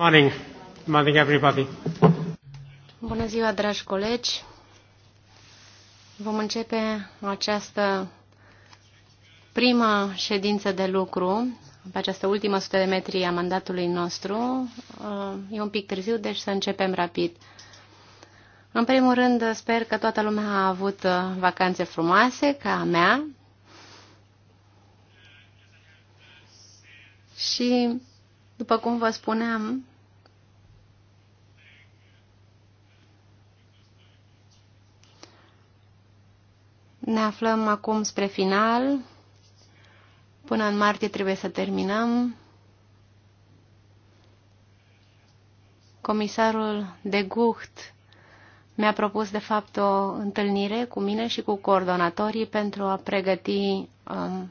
Morning. Morning everybody. Bună ziua, dragi colegi. Vom începe această prima ședință de lucru pe această ultimă sută de metri a mandatului nostru. Uh, e un pic târziu, deci să începem rapid. În primul rând, sper că toată lumea a avut uh, vacanțe frumoase, ca a mea. Și după cum vă spuneam, ne aflăm acum spre final. Până în martie trebuie să terminăm. Comisarul de Gucht mi-a propus, de fapt, o întâlnire cu mine și cu coordonatorii pentru a pregăti um,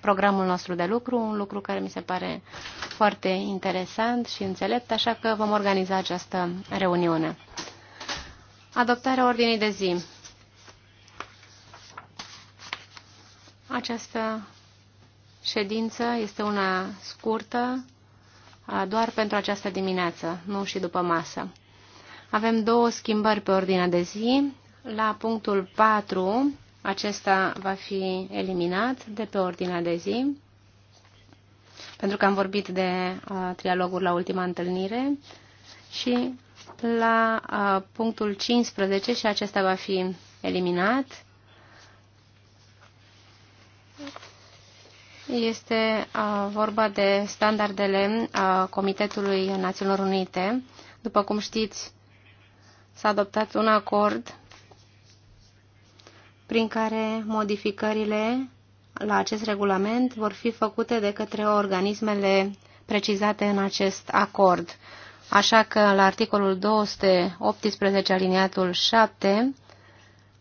programul nostru de lucru, un lucru care mi se pare foarte interesant și înțelept, așa că vom organiza această reuniune. Adoptarea ordinii de zi. Această ședință este una scurtă, doar pentru această dimineață, nu și după masă. Avem două schimbări pe ordinea de zi. La punctul 4 acesta va fi eliminat de pe ordinea de zi, pentru că am vorbit de uh, trialoguri la ultima întâlnire și la uh, punctul 15 și acesta va fi eliminat. Este uh, vorba de standardele uh, Comitetului Națiunilor Unite. După cum știți, s-a adoptat un acord prin care modificările la acest regulament vor fi făcute de către organismele precizate în acest acord. Așa că la articolul 218 aliniatul 7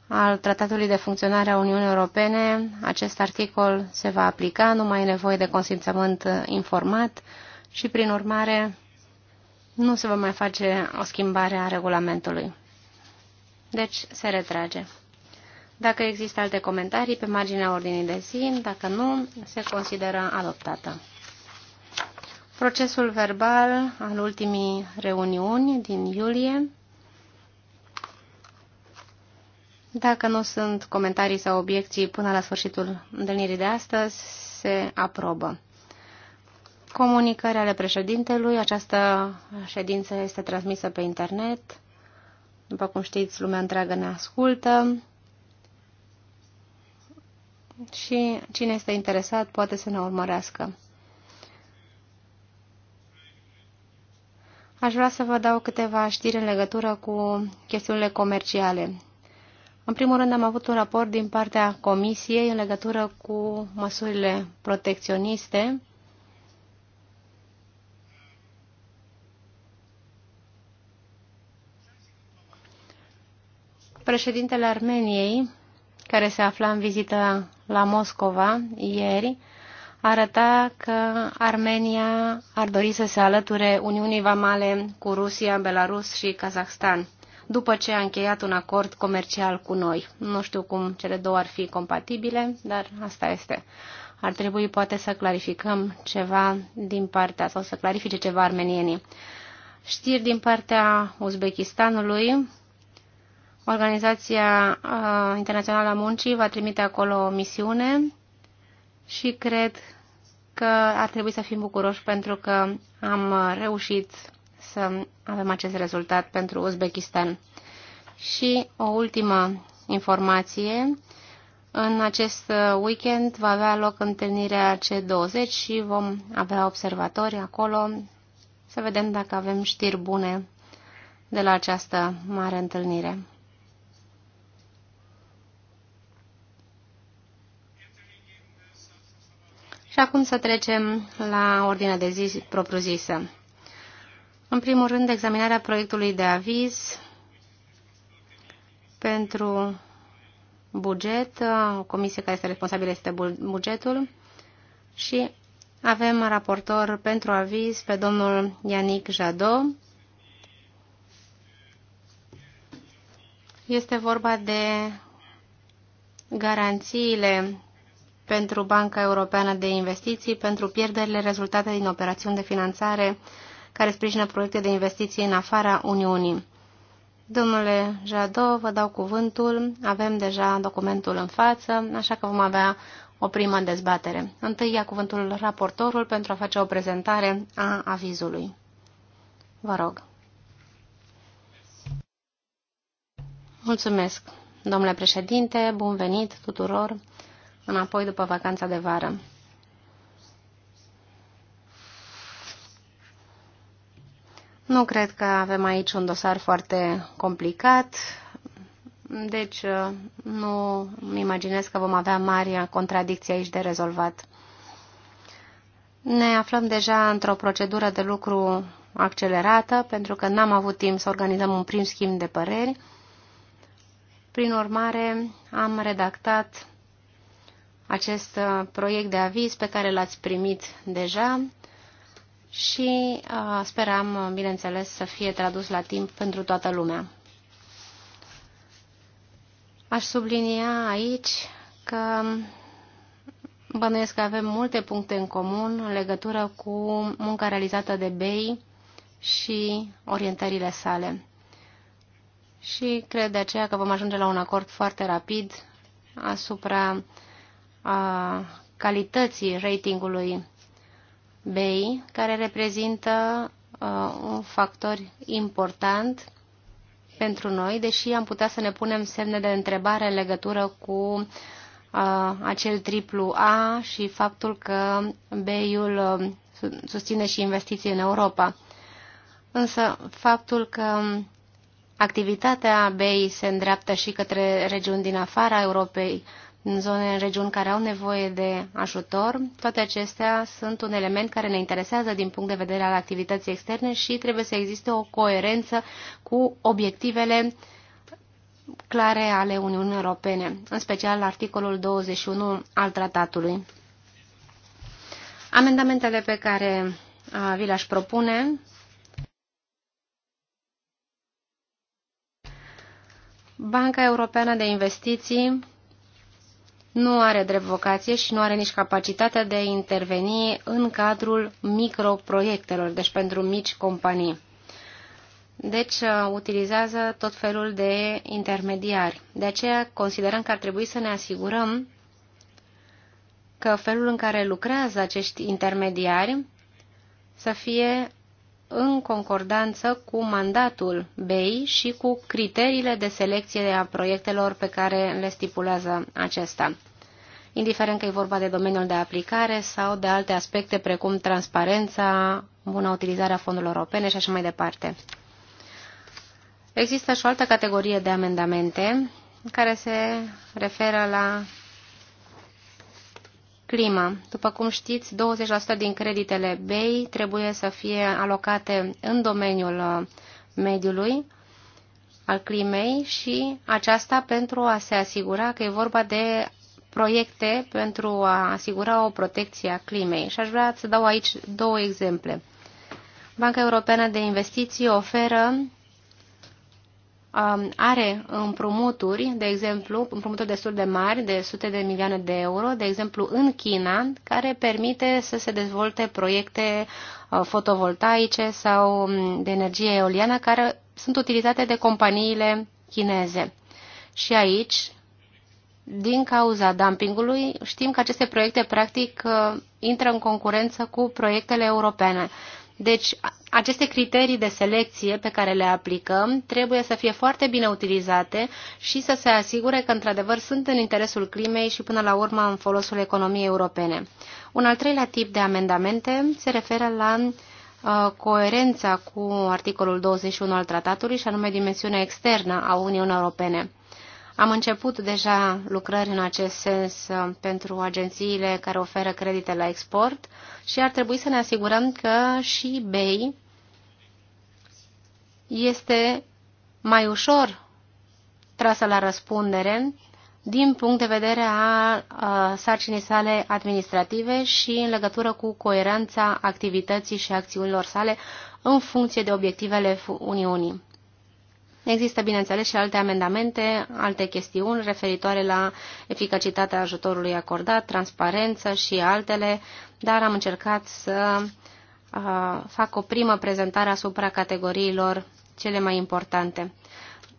al Tratatului de Funcționare a Uniunii Europene, acest articol se va aplica, nu mai e nevoie de consimțământ informat și, prin urmare, nu se va mai face o schimbare a regulamentului. Deci, se retrage. Dacă există alte comentarii pe marginea ordinii de zi, dacă nu, se consideră adoptată. Procesul verbal al ultimii reuniuni din iulie. Dacă nu sunt comentarii sau obiecții până la sfârșitul întâlnirii de astăzi, se aprobă. Comunicări ale președintelui. Această ședință este transmisă pe internet. După cum știți, lumea întreagă ne ascultă și cine este interesat poate să ne urmărească. Aș vrea să vă dau câteva știri în legătură cu chestiunile comerciale. În primul rând am avut un raport din partea Comisiei în legătură cu măsurile protecționiste Președintele Armeniei care se afla în vizită la Moscova ieri, arăta că Armenia ar dori să se alăture Uniunii Vamale cu Rusia, Belarus și Kazahstan, după ce a încheiat un acord comercial cu noi. Nu știu cum cele două ar fi compatibile, dar asta este. Ar trebui poate să clarificăm ceva din partea, sau să clarifice ceva armenienii. Știri din partea Uzbekistanului, Organizația uh, Internațională a Muncii va trimite acolo o misiune și cred că ar trebui să fim bucuroși pentru că am reușit să avem acest rezultat pentru Uzbekistan. Și o ultimă informație. În acest weekend va avea loc întâlnirea C20 și vom avea observatori acolo să vedem dacă avem știri bune de la această mare întâlnire. Și acum să trecem la ordinea de zi propriu-zisă. În primul rând, examinarea proiectului de aviz pentru buget, o comisie care este responsabilă este bugetul și avem raportor pentru aviz pe domnul Ianic Jadot. Este vorba de garanțiile pentru Banca Europeană de Investiții, pentru pierderile rezultate din operațiuni de finanțare care sprijină proiecte de investiții în afara Uniunii. Domnule Jado, vă dau cuvântul, avem deja documentul în față, așa că vom avea o primă dezbatere. Întâi ia cuvântul raportorul pentru a face o prezentare a avizului. Vă rog. Mulțumesc, domnule președinte, bun venit tuturor înapoi după vacanța de vară. Nu cred că avem aici un dosar foarte complicat, deci uh, nu îmi imaginez că vom avea mari contradicții aici de rezolvat. Ne aflăm deja într-o procedură de lucru accelerată, pentru că n-am avut timp să organizăm un prim schimb de păreri. Prin urmare, am redactat acest uh, proiect de aviz pe care l-ați primit deja și uh, sperăm, uh, bineînțeles, să fie tradus la timp pentru toată lumea. Aș sublinia aici că bănuiesc că avem multe puncte în comun în legătură cu munca realizată de BEI și orientările sale. Și cred de aceea că vom ajunge la un acord foarte rapid asupra uh, a calității ratingului BI, care reprezintă uh, un factor important pentru noi, deși am putea să ne punem semne de întrebare în legătură cu uh, acel triplu A și faptul că bi ul uh, susține și investiții în Europa. Însă faptul că activitatea BEI se îndreaptă și către regiuni din afara Europei, uh, în zone, în regiuni care au nevoie de ajutor. Toate acestea sunt un element care ne interesează din punct de vedere al activității externe și trebuie să existe o coerență cu obiectivele clare ale Uniunii Europene, în special articolul 21 al tratatului. Amendamentele pe care vi le-aș propune Banca Europeană de Investiții nu are drept vocație și nu are nici capacitatea de a interveni în cadrul microproiectelor, deci pentru mici companii. Deci uh, utilizează tot felul de intermediari. De aceea considerăm că ar trebui să ne asigurăm că felul în care lucrează acești intermediari să fie în concordanță cu mandatul BEI și cu criteriile de selecție a proiectelor pe care le stipulează acesta, indiferent că e vorba de domeniul de aplicare sau de alte aspecte precum transparența, bună utilizarea fondurilor europene și așa mai departe. Există și o altă categorie de amendamente care se referă la Clima. După cum știți, 20% din creditele BEI trebuie să fie alocate în domeniul uh, mediului, al climei și aceasta pentru a se asigura că e vorba de proiecte pentru a asigura o protecție a climei. Și aș vrea să dau aici două exemple. Banca Europeană de Investiții oferă Um, are împrumuturi, de exemplu, împrumuturi destul de mari, de sute de milioane de euro, de exemplu în China, care permite să se dezvolte proiecte uh, fotovoltaice sau um, de energie eoliană care sunt utilizate de companiile chineze. Și aici, din cauza dumpingului, știm că aceste proiecte practic uh, intră în concurență cu proiectele europene. Deci, aceste criterii de selecție pe care le aplicăm trebuie să fie foarte bine utilizate și să se asigure că, într-adevăr, sunt în interesul climei și, până la urmă, în folosul economiei europene. Un al treilea tip de amendamente se referă la uh, coerența cu articolul 21 al tratatului și anume dimensiunea externă a Uniunii Europene. Am început deja lucrări în acest sens uh, pentru agențiile care oferă credite la export și ar trebui să ne asigurăm că și BEI este mai ușor trasă la răspundere din punct de vedere a, a uh, sarcinii sale administrative și în legătură cu coerența activității și acțiunilor sale în funcție de obiectivele Uniunii. Există, bineînțeles, și alte amendamente, alte chestiuni referitoare la eficacitatea ajutorului acordat, transparență și altele, dar am încercat să uh, fac o primă prezentare asupra categoriilor cele mai importante.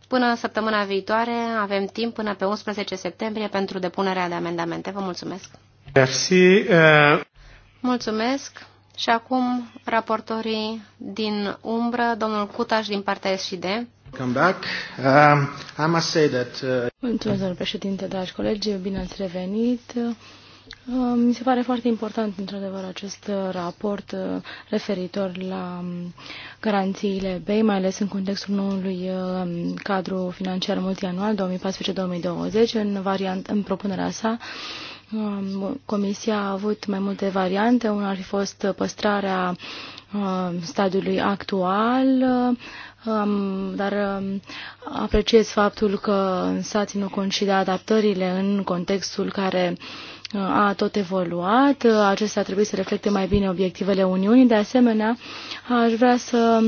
Până săptămâna viitoare avem timp până pe 11 septembrie pentru depunerea de amendamente. Vă mulțumesc! Merci, uh. Mulțumesc! Și acum raportorii din umbră, domnul Cutaș din partea SID. Come back. Um, I must say that, uh... Mulțumesc, domnul președinte, dragi colegi, bine ați revenit. Uh, mi se pare foarte important, într-adevăr, acest uh, raport uh, referitor la um, garanțiile BEI, mai ales în contextul noului cadru financiar multianual 2014-2020, în, variant, în propunerea sa. Um, comisia a avut mai multe variante. Una ar fi fost păstrarea stadiului actual, dar apreciez faptul că s-a ținut cont și de adaptările în contextul care uh, a tot evoluat. Acestea trebuie să reflecte mai bine obiectivele Uniunii. De asemenea, aș vrea să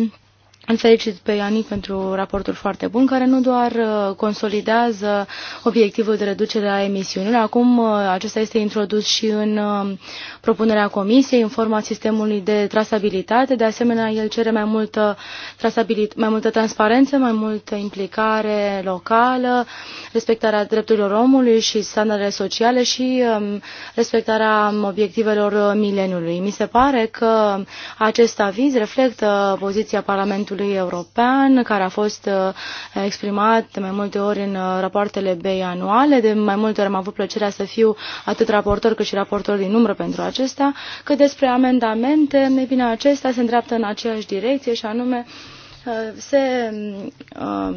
îl felicit pe Ianic pentru raportul foarte bun, care nu doar uh, consolidează obiectivul de reducere a emisiunilor, acum uh, acesta este introdus și în uh, propunerea Comisiei, în forma sistemului de trasabilitate. De asemenea, el cere mai multă, mai multă transparență, mai multă implicare locală, respectarea drepturilor omului și standardele sociale și um, respectarea obiectivelor mileniului. Mi se pare că acest aviz reflectă poziția Parlamentului Parlamentului European, care a fost uh, exprimat de mai multe ori în uh, rapoartele BEI anuale. De mai multe ori am avut plăcerea să fiu atât raportor cât și raportor din umbră pentru acesta, că despre amendamente, e bine, acesta se îndreaptă în aceeași direcție și anume uh, se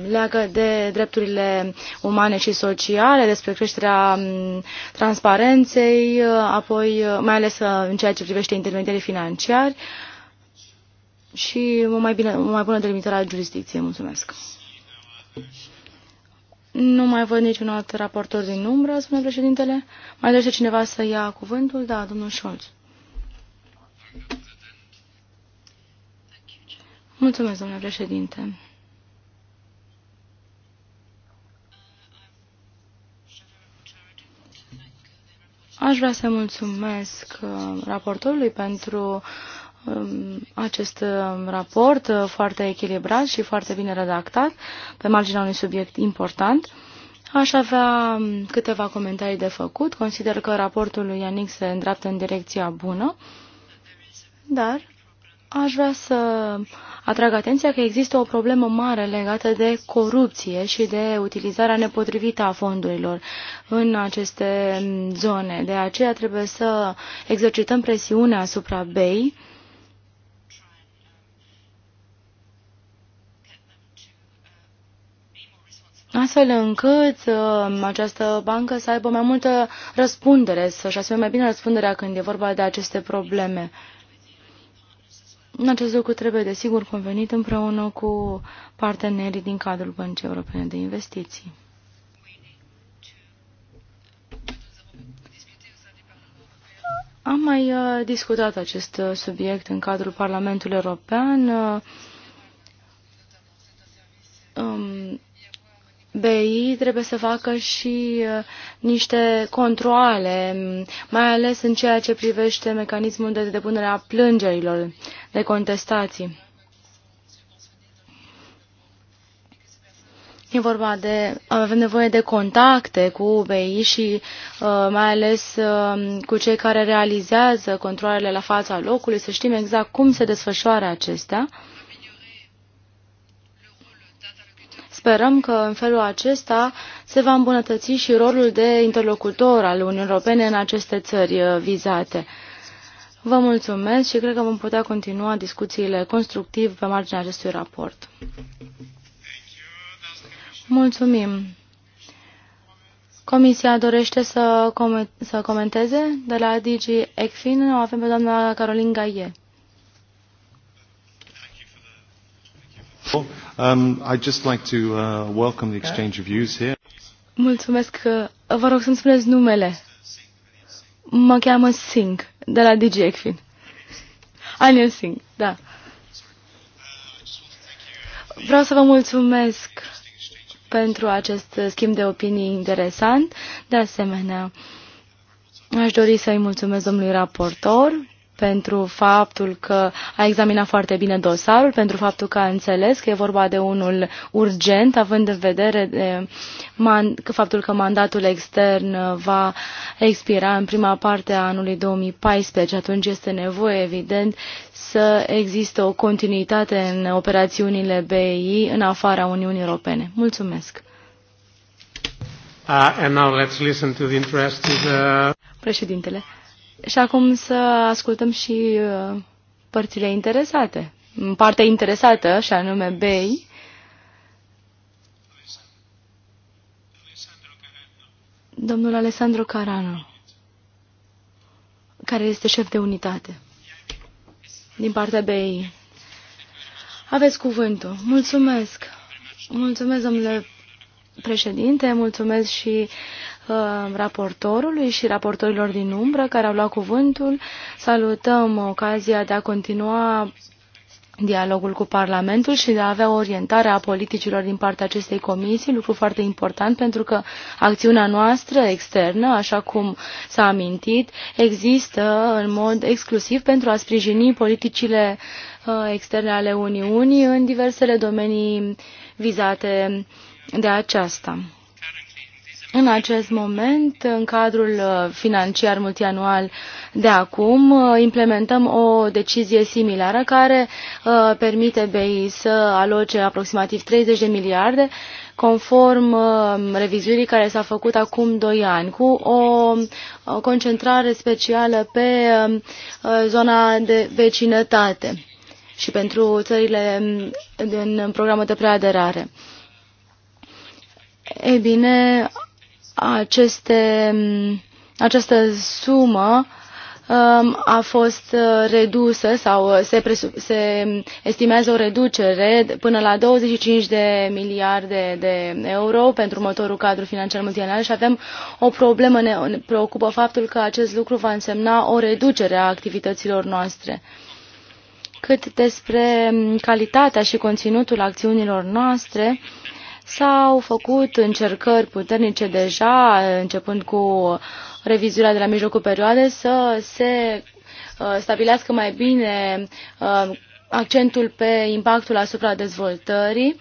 leagă de drepturile umane și sociale, despre creșterea um, transparenței, apoi mai ales în ceea ce privește intermediarii financiari, și o mai, bine, o mai bună delimitare a jurisdicției. Mulțumesc. Nu mai văd niciun alt raportor din umbră, spune președintele. Mai dorește cineva să ia cuvântul? Da, domnul Scholz. Mulțumesc, domnule președinte. Aș vrea să mulțumesc uh, raportorului pentru acest uh, raport uh, foarte echilibrat și foarte bine redactat pe marginea unui subiect important. Aș avea um, câteva comentarii de făcut. Consider că raportul lui Ianic se îndreaptă în direcția bună, dar aș vrea să atrag atenția că există o problemă mare legată de corupție și de utilizarea nepotrivită a fondurilor în aceste zone. De aceea trebuie să exercităm presiunea asupra BEI astfel încât uh, această bancă să aibă mai multă răspundere, să-și asume mai bine răspunderea când e vorba de aceste probleme. Acest lucru trebuie, desigur, convenit împreună cu partenerii din cadrul Băncii Europene de Investiții. Am mai uh, discutat acest uh, subiect în cadrul Parlamentului European. Uh, um, BI trebuie să facă și uh, niște controle, mai ales în ceea ce privește mecanismul de depunere a plângerilor, de contestații. E vorba de, avem nevoie de contacte cu UBI și uh, mai ales uh, cu cei care realizează controlele la fața locului, să știm exact cum se desfășoară acestea. Sperăm că în felul acesta se va îmbunătăți și rolul de interlocutor al Uniunii Europene în aceste țări uh, vizate. Vă mulțumesc și cred că vom putea continua discuțiile constructiv pe marginea acestui raport. Mulțumim. Comisia dorește să, com să comenteze de la DG ECFIN. O avem pe doamna Caroline Gaie. Mulțumesc că Mulțumesc. Vă rog să-mi spuneți numele. Mă cheamă Singh, de la DJ Ecfin. Anil Singh, da. Vreau să vă mulțumesc pentru acest schimb de opinii interesant. De asemenea, aș dori să-i mulțumesc domnului raportor pentru faptul că a examinat foarte bine dosarul, pentru faptul că a înțeles că e vorba de unul urgent, având în vedere de man, că faptul că mandatul extern uh, va expira în prima parte a anului 2014. Atunci este nevoie, evident, să existe o continuitate în operațiunile BI în afara Uniunii Europene. Mulțumesc! Uh, and now let's listen to the of uh... Președintele. Și acum să ascultăm și uh, părțile interesate. Partea interesată, și anume BEI, domnul Alessandro Carano, care este șef de unitate din partea BEI. Aveți cuvântul. Mulțumesc. Mulțumesc, domnule președinte, mulțumesc și Uh, raportorului și raportorilor din umbră care au luat cuvântul. Salutăm ocazia de a continua dialogul cu Parlamentul și de a avea orientarea orientare a politicilor din partea acestei comisii, lucru foarte important pentru că acțiunea noastră externă, așa cum s-a amintit, există în mod exclusiv pentru a sprijini politicile uh, externe ale Uniunii în diversele domenii vizate de aceasta. În acest moment, în cadrul uh, financiar multianual de acum, uh, implementăm o decizie similară care uh, permite BEI să aloce aproximativ 30 de miliarde conform revizuirii care s-a făcut acum 2 ani, cu o concentrare specială pe zona de vecinătate și pentru țările din mm, programul de preaderare. Ei bine, aceste, această sumă um, a fost uh, redusă sau uh, se, se estimează o reducere până la 25 de miliarde de euro pentru următorul cadru financiar multianual și avem o problemă, ne preocupă faptul că acest lucru va însemna o reducere a activităților noastre. Cât despre um, calitatea și conținutul acțiunilor noastre, uh, S-au făcut încercări puternice deja, începând cu revizuirea de la mijlocul perioadei, să se uh, stabilească mai bine uh, accentul pe impactul asupra dezvoltării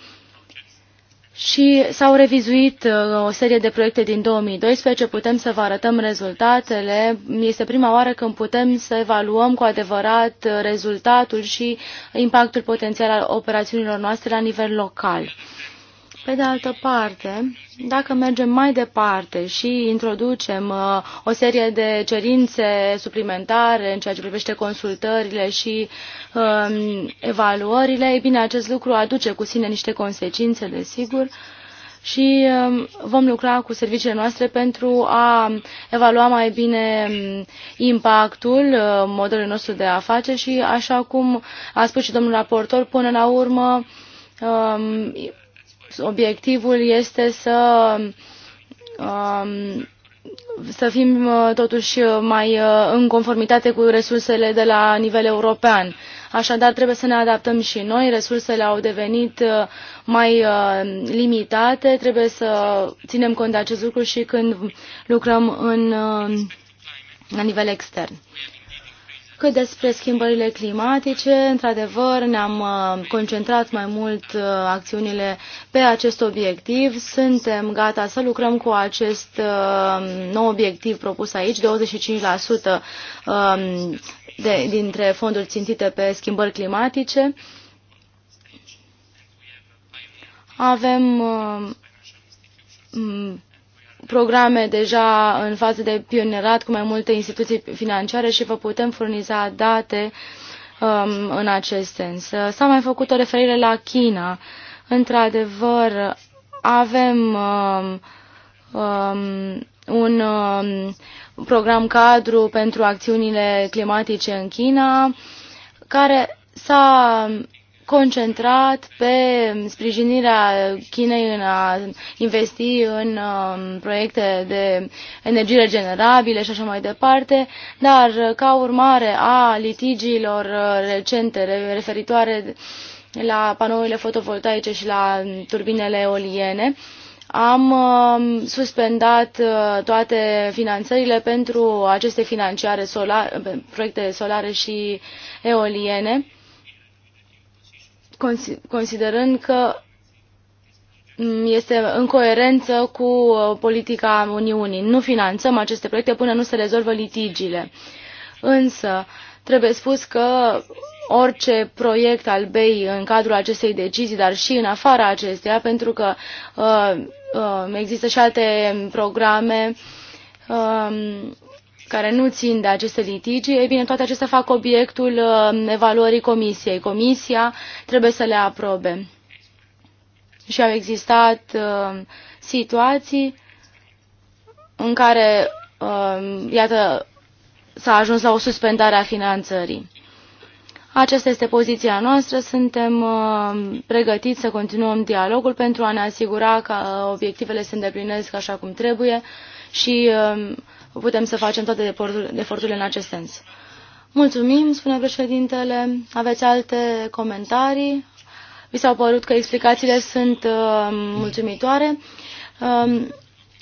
și s-au revizuit uh, o serie de proiecte din 2012, putem să vă arătăm rezultatele. Este prima oară când putem să evaluăm cu adevărat rezultatul și impactul potențial al operațiunilor noastre la nivel local. Pe de altă parte, dacă mergem mai departe și introducem uh, o serie de cerințe suplimentare în ceea ce privește consultările și um, evaluările, e bine, acest lucru aduce cu sine niște consecințe, desigur, și um, vom lucra cu serviciile noastre pentru a evalua mai bine um, impactul uh, modelului nostru de afaceri și, așa cum a spus și domnul raportor, până la urmă, um, obiectivul este să um, să fim uh, totuși uh, mai uh, în conformitate cu resursele de la nivel european. Așadar, trebuie să ne adaptăm și noi. Resursele au devenit mai limitate. Trebuie să ținem cont de acest lucru și când lucrăm în, la nivel extern. Cât despre schimbările climatice, într-adevăr ne-am uh, concentrat mai mult uh, acțiunile pe acest obiectiv. Suntem gata să lucrăm cu acest uh, nou obiectiv propus aici, 25% um, de, dintre fonduri țintite pe schimbări climatice. Avem programe deja în fază de pionerat cu mai multe instituții financiare și vă putem furniza date um, în acest sens. S-a mai făcut o referire la China. Într-adevăr, avem um, um, un um, program cadru pentru acțiunile climatice în China, care s-a concentrat pe sprijinirea Chinei în a investi în um, proiecte de energie regenerabile și așa mai departe, dar ca urmare a litigiilor uh, recente referitoare la panourile fotovoltaice și la um, turbinele eoliene, am um, suspendat uh, toate finanțările pentru aceste financiare solar, proiecte solare și eoliene considerând că mm, este în coerență cu uh, politica Uniunii. Nu finanțăm aceste proiecte până nu se rezolvă litigiile. Însă, trebuie spus că orice proiect al bei în cadrul acestei decizii dar și în afara acesteia pentru că uh, uh, există și alte programe uh, care nu țin de aceste litigi, ei bine, toate acestea fac obiectul uh, evaluării comisiei. Comisia trebuie să le aprobe. Și au existat uh, situații în care, uh, iată, s-a ajuns la o suspendare a finanțării. Aceasta este poziția noastră. Suntem pregătiți să continuăm dialogul pentru a ne asigura că obiectivele se îndeplinesc așa cum trebuie și putem să facem toate eforturile în acest sens. Mulțumim, spune președintele. Aveți alte comentarii? Vi s-au părut că explicațiile sunt uh, mulțumitoare? Uh,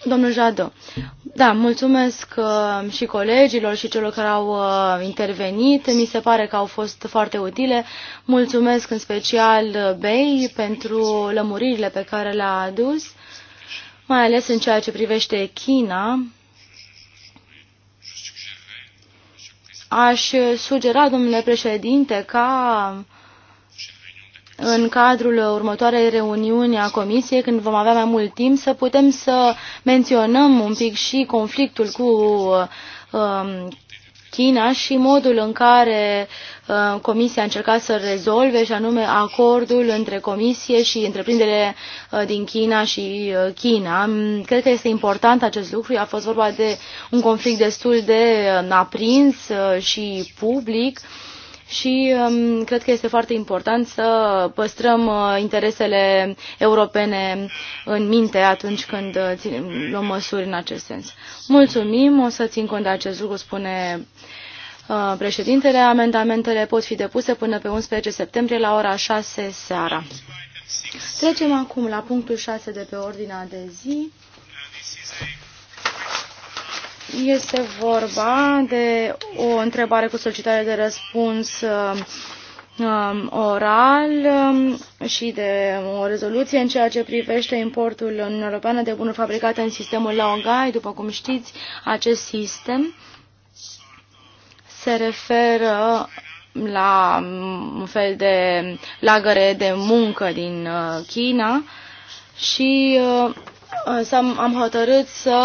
domnul Jadă, da, mulțumesc uh, și colegilor și celor care au uh, intervenit. Mi se pare că au fost foarte utile. Mulțumesc în special uh, Bei pentru lămuririle pe care le-a adus, mai ales în ceea ce privește China Aș sugera, domnule președinte, ca în cadrul următoarei reuniuni a Comisiei, când vom avea mai mult timp, să putem să menționăm un pic și conflictul cu um, China și modul în care Uh, Comisia a încercat să rezolve, și anume acordul între Comisie și întreprinderile uh, din China și uh, China. Mm, cred că este important acest lucru. A fost vorba de un conflict destul de aprins și public și um, cred că este foarte important să păstrăm interesele europene în minte atunci când luăm măsuri în acest sens. Mulțumim, o să țin cont de acest lucru, spune Uh, președintele. Amendamentele pot fi depuse până pe unsprezece septembrie la ora 6 seara. Trecem acum la punctul 6 de pe ordinea de zi. Este vorba de o întrebare cu solicitare de răspuns um, um, oral um, și de o rezoluție în ceea ce privește importul în Europeană de bunuri fabricate în sistemul Laogai. După cum știți, acest sistem se referă la un fel de lagăre de muncă din uh, China și uh, uh, am hotărât să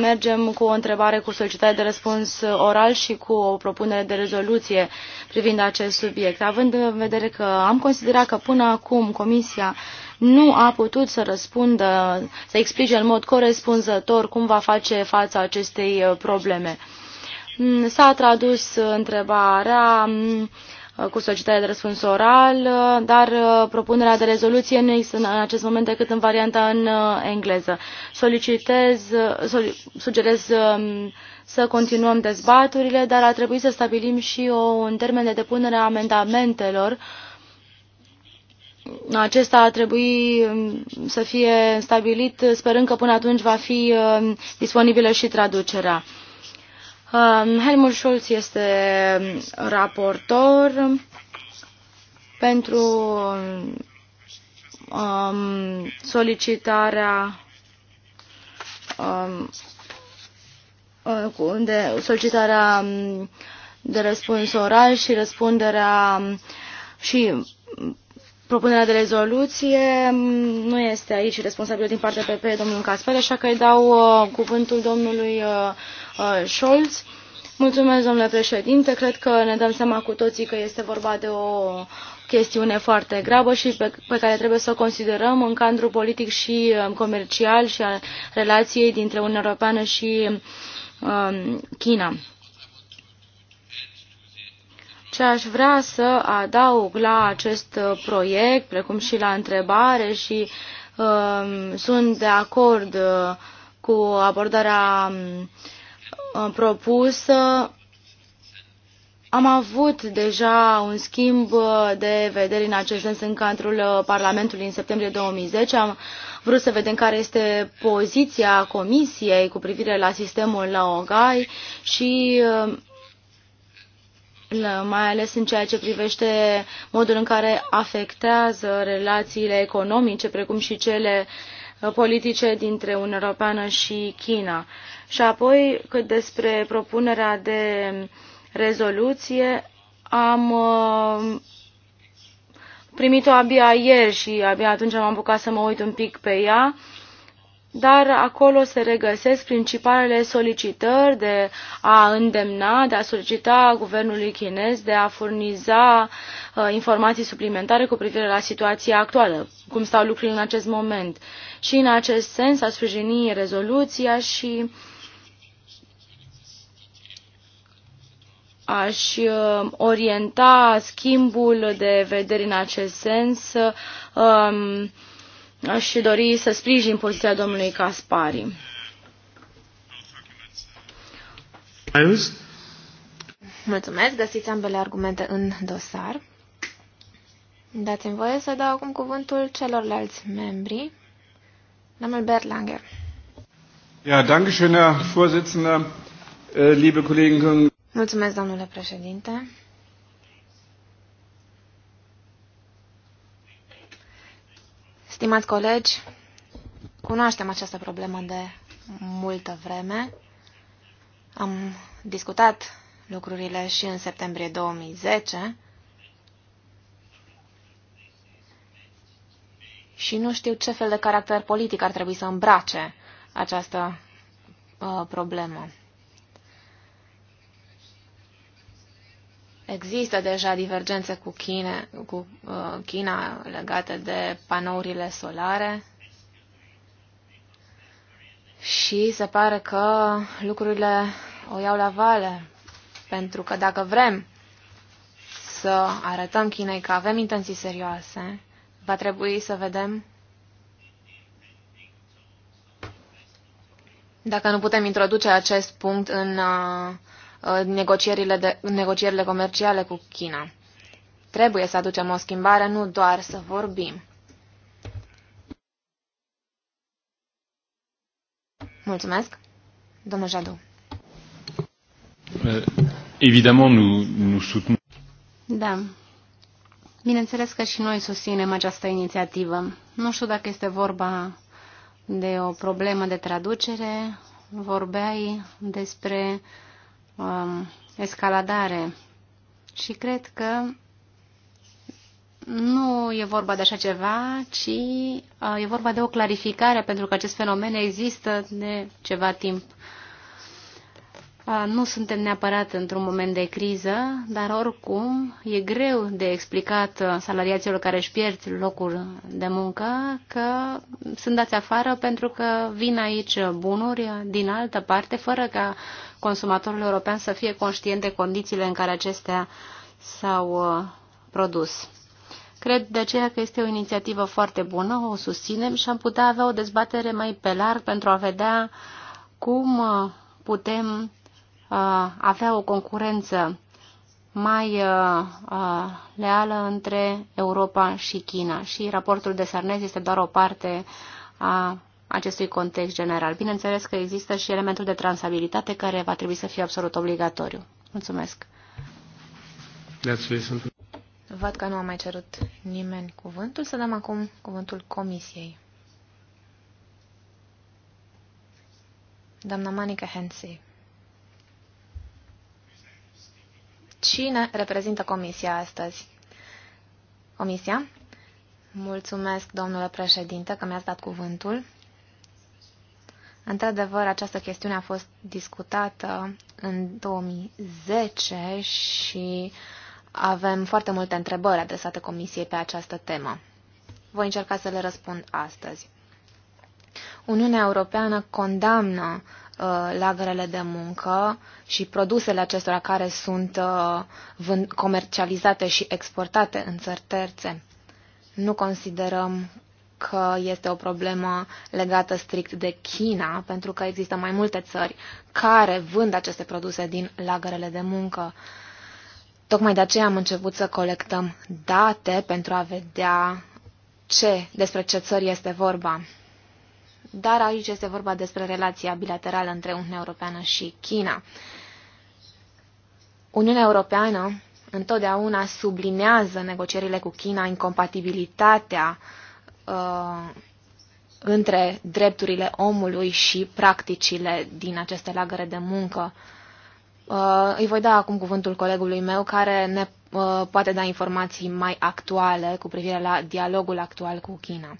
mergem cu o întrebare cu solicitare de răspuns oral și cu o propunere de rezoluție privind acest subiect. Având în vedere că am considerat că până acum Comisia nu a putut să răspundă, să explice în mod corespunzător cum va face fața acestei probleme. Mm, s-a tradus întrebarea mm, cu solicitarea de răspuns oral, mm, dar propunerea de rezoluție nu există în acest moment decât în varianta în engleză. Solicitez, sugerez să continuăm dezbaturile, dar ar trebui să stabilim și o, un termen de depunere a amendamentelor. Acesta ar trebui să fie stabilit, sperând că până atunci va fi disponibilă și traducerea. Um, Helmut Schulz este raportor pentru um, solicitarea um, uh, de, solicitarea um, de răspuns oral și răspunderea um, și propunerea de rezoluție nu este aici responsabil din partea PP, domnul Casper, așa că îi dau uh, cuvântul domnului uh, Uh, Scholz. Mulțumesc, domnule președinte. Cred că ne dăm seama cu toții că este vorba de o chestiune foarte gravă și pe, pe care trebuie să o considerăm în cadrul politic și um, comercial și a relației dintre Uniunea Europeană și um, China. Ce aș vrea să adaug la acest proiect, precum și la întrebare și um, sunt de acord uh, cu abordarea um, Uh, propusă, am avut deja un schimb uh, de vedere în acest sens în cadrul uh, Parlamentului în septembrie 2010. Am vrut să vedem care este poziția Comisiei cu privire la sistemul la OGAI și mai ales în ceea ce privește modul în care afectează relațiile economice, precum și cele politice dintre Uniunea Europeană și China. Și apoi, cât despre propunerea de rezoluție, am uh, primit-o abia ieri și abia atunci am apucat să mă uit un pic pe ea, dar acolo se regăsesc principalele solicitări de a îndemna, de a solicita guvernului chinez de a furniza uh, informații suplimentare cu privire la situația actuală, cum stau lucrurile în acest moment. Și în acest sens a sprijini rezoluția și uh, aș uh, orienta schimbul de vederi în acest sens. Um, aș dori să sprijin poziția domnului Caspari. Mulțumesc, găsiți ambele argumente în dosar. Dați-mi voie să dau acum cuvântul celorlalți membri. Domnul Berlanger. Ja, danke schön, Herr Vorsitzender, äh, liebe Kollegen. Mulțumesc, domnule președinte. Stimați colegi, cunoaștem această problemă de multă vreme. Am discutat lucrurile și în septembrie 2010 și nu știu ce fel de caracter politic ar trebui să îmbrace această uh, problemă. Există deja divergențe cu China, cu uh, China legate de panourile solare și se pare că lucrurile o iau la vale, pentru că dacă vrem să arătăm Chinei că avem intenții serioase, va trebui să vedem dacă nu putem introduce acest punct în uh, Uh, negocierile, de, negocierile comerciale cu China. Trebuie să aducem o schimbare, nu doar să vorbim. Mulțumesc. Domnul Jadu. Eh, Evident, nu, nu sunt... Da. Bineînțeles că și noi susținem această inițiativă. Nu știu dacă este vorba de o problemă de traducere. Vorbeai despre uh, um, escaladare. Și cred că nu e vorba de așa ceva, ci uh, e vorba de o clarificare, pentru că acest fenomen există de ceva timp. Uh, nu suntem neapărat într-un moment de criză, dar oricum e greu de explicat uh, salariaților care își pierd locul de muncă că sunt dați afară pentru că vin aici bunuri din altă parte, fără ca consumatorul european să fie conștient de condițiile în care acestea s-au uh, produs. Cred de aceea că este o inițiativă foarte bună, o susținem și am putea avea o dezbatere mai pe larg pentru a vedea cum uh, putem uh, avea o concurență mai leală între Europa și China. Și raportul de Sarnez este doar o parte a acestui context general. Bineînțeles că există și elementul de transabilitate care va trebui să fie absolut obligatoriu. Mulțumesc. Văd că nu a mai cerut nimeni cuvântul. Să dăm acum cuvântul comisiei. Doamna Manica Hensi. Cine reprezintă comisia astăzi? Comisia? Mulțumesc, domnule președinte, că mi-ați dat cuvântul. Într-adevăr, această chestiune a fost discutată în 2010 și avem foarte multe întrebări adresate Comisiei pe această temă. Voi încerca să le răspund astăzi. Uniunea Europeană condamnă uh, lagărele de muncă și produsele acestora care sunt uh, comercializate și exportate în țări terțe. Nu considerăm că este o problemă legată strict de China, pentru că există mai multe țări care vând aceste produse din lagărele de muncă. Tocmai de aceea am început să colectăm date pentru a vedea ce, despre ce țări este vorba. Dar aici este vorba despre relația bilaterală între Uniunea Europeană și China. Uniunea Europeană întotdeauna sublinează negocierile cu China, incompatibilitatea uh, uh, între drepturile omului și practicile din aceste lagăre de muncă. Uh, îi voi da acum cuvântul colegului meu care ne uh, poate da informații mai actuale cu privire la dialogul actual cu China.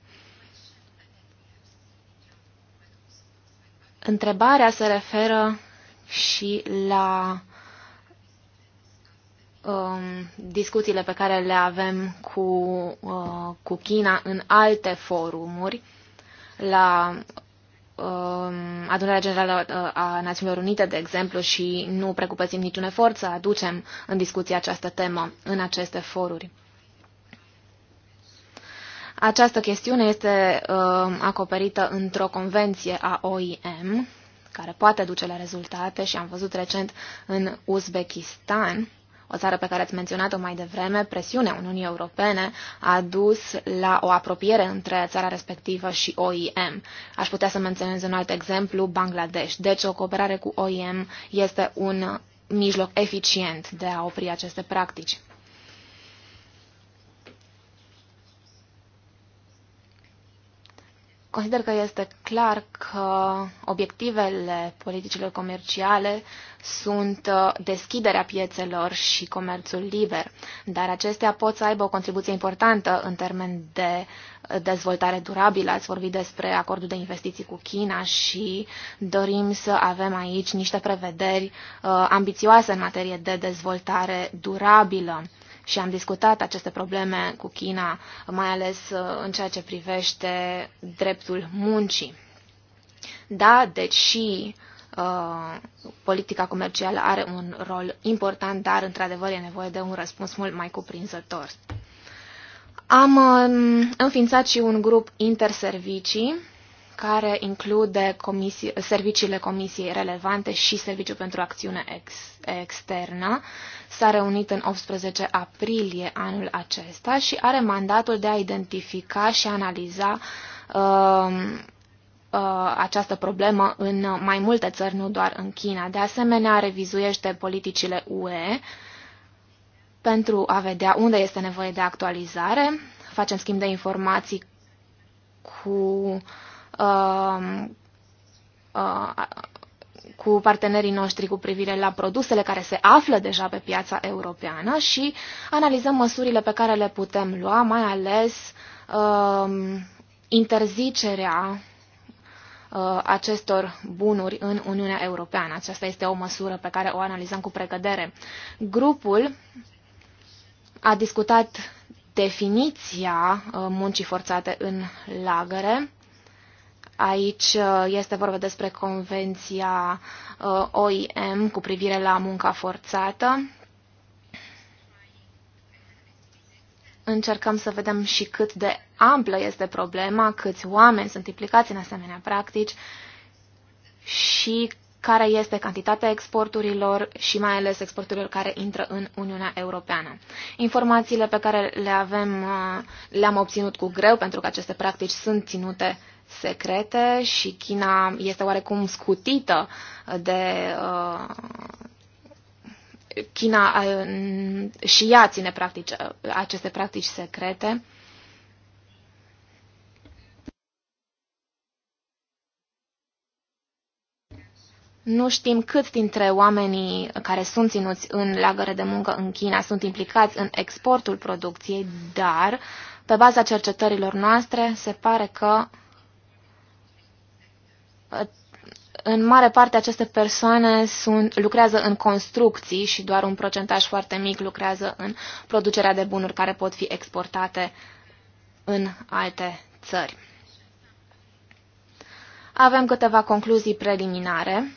Întrebarea se referă și la Um, discuțiile pe care le avem cu, uh, cu China în alte forumuri, la um, Adunarea Generală uh, a Națiunilor Unite, de exemplu, și nu precupățim niciun efort să aducem în discuție această temă în aceste foruri. Această chestiune este uh, acoperită într-o convenție a OIM, care poate duce la rezultate și am văzut recent în Uzbekistan o țară pe care ați menționat-o mai devreme, presiunea Uniunii Europene a dus la o apropiere între țara respectivă și OIM. Aș putea să menționez un alt exemplu, Bangladesh. Deci o cooperare cu OIM este un mijloc eficient de a opri aceste practici. Consider că este clar că obiectivele politicilor comerciale sunt uh, deschiderea piețelor și comerțul liber, dar acestea pot să aibă o contribuție importantă în termen de uh, dezvoltare durabilă. Ați vorbit despre acordul de investiții cu China și dorim să avem aici niște prevederi uh, ambițioase în materie de dezvoltare durabilă și am discutat aceste probleme cu China, mai ales uh, în ceea ce privește dreptul muncii. Da, deci și uh, politica comercială are un rol important, dar într-adevăr e nevoie de un răspuns mult mai cuprinzător. Am uh, înființat și un grup interservicii care include comisii, serviciile comisiei relevante și serviciul pentru acțiune ex, externă. S-a reunit în 18 aprilie anul acesta și are mandatul de a identifica și analiza um, uh, această problemă în mai multe țări, nu doar în China. De asemenea, revizuiește politicile UE pentru a vedea unde este nevoie de actualizare. Facem schimb de informații cu uh, Um, uh, cu partenerii noștri cu privire la produsele care se află deja pe piața europeană și analizăm măsurile pe care le putem lua, mai ales uh, interzicerea uh, acestor bunuri în Uniunea Europeană. Aceasta este o măsură pe care o analizăm cu precădere. Grupul a discutat definiția uh, muncii forțate în lagăre Aici uh, este vorba despre convenția uh, OIM cu privire la munca forțată. Încercăm să vedem și cât de amplă este problema, câți oameni sunt implicați în asemenea practici și care este cantitatea exporturilor și mai ales exporturilor care intră în Uniunea Europeană. Informațiile pe care le avem, uh, le-am obținut cu greu pentru că aceste practici sunt ținute secrete și China este oarecum scutită de uh, China uh, și ea ține practici, aceste practici secrete. Nu știm cât dintre oamenii care sunt ținuți în lagăre de muncă în China sunt implicați în exportul producției, dar, pe baza cercetărilor noastre, se pare că în mare parte aceste persoane sunt, lucrează în construcții și doar un procentaj foarte mic lucrează în producerea de bunuri care pot fi exportate în alte țări. Avem câteva concluzii preliminare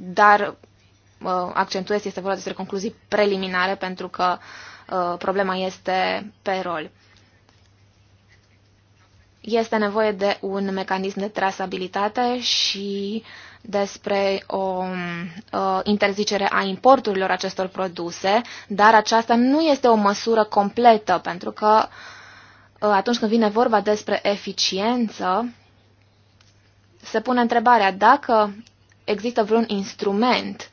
dar uh, accentuez, este vorba despre concluzii preliminare pentru că uh, problema este pe rol. Este nevoie de un mecanism de trasabilitate și despre o uh, interzicere a importurilor acestor produse, dar aceasta nu este o măsură completă, pentru că atunci când vine vorba despre eficiență, se pune întrebarea dacă există vreun instrument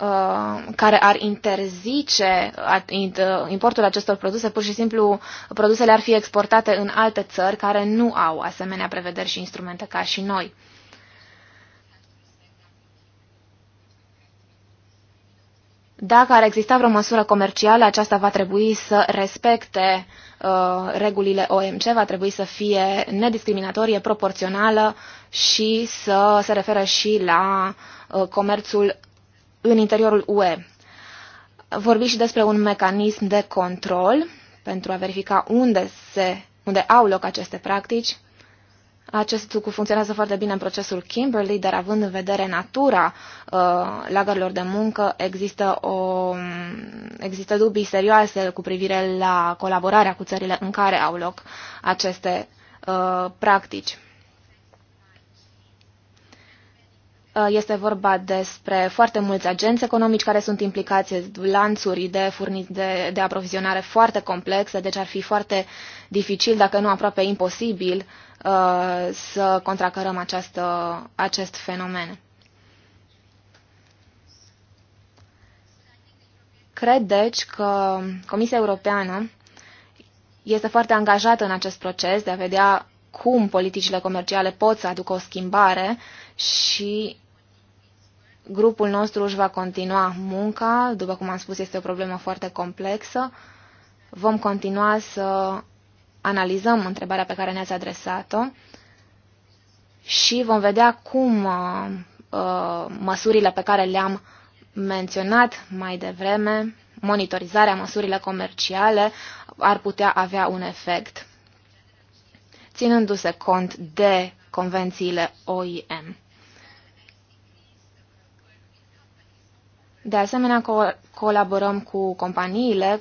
uh, care ar interzice uh, importul acestor produse, pur și simplu produsele ar fi exportate în alte țări care nu au asemenea prevederi și instrumente ca și noi. Dacă ar exista vreo măsură comercială, aceasta va trebui să respecte uh, regulile OMC, va trebui să fie nediscriminatorie, proporțională și să se referă și la uh, comerțul în interiorul UE. Vorbi și despre un mecanism de control pentru a verifica unde, se, unde au loc aceste practici acest lucru funcționează foarte bine în procesul Kimberley, dar având în vedere natura uh, lagărilor de muncă, există, o, există dubii serioase cu privire la colaborarea cu țările în care au loc aceste uh, practici. Uh, este vorba despre foarte mulți agenți economici care sunt implicați, lanțuri de, furniz, de, de aprovizionare foarte complexe, deci ar fi foarte dificil, dacă nu aproape imposibil, uh, Uh, să contracărăm această, acest fenomen. Cred, deci, că Comisia Europeană este foarte angajată în acest proces de a vedea cum politicile comerciale pot să aducă o schimbare și grupul nostru își va continua munca. După cum am spus, este o problemă foarte complexă. Vom continua să analizăm întrebarea pe care ne-ați adresat-o și vom vedea cum uh, uh, măsurile pe care le-am menționat mai devreme, monitorizarea, măsurile comerciale, ar putea avea un efect, ținându-se cont de convențiile OIM. De asemenea, co colaborăm cu companiile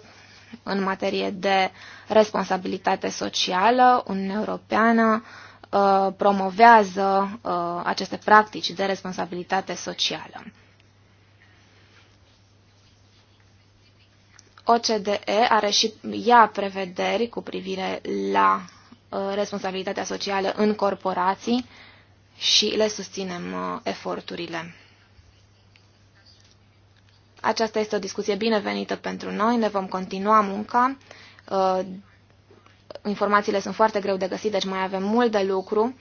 în materie de uh, responsabilitate socială. Uniunea Europeană uh, promovează uh, aceste practici de responsabilitate socială. OCDE are și ea prevederi cu privire la uh, responsabilitatea socială în corporații și le susținem eforturile. Aceasta este o discuție binevenită pentru noi, ne vom continua munca Uh, informațiile sunt foarte greu de găsit, deci mai avem mult de lucru.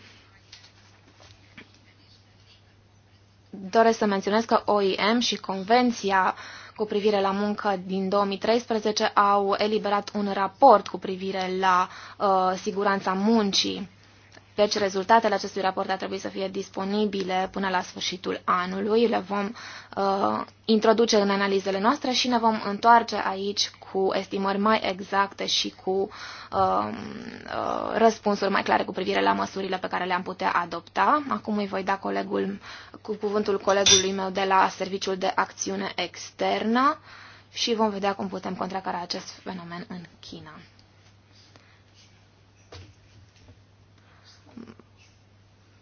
Doresc să menționez că OIM și Convenția cu privire la muncă din 2013 au eliberat un raport cu privire la uh, siguranța muncii. Deci rezultatele acestui raport ar trebui să fie disponibile până la sfârșitul anului. Le vom uh, introduce în analizele noastre și ne vom întoarce aici cu estimări mai exacte și cu uh, uh, răspunsuri mai clare cu privire la măsurile pe care le-am putea adopta. Acum îi voi da colegul, cu cuvântul colegului meu de la Serviciul de Acțiune Externă și vom vedea cum putem contracara acest fenomen în China.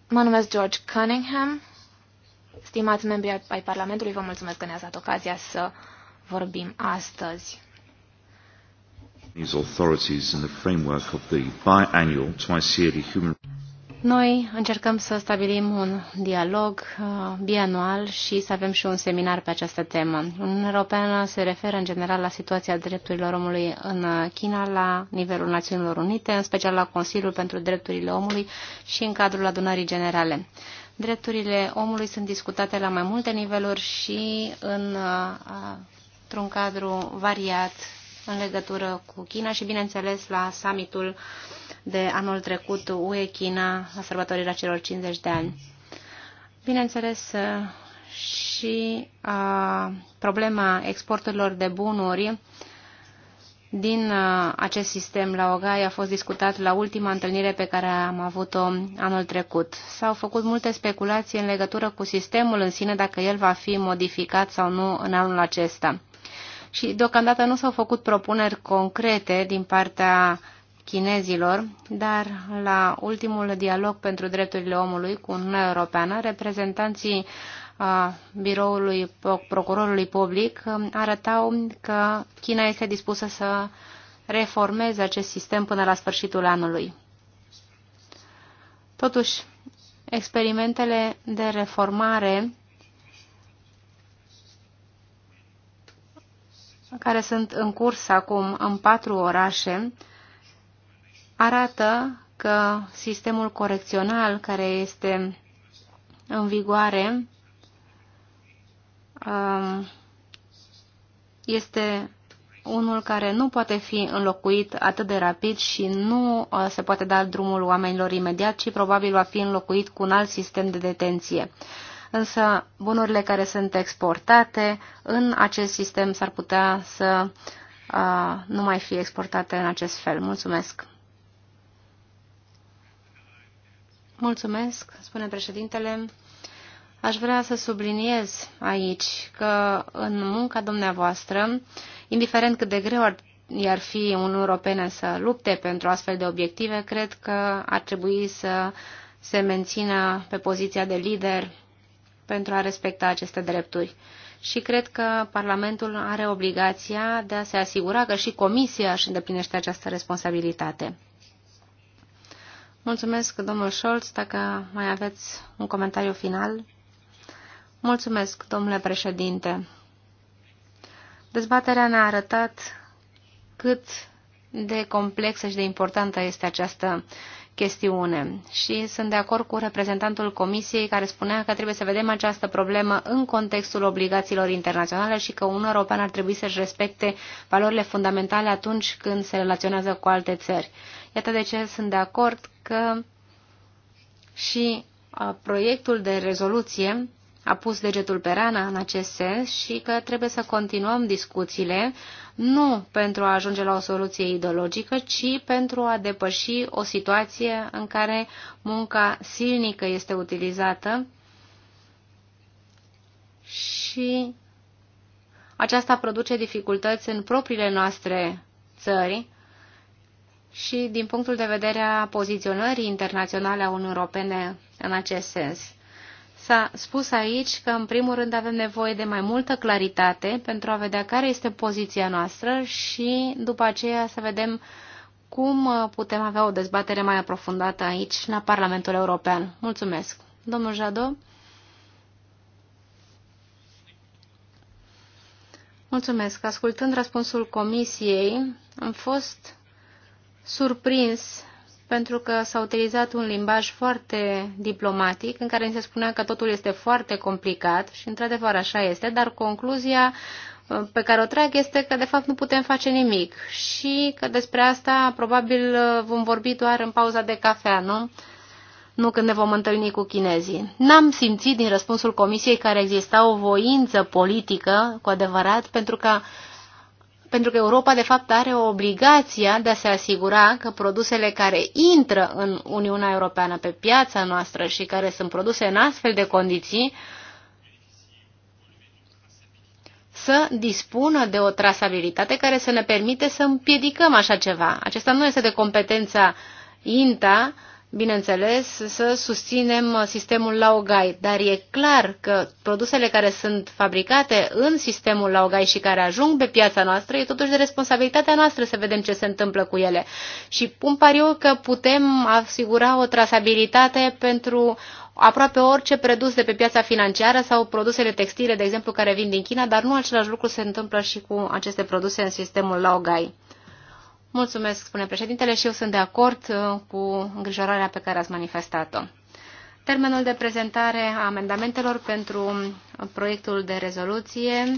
Mă numesc George Cunningham. Stimați membri ai Parlamentului, vă mulțumesc că ne-ați dat ocazia să vorbim astăzi. These authorities in the framework of the biannual, twice yearly human noi încercăm să stabilim un dialog uh, bianual și să avem și un seminar pe această temă. Uniunea Europeană se referă în general la situația drepturilor omului în China, la nivelul Națiunilor Unite, în special la Consiliul pentru Drepturile Omului și în cadrul adunării generale. Drepturile omului sunt discutate la mai multe niveluri și în, uh, într-un cadru variat în legătură cu China și, bineînțeles, la summitul de anul trecut UE-China, la sărbătorirea celor 50 de ani. Bineînțeles, uh, și a, uh, problema exporturilor de bunuri din a, uh, acest sistem la OGAI a fost discutat la ultima întâlnire pe care am avut-o anul trecut. S-au făcut multe speculații în legătură cu sistemul în sine, dacă el va fi modificat sau nu în anul acesta și deocamdată nu s-au făcut propuneri concrete din partea chinezilor, dar la ultimul dialog pentru drepturile omului cu Uniunea Europeană, reprezentanții a biroului procurorului public um, arătau că China este dispusă să reformeze acest sistem până la sfârșitul anului. Totuși, experimentele de reformare care sunt în curs acum în patru orașe, arată că sistemul corecțional care este în vigoare um, este unul care nu poate fi înlocuit atât de rapid și nu uh, se poate da drumul oamenilor imediat, ci probabil va fi înlocuit cu un alt sistem de detenție însă bunurile care sunt exportate în acest sistem s-ar putea să uh, nu mai fie exportate în acest fel. Mulțumesc! Mulțumesc, spune președintele. Aș vrea să subliniez aici că în munca dumneavoastră, indiferent cât de greu ar i-ar fi un european să lupte pentru astfel de obiective, cred că ar trebui să se mențină pe poziția de lider pentru a respecta aceste drepturi. Și cred că Parlamentul are obligația de a se asigura că și Comisia își îndeplinește această responsabilitate. Mulțumesc, domnul Scholz, dacă mai aveți un comentariu final. Mulțumesc, domnule președinte. Dezbaterea ne-a arătat cât de complexă și de importantă este această chestiune. Și sunt de acord cu reprezentantul Comisiei care spunea că trebuie să vedem această problemă în contextul obligațiilor internaționale și că un european ar trebui să-și respecte valorile fundamentale atunci când se relaționează cu alte țări. Iată de ce sunt de acord că și proiectul de rezoluție a pus degetul pe rana în acest sens și că trebuie să continuăm discuțiile nu pentru a ajunge la o soluție ideologică, ci pentru a depăși o situație în care munca silnică este utilizată și aceasta produce dificultăți în propriile noastre țări și din punctul de vedere a poziționării internaționale a Uniunii Europene în acest sens. S-a spus aici că, în primul rând, avem nevoie de mai multă claritate pentru a vedea care este poziția noastră și, după aceea, să vedem cum uh, putem avea o dezbatere mai aprofundată aici, la Parlamentul European. Mulțumesc. Domnul Jadot? Mulțumesc. Ascultând răspunsul Comisiei, am fost surprins pentru că s-a utilizat un limbaj foarte diplomatic în care se spunea că totul este foarte complicat și într-adevăr așa este, dar concluzia uh, pe care o trag este că de fapt nu putem face nimic și că despre asta probabil uh, vom vorbi doar în pauza de cafea, nu? Nu când ne vom întâlni cu chinezii. N-am simțit din răspunsul comisiei care exista o voință politică, cu adevărat, pentru că pentru că Europa, de fapt, are o obligație de a se asigura că produsele care intră în Uniunea Europeană pe piața noastră și care sunt produse în astfel de condiții, să dispună de o trasabilitate care să ne permite să împiedicăm așa ceva. Acesta nu este de competența INTA, bineînțeles, să susținem sistemul Laogai, dar e clar că produsele care sunt fabricate în sistemul Laogai și care ajung pe piața noastră, e totuși de responsabilitatea noastră să vedem ce se întâmplă cu ele. Și pun pariu că putem asigura o trasabilitate pentru aproape orice produs de pe piața financiară sau produsele textile, de exemplu, care vin din China, dar nu același lucru se întâmplă și cu aceste produse în sistemul Laogai. Mulțumesc, spune președintele, și eu sunt de acord uh, cu îngrijorarea pe care ați manifestat-o. Termenul de prezentare a amendamentelor pentru uh, proiectul de rezoluție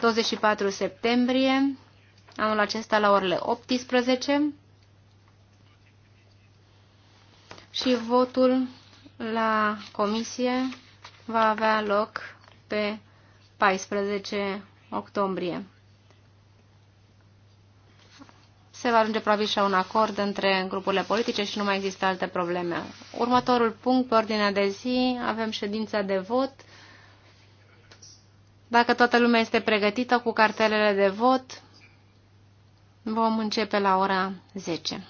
24 septembrie, anul acesta la orele 18 și votul la comisie va avea loc pe 14 octombrie se va ajunge probabil și la un acord între grupurile politice și nu mai există alte probleme. Următorul punct pe ordinea de zi, avem ședința de vot. Dacă toată lumea este pregătită cu cartelele de vot, vom începe la ora 10.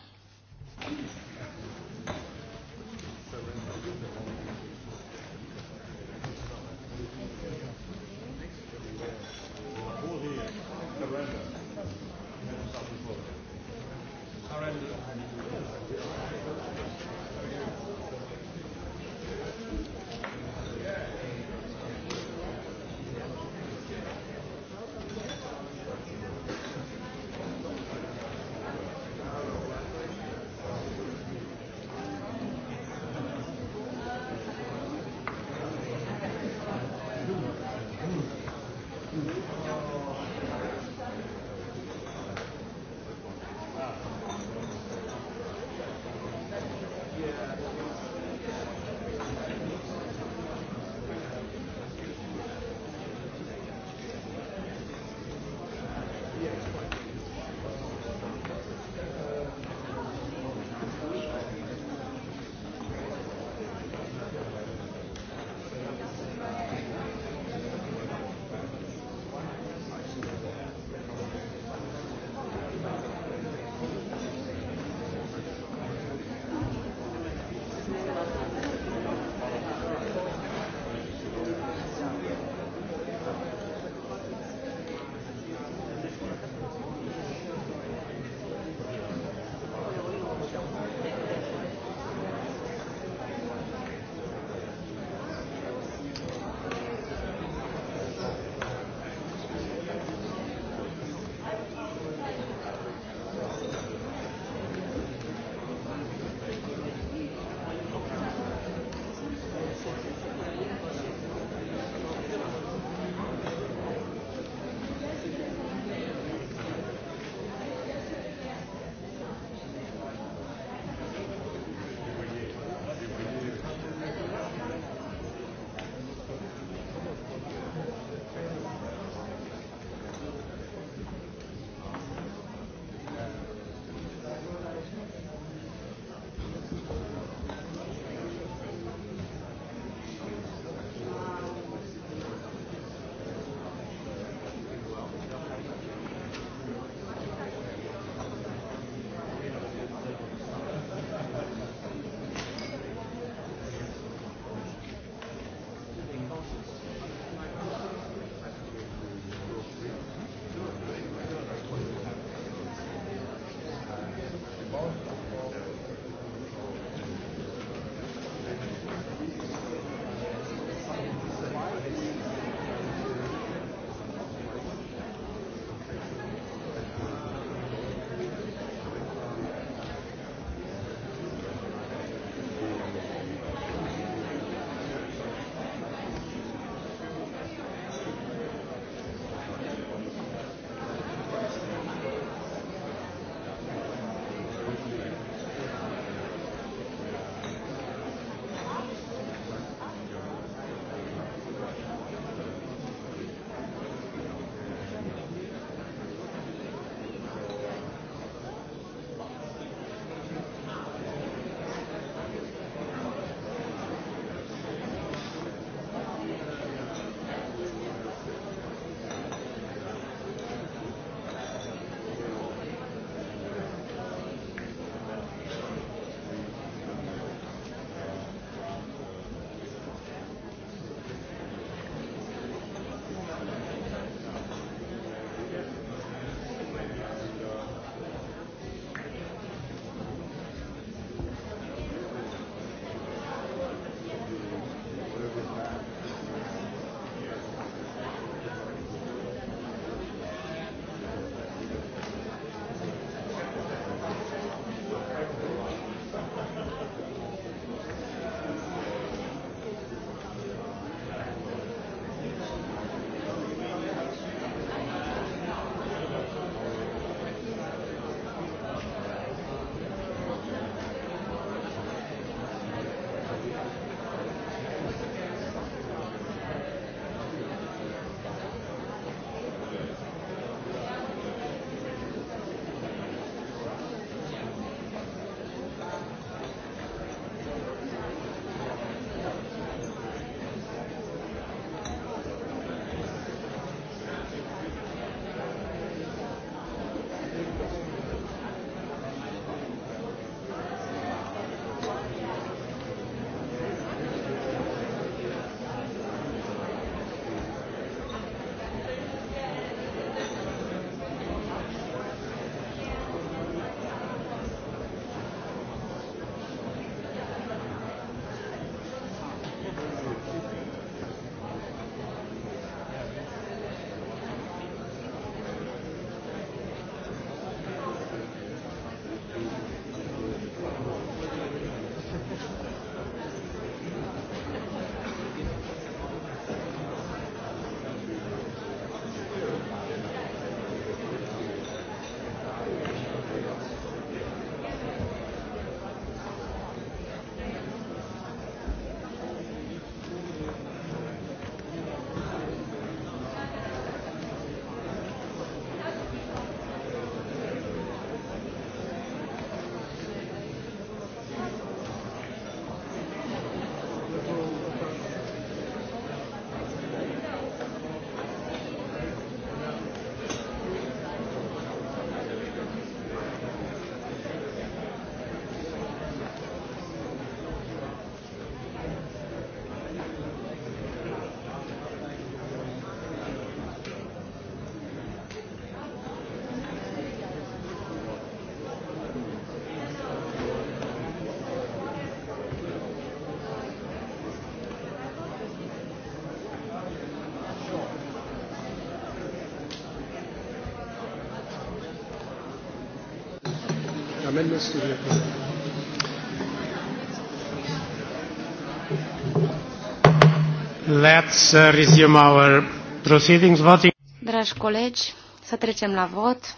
Let's uh, resume our proceedings. Voting. Dragi colegi, să trecem la vot.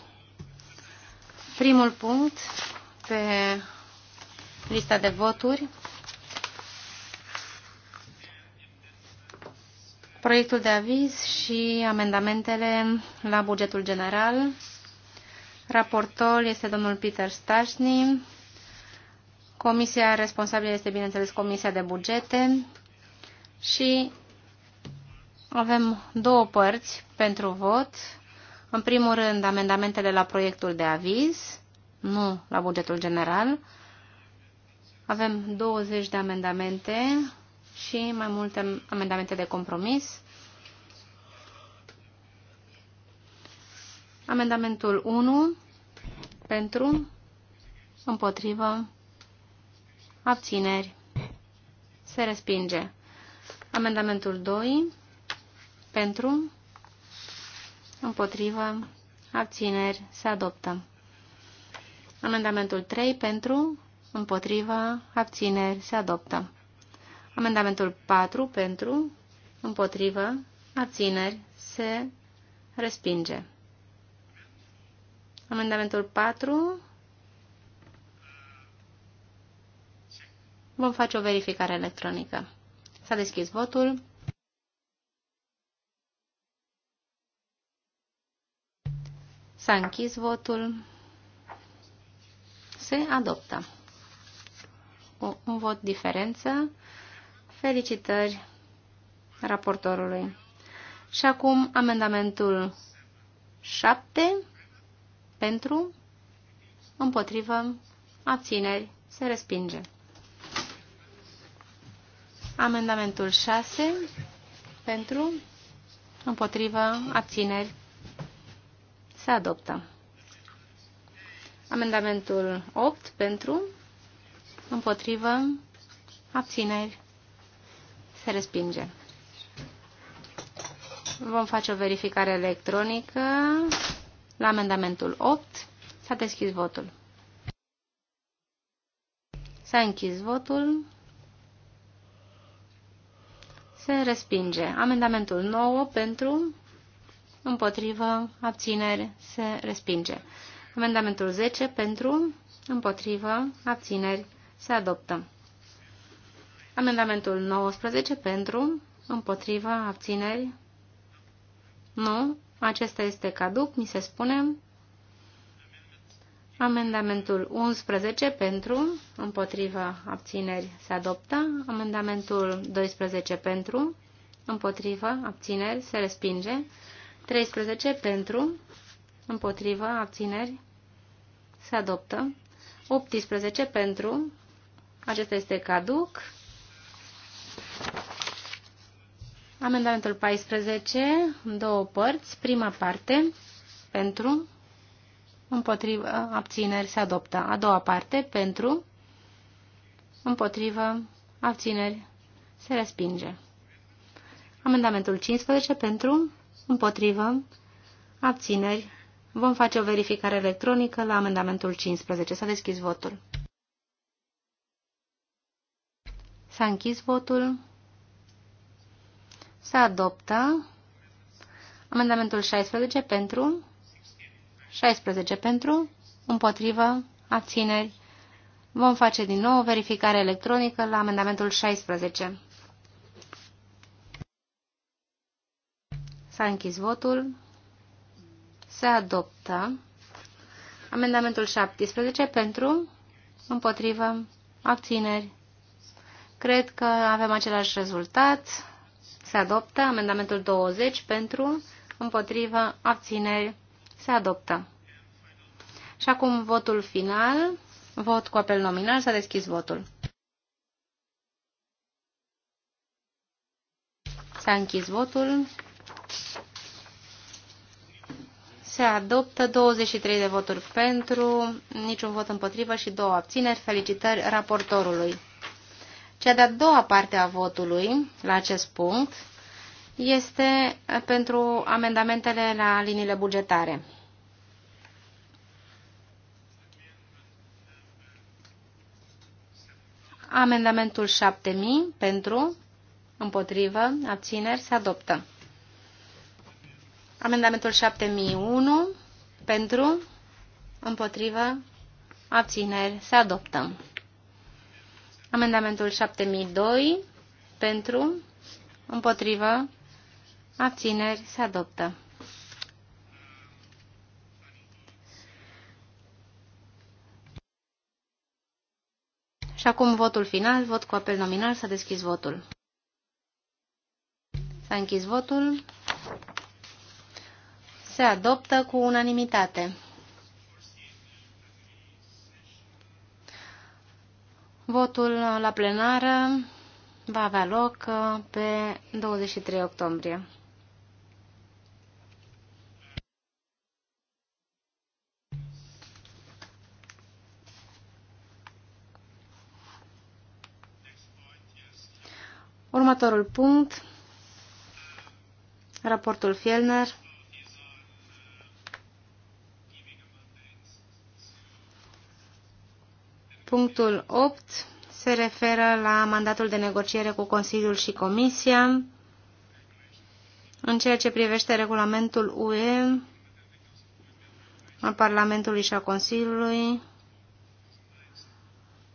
Primul punct pe lista de voturi. Proiectul de aviz și amendamentele la bugetul general Raportor este domnul Peter Stașni. Comisia responsabilă este, bineînțeles, Comisia de Bugete. Și avem două părți pentru vot. În primul rând, amendamentele la proiectul de aviz, nu la bugetul general. Avem 20 de amendamente și mai multe amendamente de compromis. Amendamentul 1 pentru, împotrivă, abțineri, se respinge. Amendamentul 2 pentru, împotrivă, abțineri, se adoptă. Amendamentul 3 pentru, împotrivă, abțineri, se adoptă. Amendamentul 4 pentru, împotrivă, abțineri, se respinge. Amendamentul 4. Vom face o verificare electronică. S-a deschis votul. S-a închis votul. Se adoptă. Cu un vot diferență. Felicitări raportorului. Și acum amendamentul 7 pentru, împotrivă, abțineri, se respinge. Amendamentul 6, pentru, împotrivă, abțineri, se adoptă. Amendamentul 8, pentru, împotrivă, abțineri, se respinge. Vom face o verificare electronică. La amendamentul 8 s-a deschis votul. S-a închis votul. Se respinge. Amendamentul 9 pentru, împotrivă, abțineri, se respinge. Amendamentul 10 pentru, împotrivă, abțineri, se adoptă. Amendamentul 19 pentru, împotrivă, abțineri, nu, acesta este caduc, mi se spune. Amendamentul 11 pentru, împotriva abțineri se adoptă. Amendamentul 12 pentru, împotriva abțineri se respinge. 13 pentru, împotriva abțineri se adoptă. 18 pentru, acesta este caduc. Amendamentul 14, în două părți, prima parte, pentru, împotrivă, abțineri, se adoptă. A doua parte, pentru, împotrivă, abțineri, se respinge. Amendamentul 15, pentru, împotrivă, abțineri, vom face o verificare electronică la amendamentul 15. S-a deschis votul. S-a închis votul. Se adoptă amendamentul 16 pentru, 16 pentru, împotrivă, abțineri. Vom face din nou o verificare electronică la amendamentul 16. S-a închis votul. Se adoptă amendamentul 17 pentru, împotrivă, abțineri. Cred că avem același rezultat se adoptă. Amendamentul 20 pentru, împotrivă, abțineri, se adoptă. Și acum votul final, vot cu apel nominal, s-a deschis votul. S-a închis votul. Se adoptă 23 de voturi pentru, niciun vot împotrivă și două abțineri. Felicitări raportorului. Cea de-a doua parte a votului la acest punct este pentru amendamentele la liniile bugetare. Amendamentul 7000 pentru, împotrivă, abțineri se adoptă. Amendamentul 7001 pentru, împotrivă, abțineri se adoptă. Amendamentul 7002 pentru, împotrivă, abțineri se adoptă. Și acum votul final, vot cu apel nominal, s-a deschis votul. S-a închis votul. Se adoptă cu unanimitate. Votul la plenară va avea loc uh, pe 23 octombrie. Următorul punct, raportul Fielner. Punctul 8 se referă la mandatul de negociere cu Consiliul și Comisia în ceea ce privește regulamentul UE al Parlamentului și a Consiliului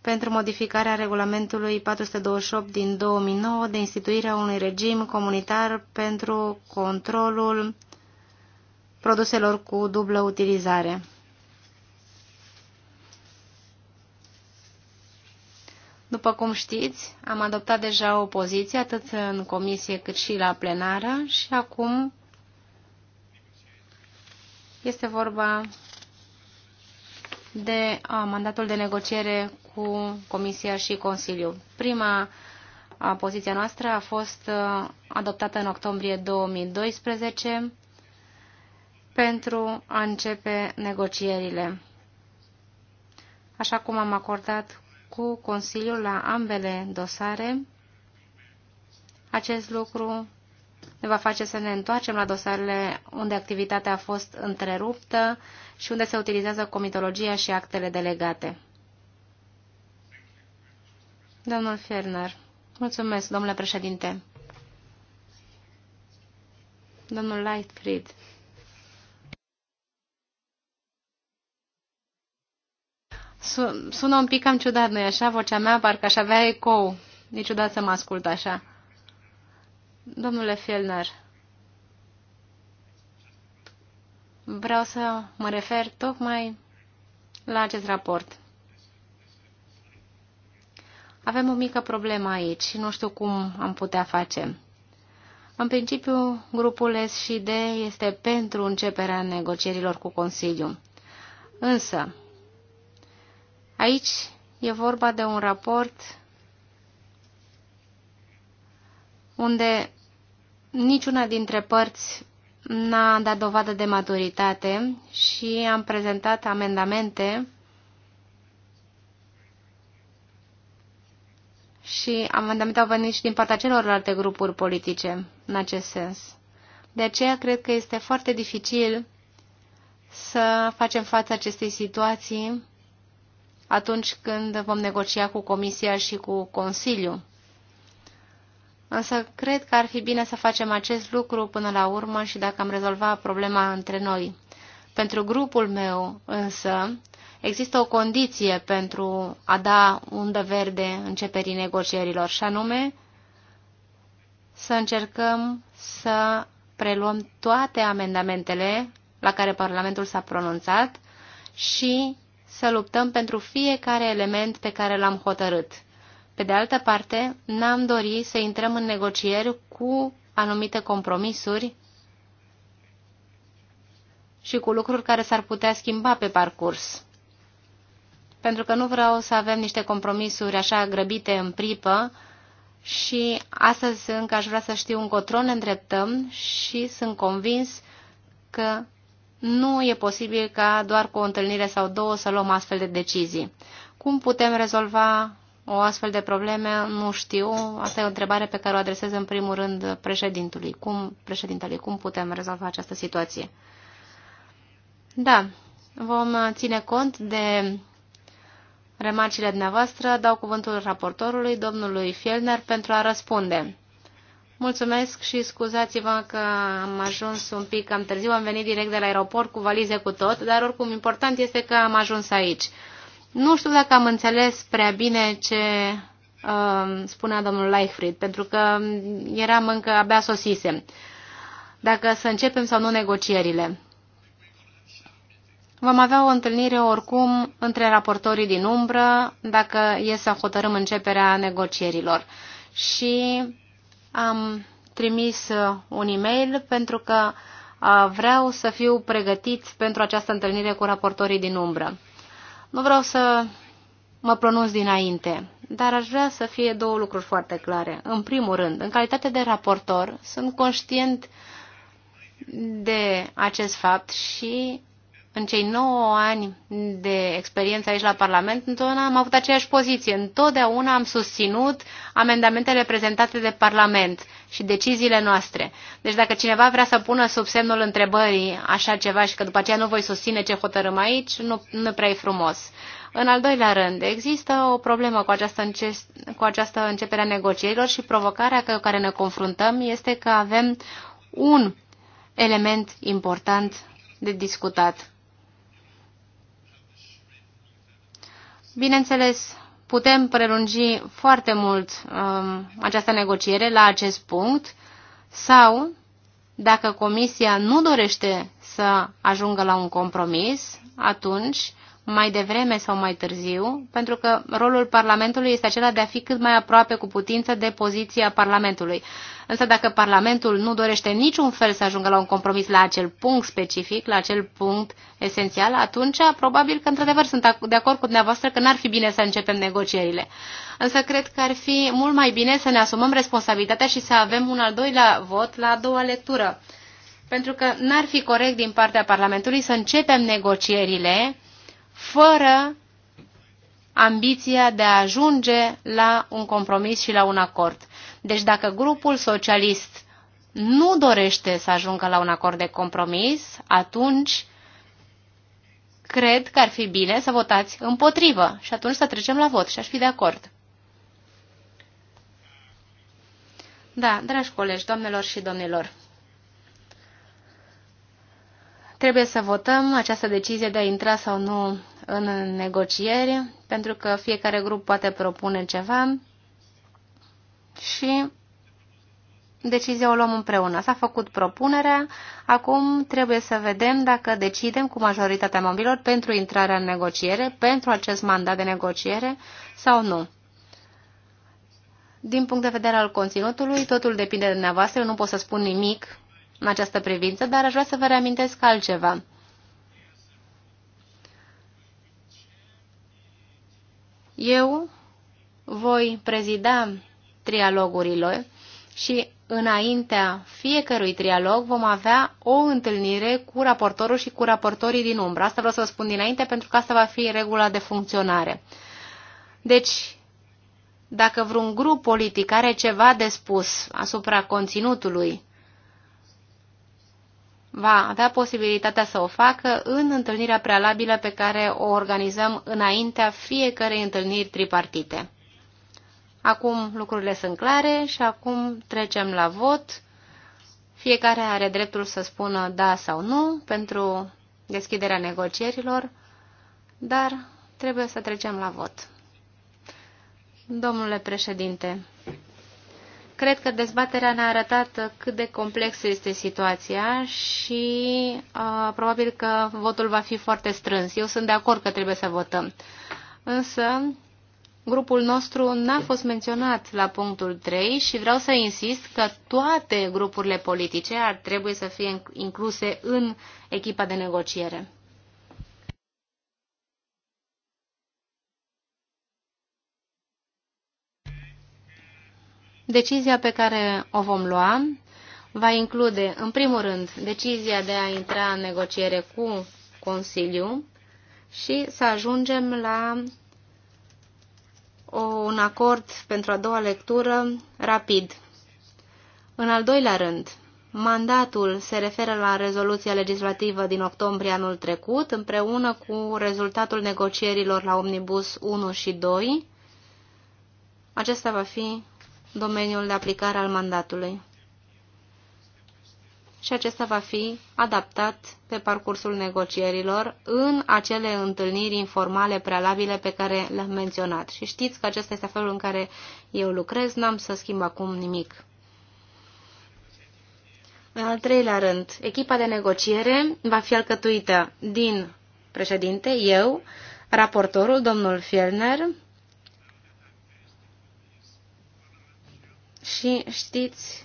pentru modificarea regulamentului 428 din 2009 de instituirea unui regim comunitar pentru controlul produselor cu dublă utilizare. După cum știți, am adoptat deja o poziție atât în comisie cât și la plenară și acum este vorba de a, mandatul de negociere cu Comisia și Consiliul. Prima a, poziția noastră a fost a, adoptată în octombrie 2012 pentru a începe negocierile. Așa cum am acordat cu Consiliul la ambele dosare. Acest lucru ne va face să ne întoarcem la dosarele unde activitatea a fost întreruptă și unde se utilizează comitologia și actele delegate. Domnul Ferner. Mulțumesc, domnule președinte. Domnul Lightfried. Sună un pic cam ciudat, nu-i așa? Vocea mea parcă aș avea ecou. E ciudat să mă ascult așa. Domnule Fielner, vreau să mă refer tocmai la acest raport. Avem o mică problemă aici și nu știu cum am putea face. În principiu, grupul S și D este pentru începerea negocierilor cu Consiliul. Însă, Aici e vorba de un raport unde niciuna dintre părți n-a dat dovadă de maturitate și am prezentat amendamente și amendamente au venit și din partea celorlalte grupuri politice în acest sens. De aceea cred că este foarte dificil să facem față acestei situații atunci când vom negocia cu Comisia și cu Consiliu. Însă cred că ar fi bine să facem acest lucru până la urmă și dacă am rezolva problema între noi. Pentru grupul meu însă există o condiție pentru a da undă verde începerii negocierilor și anume să încercăm să preluăm toate amendamentele la care Parlamentul s-a pronunțat și să luptăm pentru fiecare element pe care l-am hotărât. Pe de altă parte, n-am dorit să intrăm în negocieri cu anumite compromisuri și cu lucruri care s-ar putea schimba pe parcurs. Pentru că nu vreau să avem niște compromisuri așa grăbite în pripă și astăzi încă aș vrea să știu încotro ne îndreptăm și sunt convins că nu e posibil ca doar cu o întâlnire sau două să luăm astfel de decizii. Cum putem rezolva o astfel de probleme? Nu știu. Asta e o întrebare pe care o adresez în primul rând președintului. Cum, președintele, cum putem rezolva această situație? Da, vom ține cont de remarcile dumneavoastră. Dau cuvântul raportorului, domnului Fielner, pentru a răspunde. Mulțumesc și scuzați-vă că am ajuns un pic cam târziu, am venit direct de la aeroport cu valize cu tot, dar oricum important este că am ajuns aici. Nu știu dacă am înțeles prea bine ce uh, spunea domnul Leichfried, pentru că eram încă abia sosisem. Dacă să începem sau nu negocierile. Vom avea o întâlnire oricum între raportorii din umbră, dacă e să hotărâm începerea negocierilor. Și am trimis uh, un e-mail pentru că uh, vreau să fiu pregătit pentru această întâlnire cu raportorii din umbră. Nu vreau să mă pronunț dinainte, dar aș vrea să fie două lucruri foarte clare. În primul rând, în calitate de raportor, sunt conștient de acest fapt și în cei 9 ani de experiență aici la Parlament, întotdeauna am avut aceeași poziție. Întotdeauna am susținut amendamentele prezentate de Parlament și deciziile noastre. Deci dacă cineva vrea să pună sub semnul întrebării așa ceva și că după aceea nu voi susține ce hotărâm aici, nu, nu prea e frumos. În al doilea rând, există o problemă cu această, înce cu această începere a negocierilor și provocarea cu care ne confruntăm este că avem un element important de discutat Bineînțeles, putem prelungi foarte mult um, această negociere la acest punct sau, dacă Comisia nu dorește să ajungă la un compromis, atunci mai devreme sau mai târziu, pentru că rolul Parlamentului este acela de a fi cât mai aproape cu putință de poziția Parlamentului. Însă dacă Parlamentul nu dorește niciun fel să ajungă la un compromis la acel punct specific, la acel punct esențial, atunci probabil că într-adevăr sunt de acord cu dumneavoastră că n-ar fi bine să începem negocierile. Însă cred că ar fi mult mai bine să ne asumăm responsabilitatea și să avem un al doilea vot la a doua lectură. Pentru că n-ar fi corect din partea Parlamentului să începem negocierile fără ambiția de a ajunge la un compromis și la un acord. Deci dacă grupul socialist nu dorește să ajungă la un acord de compromis, atunci cred că ar fi bine să votați împotrivă și atunci să trecem la vot și aș fi de acord. Da, dragi colegi, doamnelor și domnilor, trebuie să votăm această decizie de a intra sau nu în negocieri, pentru că fiecare grup poate propune ceva și decizia o luăm împreună. S-a făcut propunerea, acum trebuie să vedem dacă decidem cu majoritatea mobilor pentru intrarea în negociere, pentru acest mandat de negociere sau nu. Din punct de vedere al conținutului, totul depinde de dumneavoastră, eu nu pot să spun nimic în această privință, dar aș vrea să vă reamintesc altceva. Eu voi prezida trialogurile și înaintea fiecărui trialog vom avea o întâlnire cu raportorul și cu raportorii din umbră. Asta vreau să vă spun dinainte pentru că asta va fi regula de funcționare. Deci, dacă vreun grup politic are ceva de spus asupra conținutului va avea posibilitatea să o facă în întâlnirea prealabilă pe care o organizăm înaintea fiecărei întâlniri tripartite. Acum lucrurile sunt clare și acum trecem la vot. Fiecare are dreptul să spună da sau nu pentru deschiderea negocierilor, dar trebuie să trecem la vot. Domnule președinte, Cred că dezbaterea ne-a arătat cât de complexă este situația și uh, probabil că votul va fi foarte strâns. Eu sunt de acord că trebuie să votăm. Însă, grupul nostru n-a fost menționat la punctul 3 și vreau să insist că toate grupurile politice ar trebui să fie incluse în echipa de negociere. Decizia pe care o vom lua va include, în primul rând, decizia de a intra în negociere cu Consiliu și să ajungem la un acord pentru a doua lectură rapid. În al doilea rând, mandatul se referă la rezoluția legislativă din octombrie anul trecut, împreună cu rezultatul negocierilor la Omnibus 1 și 2. Acesta va fi domeniul de aplicare al mandatului. Și acesta va fi adaptat pe parcursul negocierilor în acele întâlniri informale prealabile pe care le-am menționat. Și știți că acesta este felul în care eu lucrez, n-am să schimb acum nimic. În al treilea rând, echipa de negociere va fi alcătuită din președinte, eu, raportorul, domnul Fielner, Și știți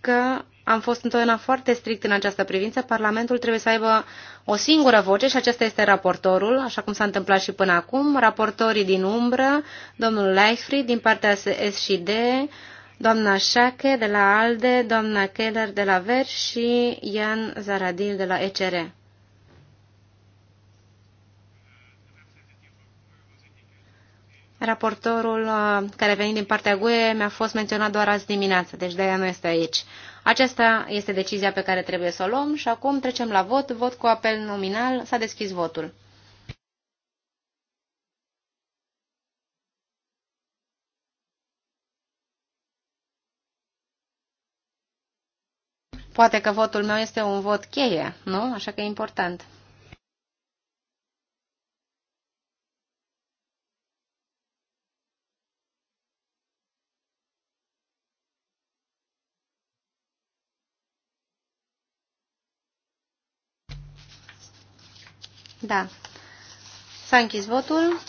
că am fost întotdeauna foarte strict în această privință. Parlamentul trebuie să aibă o singură voce și acesta este raportorul, așa cum s-a întâmplat și până acum. Raportorii din umbră, domnul Leifri din partea S și D, doamna Șache de la ALDE, doamna Keller de la Ver și Ian Zaradil de la ECR. Raportorul uh, care a venit din partea GUE mi-a fost menționat doar azi dimineață, deci de-aia nu este aici. Aceasta este decizia pe care trebuie să o luăm și acum trecem la vot. Vot cu apel nominal. S-a deschis votul. Poate că votul meu este un vot cheie, nu? Așa că e important. Da. S-a închis votul.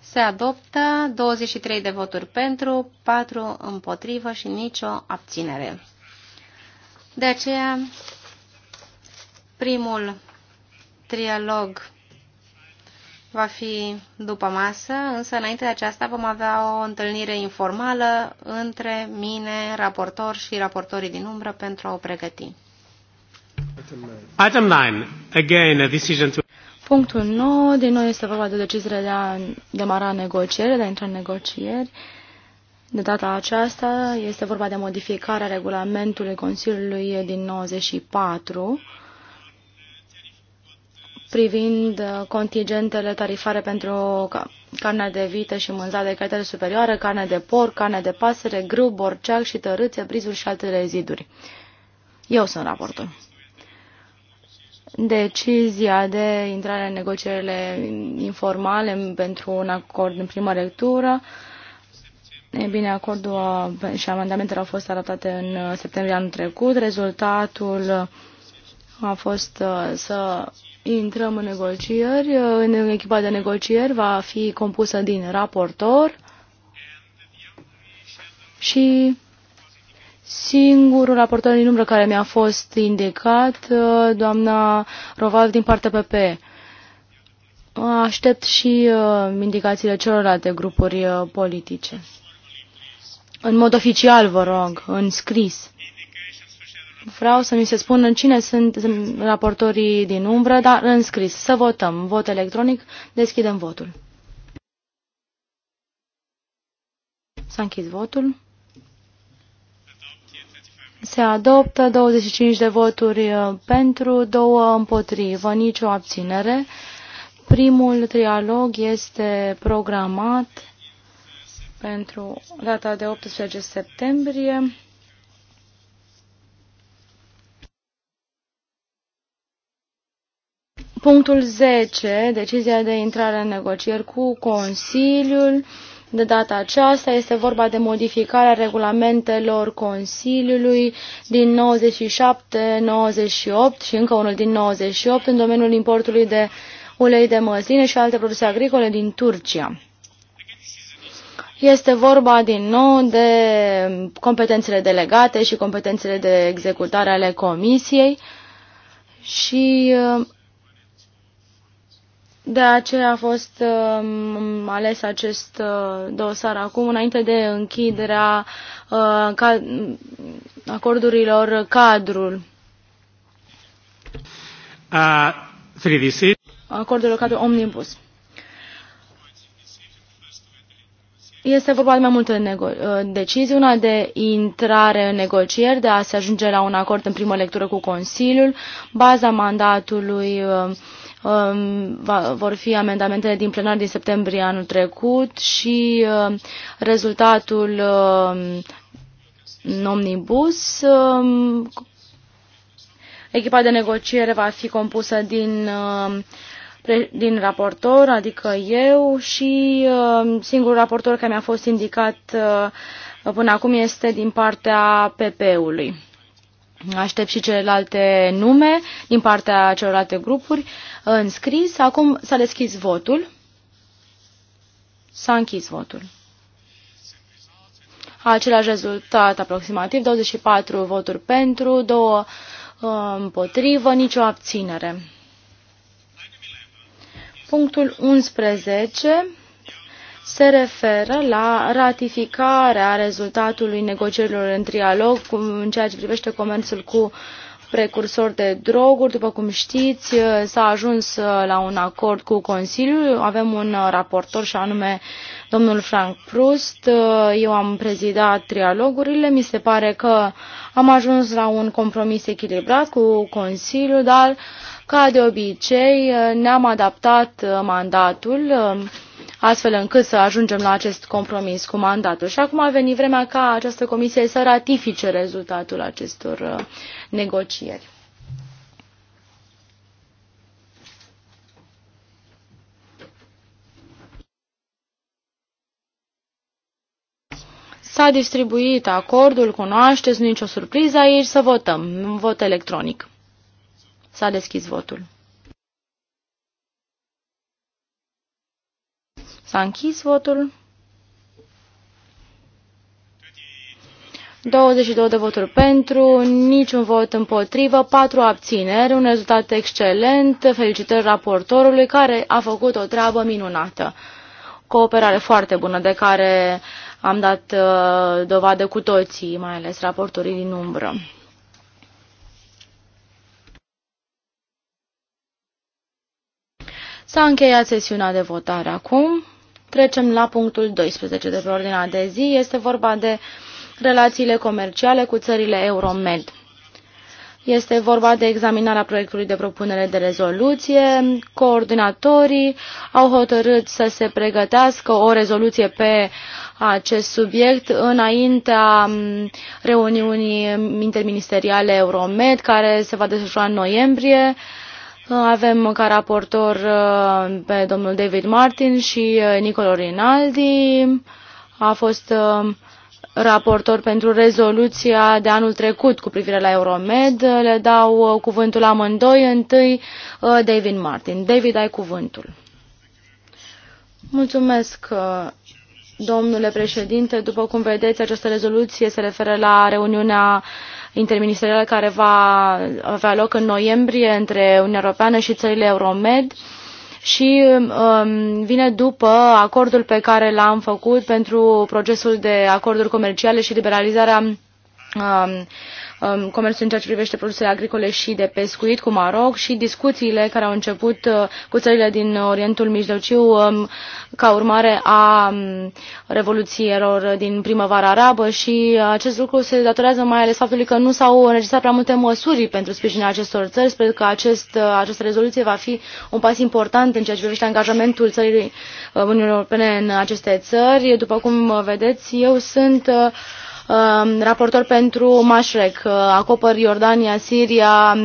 Se adoptă 23 de voturi pentru, 4 împotrivă și nicio abținere. De aceea, primul trialog va fi după masă, însă înainte de aceasta vom avea o întâlnire informală între mine, raportor și raportorii din umbră pentru a o pregăti. Item 9. Again, a decision to... Punctul 9. Din nou este vorba de deciziile de a demara negocieri, de a intra în negocieri. De data aceasta este vorba de modificarea regulamentului Consiliului din 94 privind contingentele tarifare pentru carne de vită și mânzat de calitate superioară, carne de porc, carne de pasăre, grâu, borceac și tărâțe, brizuri și alte reziduri. Eu sunt raportul decizia de intrare în negocierile informale pentru un acord în prima lectură. E bine, acordul și amendamentele au fost arătate în uh, septembrie anul trecut. Rezultatul uh, a fost uh, să intrăm în negocieri. În echipa de negocieri va fi compusă din raportor și Singurul raportor din umbră care mi-a fost indicat, uh, doamna Roval din partea PP. Aștept și uh, indicațiile celorlalte grupuri uh, politice. În mod oficial, vă rog, în scris. Vreau să mi se spună cine sunt raportorii din umbră, dar în scris. Să votăm. Vot electronic. Deschidem votul. S-a închis votul. Se adoptă 25 de voturi uh, pentru, două împotrivă, nicio abținere. Primul trialog este programat pentru data de 18 septembrie. Punctul 10, decizia de intrare în negocieri cu Consiliul. De data aceasta este vorba de modificarea regulamentelor Consiliului din 97-98 și încă unul din 98 în domeniul importului de ulei de măsline și alte produse agricole din Turcia. Este vorba din nou de competențele delegate și competențele de executare ale Comisiei și de aceea a fost uh, ales acest uh, dosar acum, înainte de închiderea uh, ca, acordurilor cadrul. Uh, Acordurilor cadrul omnibus. Este vorba de mai multe uh, decizii, una de intrare în negocieri, de a se ajunge la un acord în primă lectură cu Consiliul, baza mandatului uh, Um, vor fi amendamentele din plenar din septembrie anul trecut și um, rezultatul um, omnibus. Echipa de negociere va fi compusă din, din raportor, adică eu, și singurul raportor care mi-a fost indicat uh, până acum este din partea PP-ului. Aștept și celelalte nume din partea celorlalte grupuri înscris. Acum s-a deschis votul. S-a închis votul. Același rezultat aproximativ, 24 voturi pentru, 2 uh, împotrivă, nicio abținere. Punctul 11 se referă la ratificarea rezultatului negocierilor în trialog în ceea ce privește comerțul cu precursori de droguri. După cum știți, s-a ajuns la un acord cu Consiliul. Avem un raportor și anume domnul Frank Prust. Eu am prezidat trialogurile. Mi se pare că am ajuns la un compromis echilibrat cu Consiliul, dar ca de obicei ne-am adaptat mandatul astfel încât să ajungem la acest compromis cu mandatul. Și acum a venit vremea ca această comisie să ratifice rezultatul acestor uh, negocieri. S-a distribuit acordul, cunoașteți, nicio surpriză aici, să votăm. Vot electronic. S-a deschis votul. S-a închis votul. 22 de voturi pentru, niciun vot împotrivă, 4 abțineri, un rezultat excelent. Felicitări raportorului care a făcut o treabă minunată. Cooperare foarte bună de care am dat uh, dovadă cu toții, mai ales raportorii din umbră. S-a încheiat sesiunea de votare acum. Trecem la punctul 12 de pe ordinea de zi. Este vorba de relațiile comerciale cu țările Euromed. Este vorba de examinarea proiectului de propunere de rezoluție. Coordonatorii au hotărât să se pregătească o rezoluție pe acest subiect înaintea reuniunii interministeriale Euromed, care se va desfășura în noiembrie avem ca raportor uh, pe domnul David Martin și uh, Nicolo Rinaldi. A fost uh, raportor pentru rezoluția de anul trecut cu privire la Euromed. Le dau cuvântul amândoi. Întâi David Martin. David, ai cuvântul. Mulțumesc, domnule președinte. După cum vedeți, această rezoluție se referă la reuniunea interministerială care va avea loc în noiembrie între Uniunea Europeană și țările Euromed și um, vine după acordul pe care l-am făcut pentru procesul de acorduri comerciale și liberalizarea um, Um, comerțul în ceea ce privește produsele agricole și de pescuit cu Maroc și discuțiile care au început uh, cu țările din Orientul Mijlociu um, ca urmare a um, revoluțiilor din primăvara arabă și acest lucru se datorează mai ales faptului că nu s-au înregistrat prea multe măsuri pentru sprijinirea acestor țări. Sper că acest, uh, această rezoluție va fi un pas important în ceea ce privește angajamentul țării uh, Uniunii Europene în aceste țări. După cum vedeți, eu sunt uh, Um, raportor pentru Mashrek uh, Acopăr Iordania, Siria,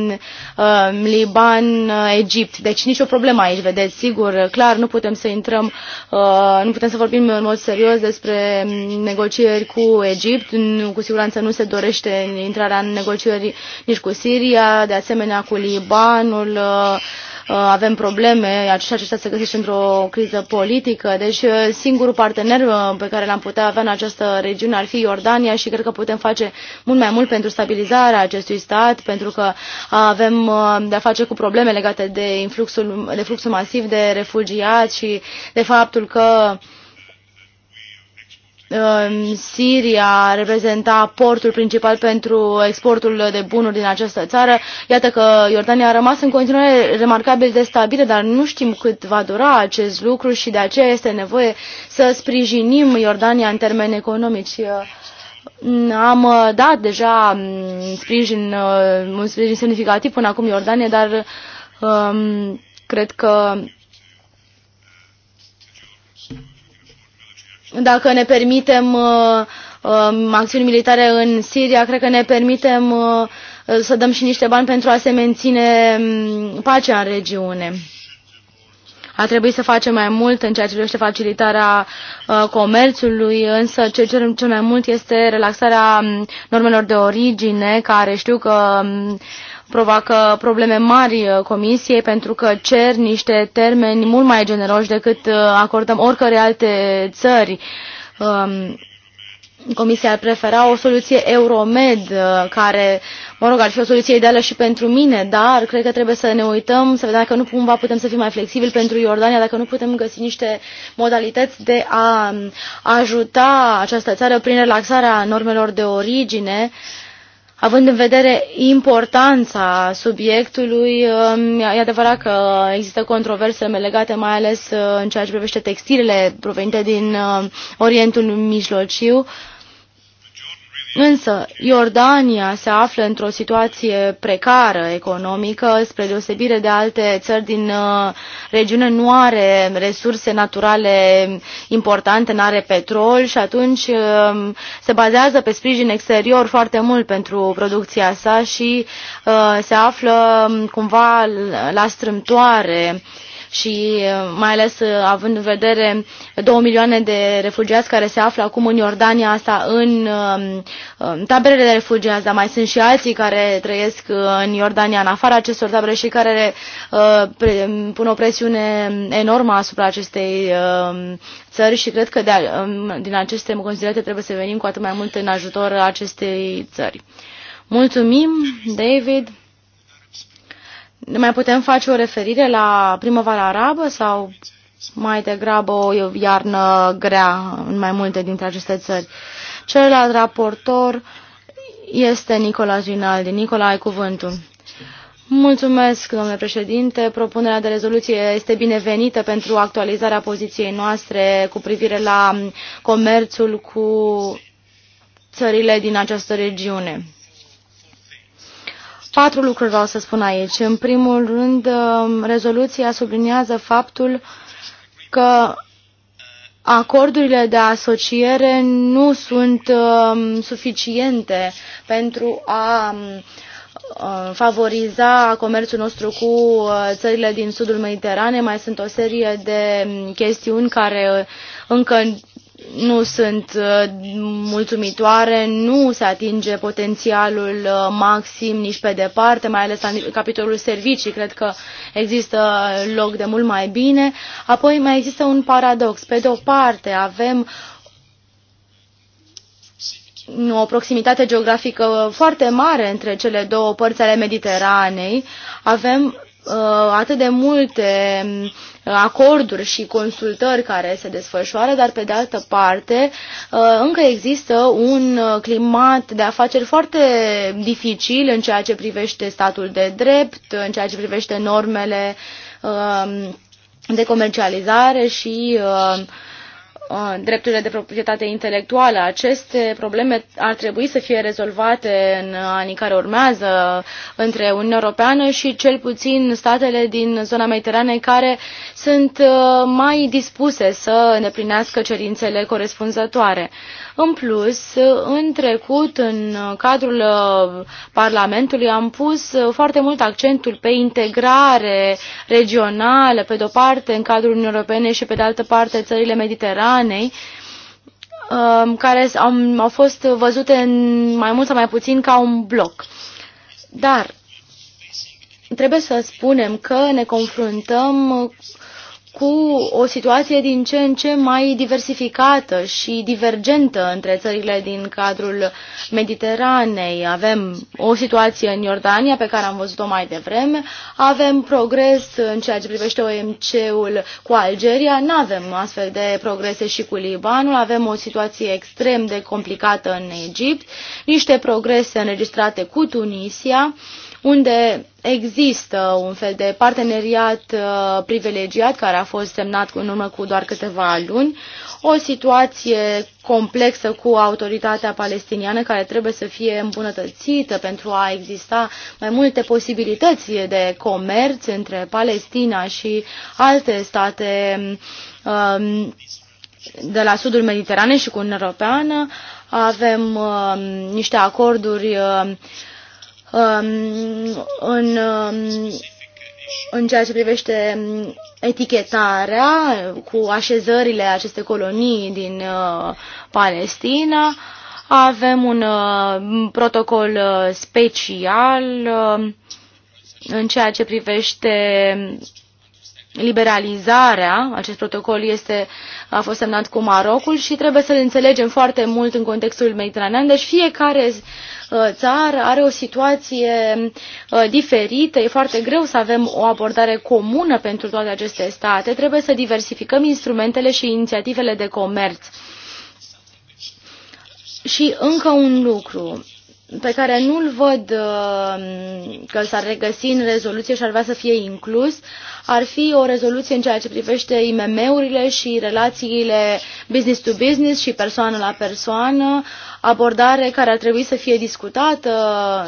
um, Liban, uh, Egipt. Deci nicio problemă aici, vedeți, sigur, clar, nu putem să intrăm, uh, nu putem să vorbim în mod serios despre um, negocieri cu Egipt. Cu siguranță nu se dorește intrarea în negocieri nici cu Siria, de asemenea cu Libanul, Uh, avem probleme, și acesta se găsește într-o criză politică. Deci uh, singurul partener uh, pe care l-am putea avea în această regiune ar fi Iordania și cred că putem face mult mai mult pentru stabilizarea acestui stat, pentru că avem de-a face cu probleme legate de, influxul, de fluxul masiv de refugiați și de faptul că uh, Siria reprezenta portul principal pentru exportul de bunuri din această țară. Iată că Iordania a rămas în continuare remarcabil de stabilă, dar nu știm cât va dura acest lucru și de aceea este nevoie să sprijinim Iordania în termeni economici. Am uh, dat deja um, sprijin, uh, un sprijin semnificativ până acum Iordania, dar um, cred că dacă ne permitem uh, um, acțiuni militare în Siria, cred că ne permitem uh, să dăm și niște bani pentru a se menține um, pacea în regiune. A trebuit să facem mai mult în ceea ce privește facilitarea uh, comerțului, însă ce cerem cel mai mult este relaxarea um, normelor de origine, care știu că provoacă probleme mari uh, Comisiei pentru că cer niște termeni mult mai generoși decât uh, acordăm oricare alte țări. Um, comisia ar prefera o soluție Euromed, uh, care, mă rog, ar fi o soluție ideală și pentru mine, dar cred că trebuie să ne uităm, să vedem dacă nu cumva putem să fim mai flexibili pentru Iordania, dacă nu putem găsi niște modalități de a um, ajuta această țară prin relaxarea normelor de origine uh, având în vedere importanța subiectului, um, e adevărat că există controverse legate mai ales uh, în ceea ce privește textilele provenite din uh, Orientul Mijlociu, Însă, Iordania se află într-o situație precară economică, spre deosebire de alte țări din uh, regiune, nu are resurse naturale importante, nu are petrol și atunci uh, se bazează pe sprijin exterior foarte mult pentru producția sa și uh, se află um, cumva la strâmtoare și uh, mai ales uh, având în vedere două milioane de refugiați care se află acum în Iordania, asta în um, um, taberele de refugiați, dar mai sunt și alții care trăiesc uh, în Iordania, în afara acestor tabere și care pun o presiune enormă asupra acestei um, țări și cred că de, din aceste considerate trebuie să venim cu atât mai mult în ajutor acestei țări. Mulțumim, David mai putem face o referire la primăvara arabă sau mai degrabă o iarnă grea în mai multe dintre aceste țări? Celălalt raportor este Nicola Rinaldi. Nicola, ai cuvântul. Mulțumesc, domnule președinte. Propunerea de rezoluție este binevenită pentru actualizarea poziției noastre cu privire la comerțul cu țările din această regiune. Patru lucruri vreau să spun aici. În primul rând, um, rezoluția subliniază faptul că acordurile de asociere nu sunt um, suficiente pentru a um, uh, favoriza comerțul nostru cu uh, țările din sudul Mediteranei. Mai sunt o serie de chestiuni care uh, încă nu sunt uh, mulțumitoare, nu se atinge potențialul uh, maxim nici pe departe, mai ales în capitolul servicii, cred că există loc de mult mai bine. Apoi mai există un paradox. Pe de o parte avem o proximitate geografică foarte mare între cele două părți ale Mediteranei. Avem Uh, atât de multe um, acorduri și consultări care se desfășoară, dar pe de altă parte uh, încă există un uh, climat de afaceri foarte dificil în ceea ce privește statul de drept, în ceea ce privește normele um, de comercializare și uh, Uh, drepturile de proprietate intelectuală. Aceste probleme ar trebui să fie rezolvate în anii care urmează între Uniunea Europeană și cel puțin statele din zona mediteranei care sunt uh, mai dispuse să îndeplinească cerințele corespunzătoare. În plus, în trecut, în cadrul uh, Parlamentului, am pus foarte mult accentul pe integrare regională, pe de-o parte în cadrul Uniunii Europene și pe de altă parte țările mediterane, Mediteranei, um, care au, au fost văzute în mai mult sau mai puțin ca un bloc. Dar trebuie să spunem că ne confruntăm cu o situație din ce în ce mai diversificată și divergentă între țările din cadrul Mediteranei. Avem o situație în Iordania pe care am văzut-o mai devreme, avem progres în ceea ce privește OMC-ul cu Algeria, nu avem astfel de progrese și cu Libanul, avem o situație extrem de complicată în Egipt, niște progrese înregistrate cu Tunisia, unde există un fel de parteneriat uh, privilegiat care a fost semnat în urmă cu doar câteva luni, o situație complexă cu autoritatea palestiniană care trebuie să fie îmbunătățită pentru a exista mai multe posibilități de comerț între Palestina și alte state um, de la sudul Mediteranei și cu Uniunea Europeană. Avem um, niște acorduri um, Um, în, um, în ceea ce privește um, etichetarea cu așezările aceste colonii din uh, Palestina. Avem un uh, protocol uh, special în ceea ce privește liberalizarea, acest protocol este, a fost semnat cu Marocul și trebuie să-l înțelegem foarte mult în contextul mediteranean. Deci fiecare uh, țară are o situație uh, diferită, e foarte greu să avem o abordare comună pentru toate aceste state, trebuie să diversificăm instrumentele și inițiativele de comerț. Și încă un lucru, pe care nu-l văd uh, că s-ar regăsi în rezoluție și ar vrea să fie inclus, ar fi o rezoluție în ceea ce privește IMM-urile și relațiile business to business și persoană la persoană, abordare care ar trebui să fie discutată,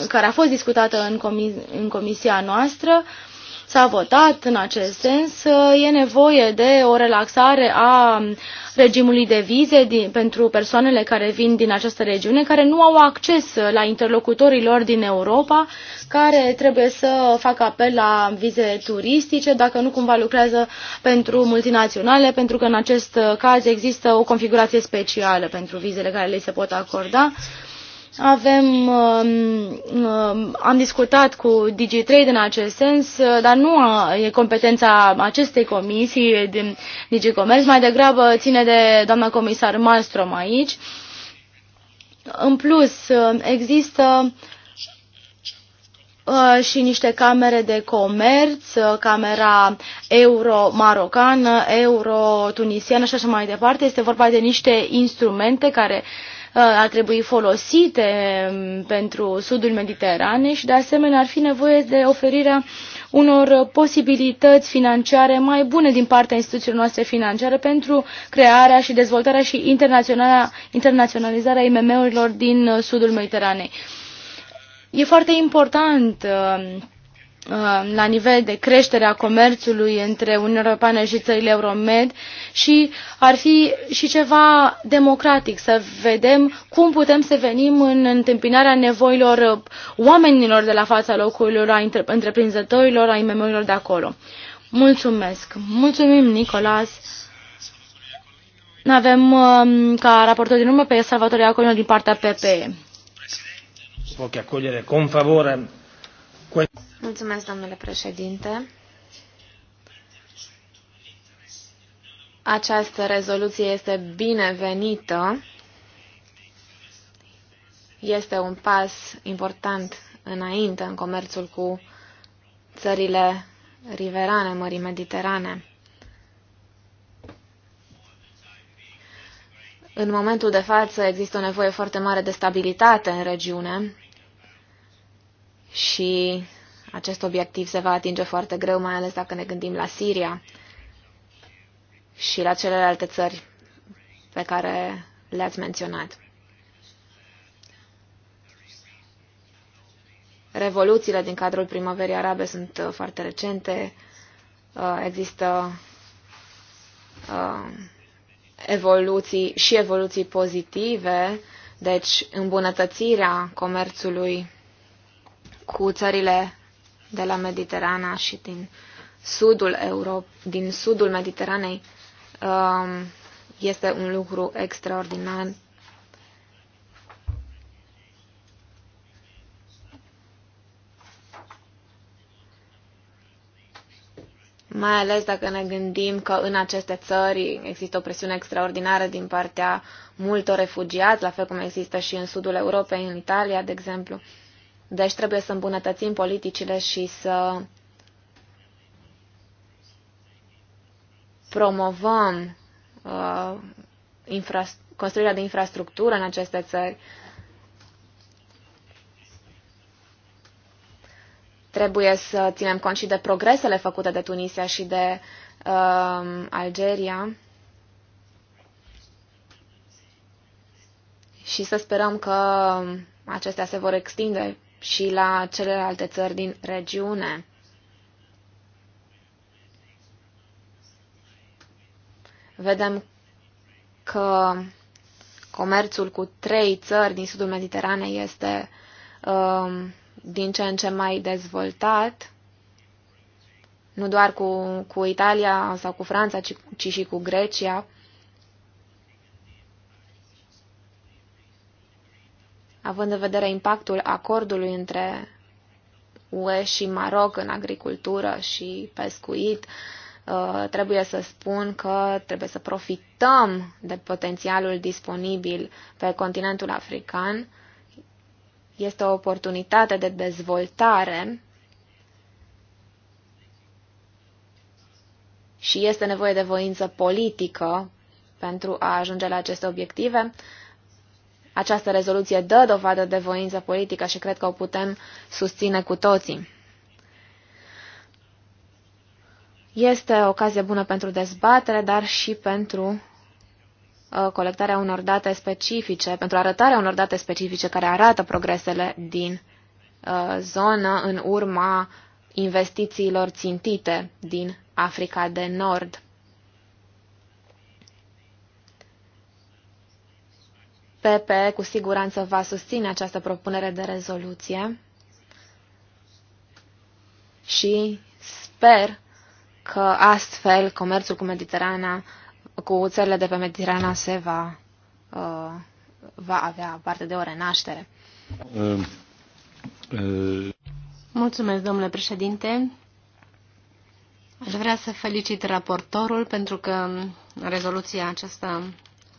care a fost discutată în, comis- în comisia noastră. Uh, s-a votat în acest sens, e nevoie de o relaxare a regimului de vize din, pentru persoanele care vin din această regiune, care nu au acces la interlocutorii lor din Europa, care trebuie să facă apel la vize turistice, dacă nu cumva lucrează pentru multinaționale, pentru că în acest caz există o configurație specială pentru vizele care le se pot acorda. Avem, um, um, am discutat cu Trade în acest sens, uh, dar nu e competența acestei comisii din DigiCommerce, mai degrabă ține de doamna comisar Malmström aici. În plus, um, există uh, și niște camere de comerț, uh, camera euro-marocană, euro-tunisiană și așa mai departe. Este vorba de niște instrumente care uh, Uh, ar trebui folosite um, pentru sudul Mediteranei și de asemenea ar fi nevoie de oferirea unor posibilități financiare mai bune din partea instituțiilor noastre financiare pentru crearea și dezvoltarea și internaționalizarea IMM-urilor din uh, sudul Mediteranei. E foarte important uh, Uh, la nivel de creștere a comerțului între Uniunea Europeană și țările Euromed și ar fi și ceva democratic să vedem cum putem să venim în întâmpinarea nevoilor oamenilor de la fața locurilor, a întreprinzătorilor, a imm de acolo. Mulțumesc! Mulțumim, Nicolas! Avem um, ca raportor din urmă pe Salvatore Acolino din partea PPE. Pochi accogliere con favore Mulțumesc, domnule președinte. Această rezoluție este binevenită. Este un pas important înainte în comerțul cu țările riverane Mării Mediterane. În momentul de față există o nevoie foarte mare de stabilitate în regiune și acest obiectiv se va atinge foarte greu, mai ales dacă ne gândim la Siria și la celelalte țări pe care le-ați menționat. Revoluțiile din cadrul primăverii arabe sunt uh, foarte recente. Uh, există uh, evoluții și evoluții pozitive, deci îmbunătățirea comerțului cu țările de la Mediterana și din sudul, Euro, din sudul Mediteranei um, este un lucru extraordinar. Mai ales dacă ne gândim că în aceste țări există o presiune extraordinară din partea multor refugiați, la fel cum există și în sudul Europei, în Italia, de exemplu. Deci trebuie să îmbunătățim politicile și să promovăm uh, infra, construirea de infrastructură în aceste țări. Trebuie să ținem cont și de progresele făcute de Tunisia și de uh, Algeria și să sperăm că acestea se vor extinde și la celelalte țări din regiune. Vedem că comerțul cu trei țări din sudul Mediteranei este um, din ce în ce mai dezvoltat, nu doar cu, cu Italia sau cu Franța, ci, ci și cu Grecia. având în vedere impactul acordului între UE și Maroc în agricultură și pescuit, uh, trebuie să spun că trebuie să profităm de potențialul disponibil pe continentul african. Este o oportunitate de dezvoltare și este nevoie de voință politică pentru a ajunge la aceste obiective. Această rezoluție dă dovadă de voință politică și cred că o putem susține cu toții. Este o ocazie bună pentru dezbatere, dar și pentru uh, colectarea unor date specifice, pentru arătarea unor date specifice care arată progresele din uh, zonă în urma investițiilor țintite din Africa de Nord. PP cu siguranță va susține această propunere de rezoluție și sper că astfel comerțul cu Mediterana, cu țările de pe Mediterana se va, uh, va avea parte de o renaștere. Um, uh, Mulțumesc, domnule președinte. Aș vrea să felicit raportorul pentru că rezoluția aceasta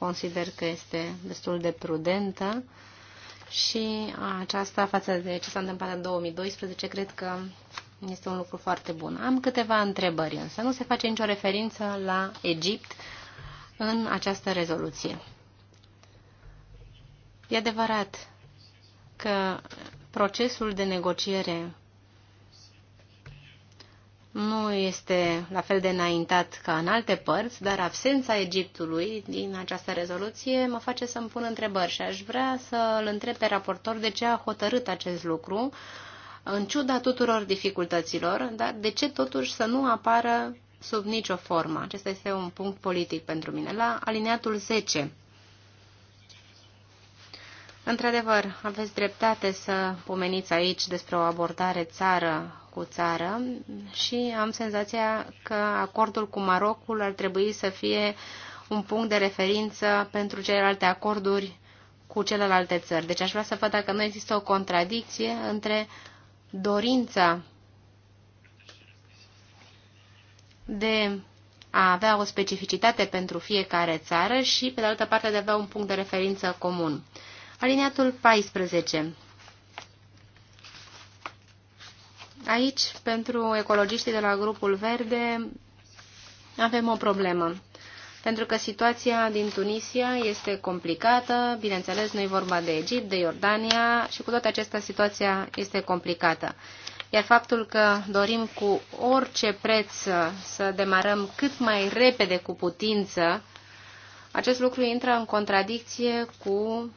consider că este destul de prudentă și aceasta față de ce s-a întâmplat în 2012, cred că este un lucru foarte bun. Am câteva întrebări, însă nu se face nicio referință la Egipt în această rezoluție. E adevărat că procesul de negociere nu este la fel de înaintat ca în alte părți, dar absența Egiptului din această rezoluție mă face să-mi pun întrebări și aș vrea să-l întreb pe raportor de ce a hotărât acest lucru, în ciuda tuturor dificultăților, dar de ce totuși să nu apară sub nicio formă? Acesta este un punct politic pentru mine. La aliniatul 10. Într-adevăr, aveți dreptate să pomeniți aici despre o abordare țară cu țară și am senzația că acordul cu Marocul ar trebui să fie un punct de referință pentru celelalte acorduri cu celelalte țări. Deci aș vrea să văd dacă nu există o contradicție între dorința de a avea o specificitate pentru fiecare țară și, pe de altă parte, de a avea un punct de referință comun. Aliniatul 14. Aici, pentru ecologiștii de la grupul verde, avem o problemă. Pentru că situația din Tunisia este complicată, bineînțeles, nu e vorba de Egipt, de Iordania și cu toate acestea situația este complicată. Iar faptul că dorim cu orice preț să demarăm cât mai repede cu putință, acest lucru intră în contradicție cu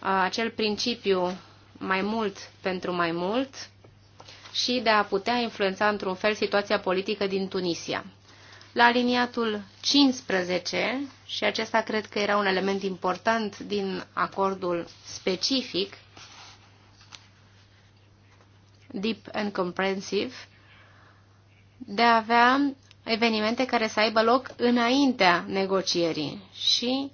acel principiu mai mult pentru mai mult și de a putea influența într-un fel situația politică din Tunisia. La aliniatul 15, și acesta cred că era un element important din acordul specific, deep and comprehensive, de a avea evenimente care să aibă loc înaintea negocierii și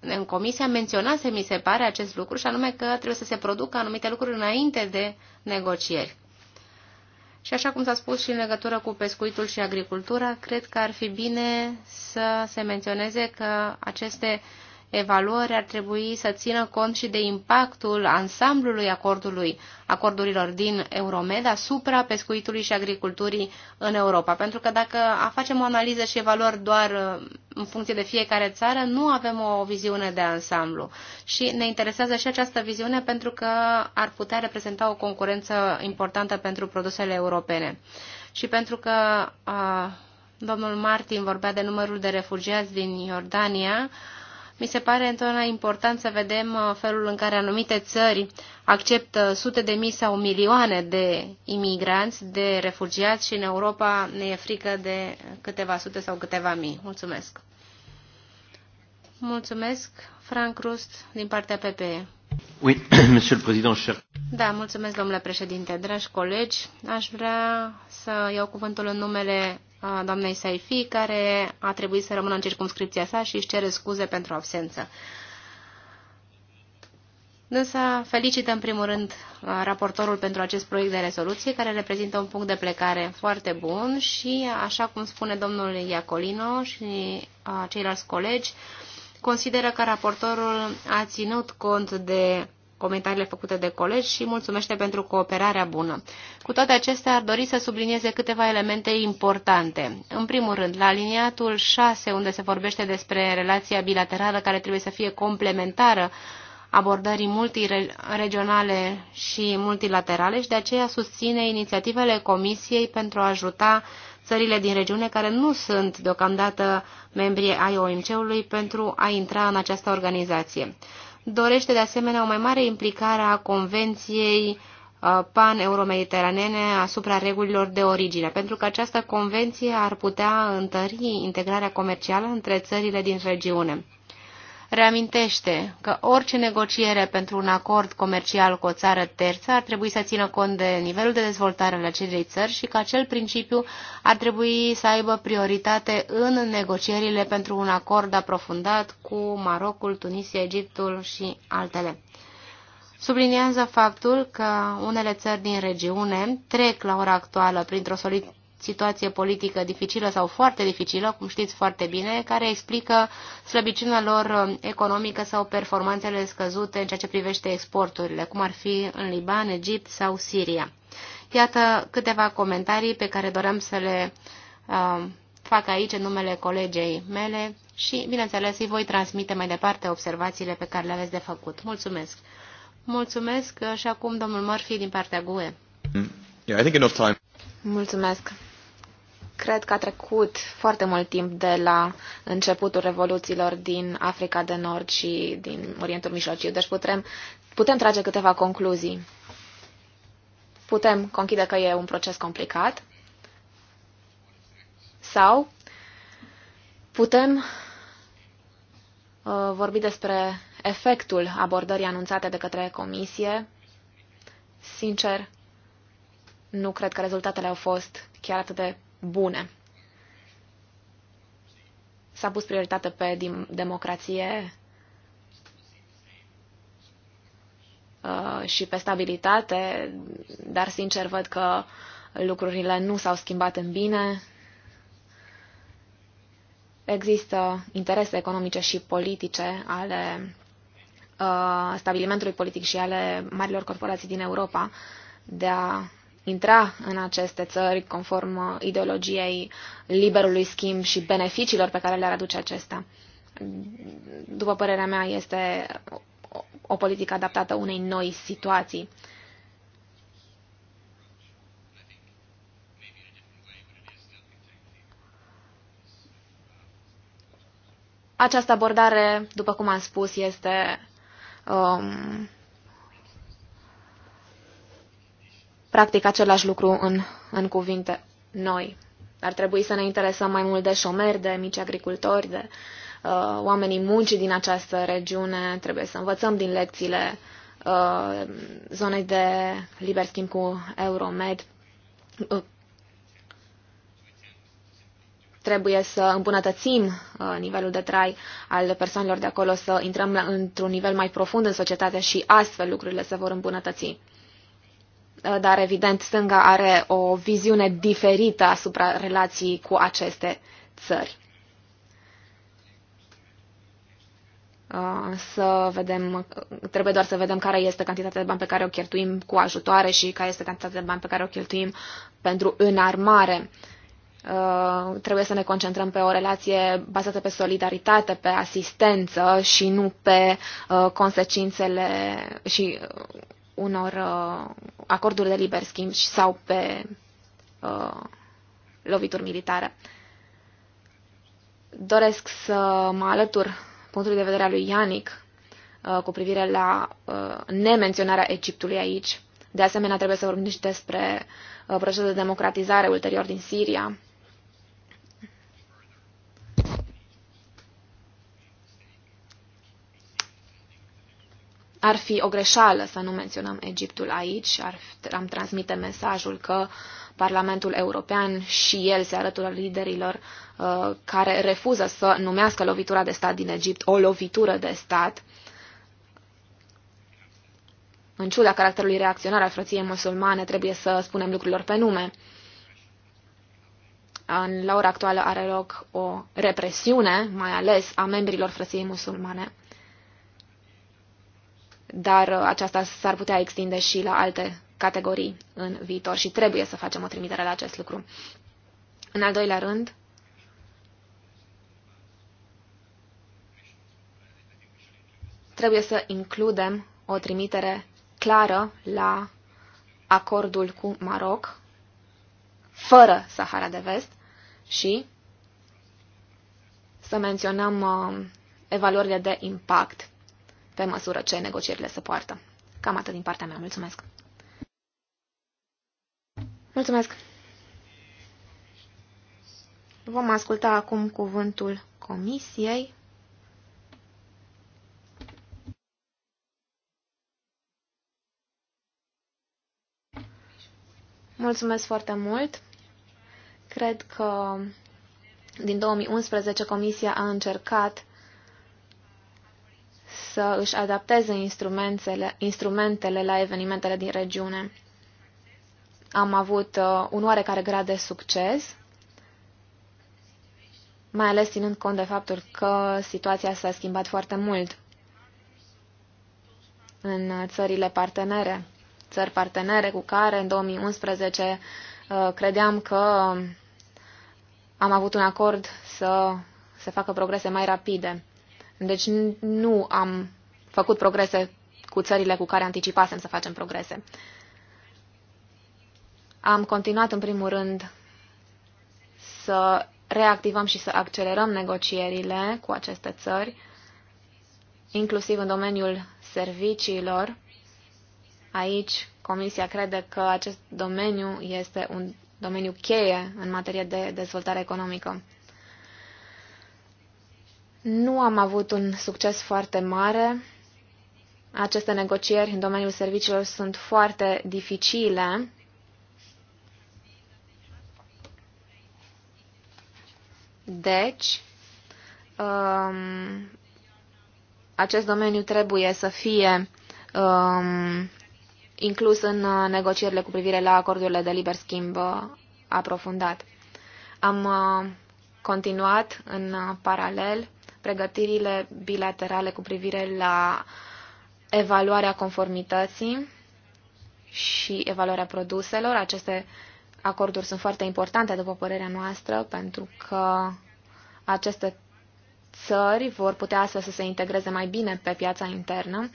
în comisia menționase, mi se pare, acest lucru și anume că trebuie să se producă anumite lucruri înainte de negocieri. Și așa cum s-a spus și în legătură cu pescuitul și agricultura, cred că ar fi bine să se menționeze că aceste uh, evaluări ar trebui să țină cont și de impactul ansamblului acordului, acordurilor din Euromed asupra pescuitului și agriculturii în Europa. Pentru că dacă facem o analiză și evaluări doar uh, în funcție de fiecare țară, nu avem o viziune de ansamblu. Și ne interesează și această viziune pentru că ar putea reprezenta o concurență importantă pentru produsele europene. Și pentru că a, uh, domnul Martin vorbea de numărul de refugiați din Iordania, mi se pare întotdeauna important să vedem uh, felul în care anumite țări acceptă sute de mii sau milioane de imigranți, de refugiați și în Europa ne e frică de câteva sute sau câteva mii. Mulțumesc! Mulțumesc, Frank Rust, din partea PPE. Oui, monsieur le président, cher... Da, mulțumesc, domnule președinte. Dragi colegi, aș vrea să iau cuvântul în numele doamnei Saifi, care a trebuit să rămână în circumscripția sa și își cere scuze pentru absență. Însă felicită în primul rând raportorul pentru acest proiect de rezoluție, care reprezintă un punct de plecare foarte bun și, așa cum spune domnul Iacolino și ceilalți colegi, consideră că raportorul a ținut cont de comentariile făcute de colegi și mulțumește pentru cooperarea bună. Cu toate acestea, ar dori să sublinieze câteva elemente importante. În primul rând, la aliniatul 6, unde se vorbește despre relația bilaterală care trebuie să fie complementară abordării multiregionale și multilaterale și de aceea susține inițiativele Comisiei pentru a ajuta țările din regiune care nu sunt deocamdată membri ai OMC-ului pentru a intra în această organizație dorește de asemenea o mai mare implicare a Convenției uh, pan-euromediteranene asupra regulilor de origine, pentru că această convenție ar putea întări integrarea comercială între țările din regiune reamintește că orice negociere pentru un acord comercial cu o țară terță ar trebui să țină cont de nivelul de dezvoltare al acelei țări și că acel principiu ar trebui să aibă prioritate în negocierile pentru un acord aprofundat cu Marocul, Tunisia, Egiptul și altele. Subliniază faptul că unele țări din regiune trec la ora actuală printr-o situație politică dificilă sau foarte dificilă, cum știți foarte bine, care explică slăbiciunea lor um, economică sau performanțele scăzute în ceea ce privește exporturile, cum ar fi în Liban, Egipt sau Siria. Iată câteva comentarii pe care doream să le uh, fac aici în numele colegei mele și, bineînțeles, îi voi transmite mai departe observațiile pe care le aveți de făcut. Mulțumesc! Mulțumesc și acum domnul Murphy din partea GUE. Mm. Yeah, I think enough time. Mulțumesc. Cred că a trecut foarte mult timp de la începutul revoluțiilor din Africa de Nord și din Orientul Mijlociu, deci putem, putem trage câteva concluzii. Putem conchide că e un proces complicat sau putem uh, vorbi despre efectul abordării anunțate de către comisie. Sincer, nu cred că rezultatele au fost chiar atât de bune. S-a pus prioritate pe democrație uh, și pe stabilitate, dar sincer văd că lucrurile nu s-au schimbat în bine. Există interese economice și politice ale uh, stabilimentului politic și ale marilor corporații din Europa de a intra în aceste țări conform ideologiei liberului schimb și beneficiilor pe care le-ar aduce acesta. După părerea mea, este o politică adaptată unei noi situații. Această abordare, după cum am spus, este um, practic același lucru în, în cuvinte noi. Ar trebui să ne interesăm mai mult de șomeri, de mici agricultori, de uh, oamenii muncii din această regiune. Trebuie să învățăm din lecțiile uh, zonei de liber schimb cu Euromed. Uh, trebuie să îmbunătățim uh, nivelul de trai al persoanelor de acolo, să intrăm într-un nivel mai profund în societate și astfel lucrurile se vor îmbunătăți. Eh, dar evident stânga are o viziune diferită asupra relației cu aceste țări. Eh, să vedem, trebuie doar să vedem care este cantitatea de bani pe care o cheltuim cu ajutoare și care este cantitatea de bani pe care o cheltuim pentru înarmare. Eh, trebuie să ne concentrăm pe o relație bazată pe solidaritate, pe asistență și nu pe consecințele și unor uh, acorduri de liber schimb sau pe uh, lovituri militare. Doresc să mă alătur punctului de vedere al lui Ianic uh, cu privire la uh, nemenționarea Egiptului aici. De asemenea, trebuie să vorbim și despre uh, procesul de democratizare ulterior din Siria ar fi o greșeală să nu menționăm Egiptul aici, ar, am transmite mesajul că Parlamentul European și el se alătură liderilor uh, care refuză să numească lovitura de stat din Egipt o lovitură de stat, în ciuda caracterului reacționar al frăției musulmane, trebuie să spunem lucrurilor pe nume. În, la ora actuală are loc o represiune, mai ales a membrilor frăției musulmane, dar uh, aceasta s-ar putea extinde și la alte categorii în viitor și trebuie să facem o trimitere la acest lucru. În al doilea rând, trebuie să includem o trimitere clară la acordul cu Maroc, fără Sahara de Vest, și să menționăm uh, evaluările de impact pe măsură ce negocierile se poartă. Cam atât din partea mea. Mulțumesc! Mulțumesc! Vom asculta acum cuvântul comisiei. Mulțumesc foarte mult! Cred că din 2011 Comisia a încercat să își adapteze instrumentele, instrumentele la evenimentele din regiune. Am avut uh, un oarecare grad de succes, mai ales ținând cont de faptul că situația s-a schimbat foarte mult în uh, țările partenere, țări partenere cu care în 2011 uh, credeam că am avut un acord să se facă progrese mai rapide. Deci nu am făcut progrese cu țările cu care anticipasem să facem progrese. Am continuat, în primul rând, să reactivăm și să accelerăm negocierile cu aceste țări, inclusiv în domeniul serviciilor. Aici, Comisia crede că acest domeniu este un domeniu cheie în materie de dezvoltare economică. Nu am avut un succes foarte mare. Aceste negocieri în domeniul serviciilor sunt foarte dificile. Deci, um, acest domeniu trebuie să fie um, inclus în uh, negocierile cu privire la acordurile de liber schimb uh, aprofundat. Am uh, continuat în paralel pregătirile bilaterale cu privire la evaluarea conformității și evaluarea produselor. Aceste acorduri sunt foarte importante, după părerea noastră, pentru că aceste țări vor putea astfel să se integreze mai bine pe piața internă.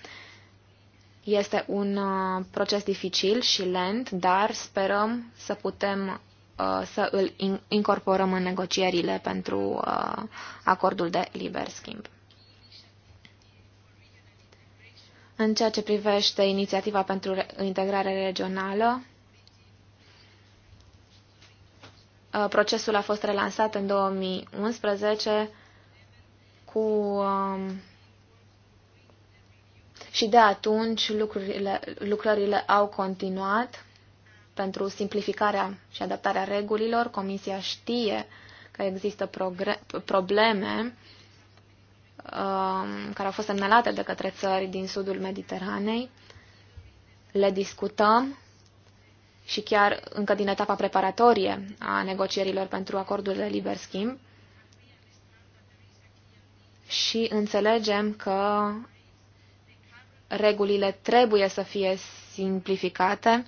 Este un uh, proces dificil și lent, dar sperăm să putem Uh, să îl incorporăm în negocierile pentru uh, acordul de liber schimb. În ceea ce privește inițiativa pentru integrare regională, uh, procesul a fost relansat în 2011 cu um, și de atunci lucrurile, lucrările au continuat pentru simplificarea și adaptarea regulilor. Comisia știe că există probleme um, care au fost semnalate de către țări din sudul Mediteranei. Le discutăm și chiar încă din etapa preparatorie a negocierilor pentru acordul de liber schimb. Și înțelegem că regulile trebuie să fie simplificate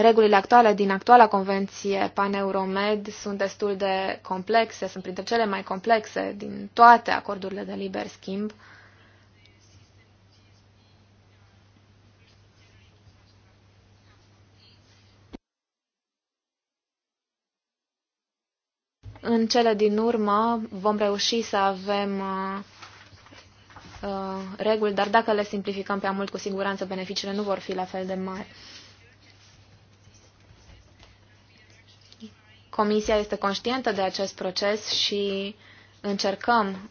regulile actuale din actuala convenție Paneuromed sunt destul de complexe, sunt printre cele mai complexe din toate acordurile de liber schimb. În cele din urmă vom reuși să avem uh, uh reguli, dar dacă le simplificăm prea mult, cu siguranță beneficiile nu vor fi la fel de mari. Comisia este conștientă de acest proces și încercăm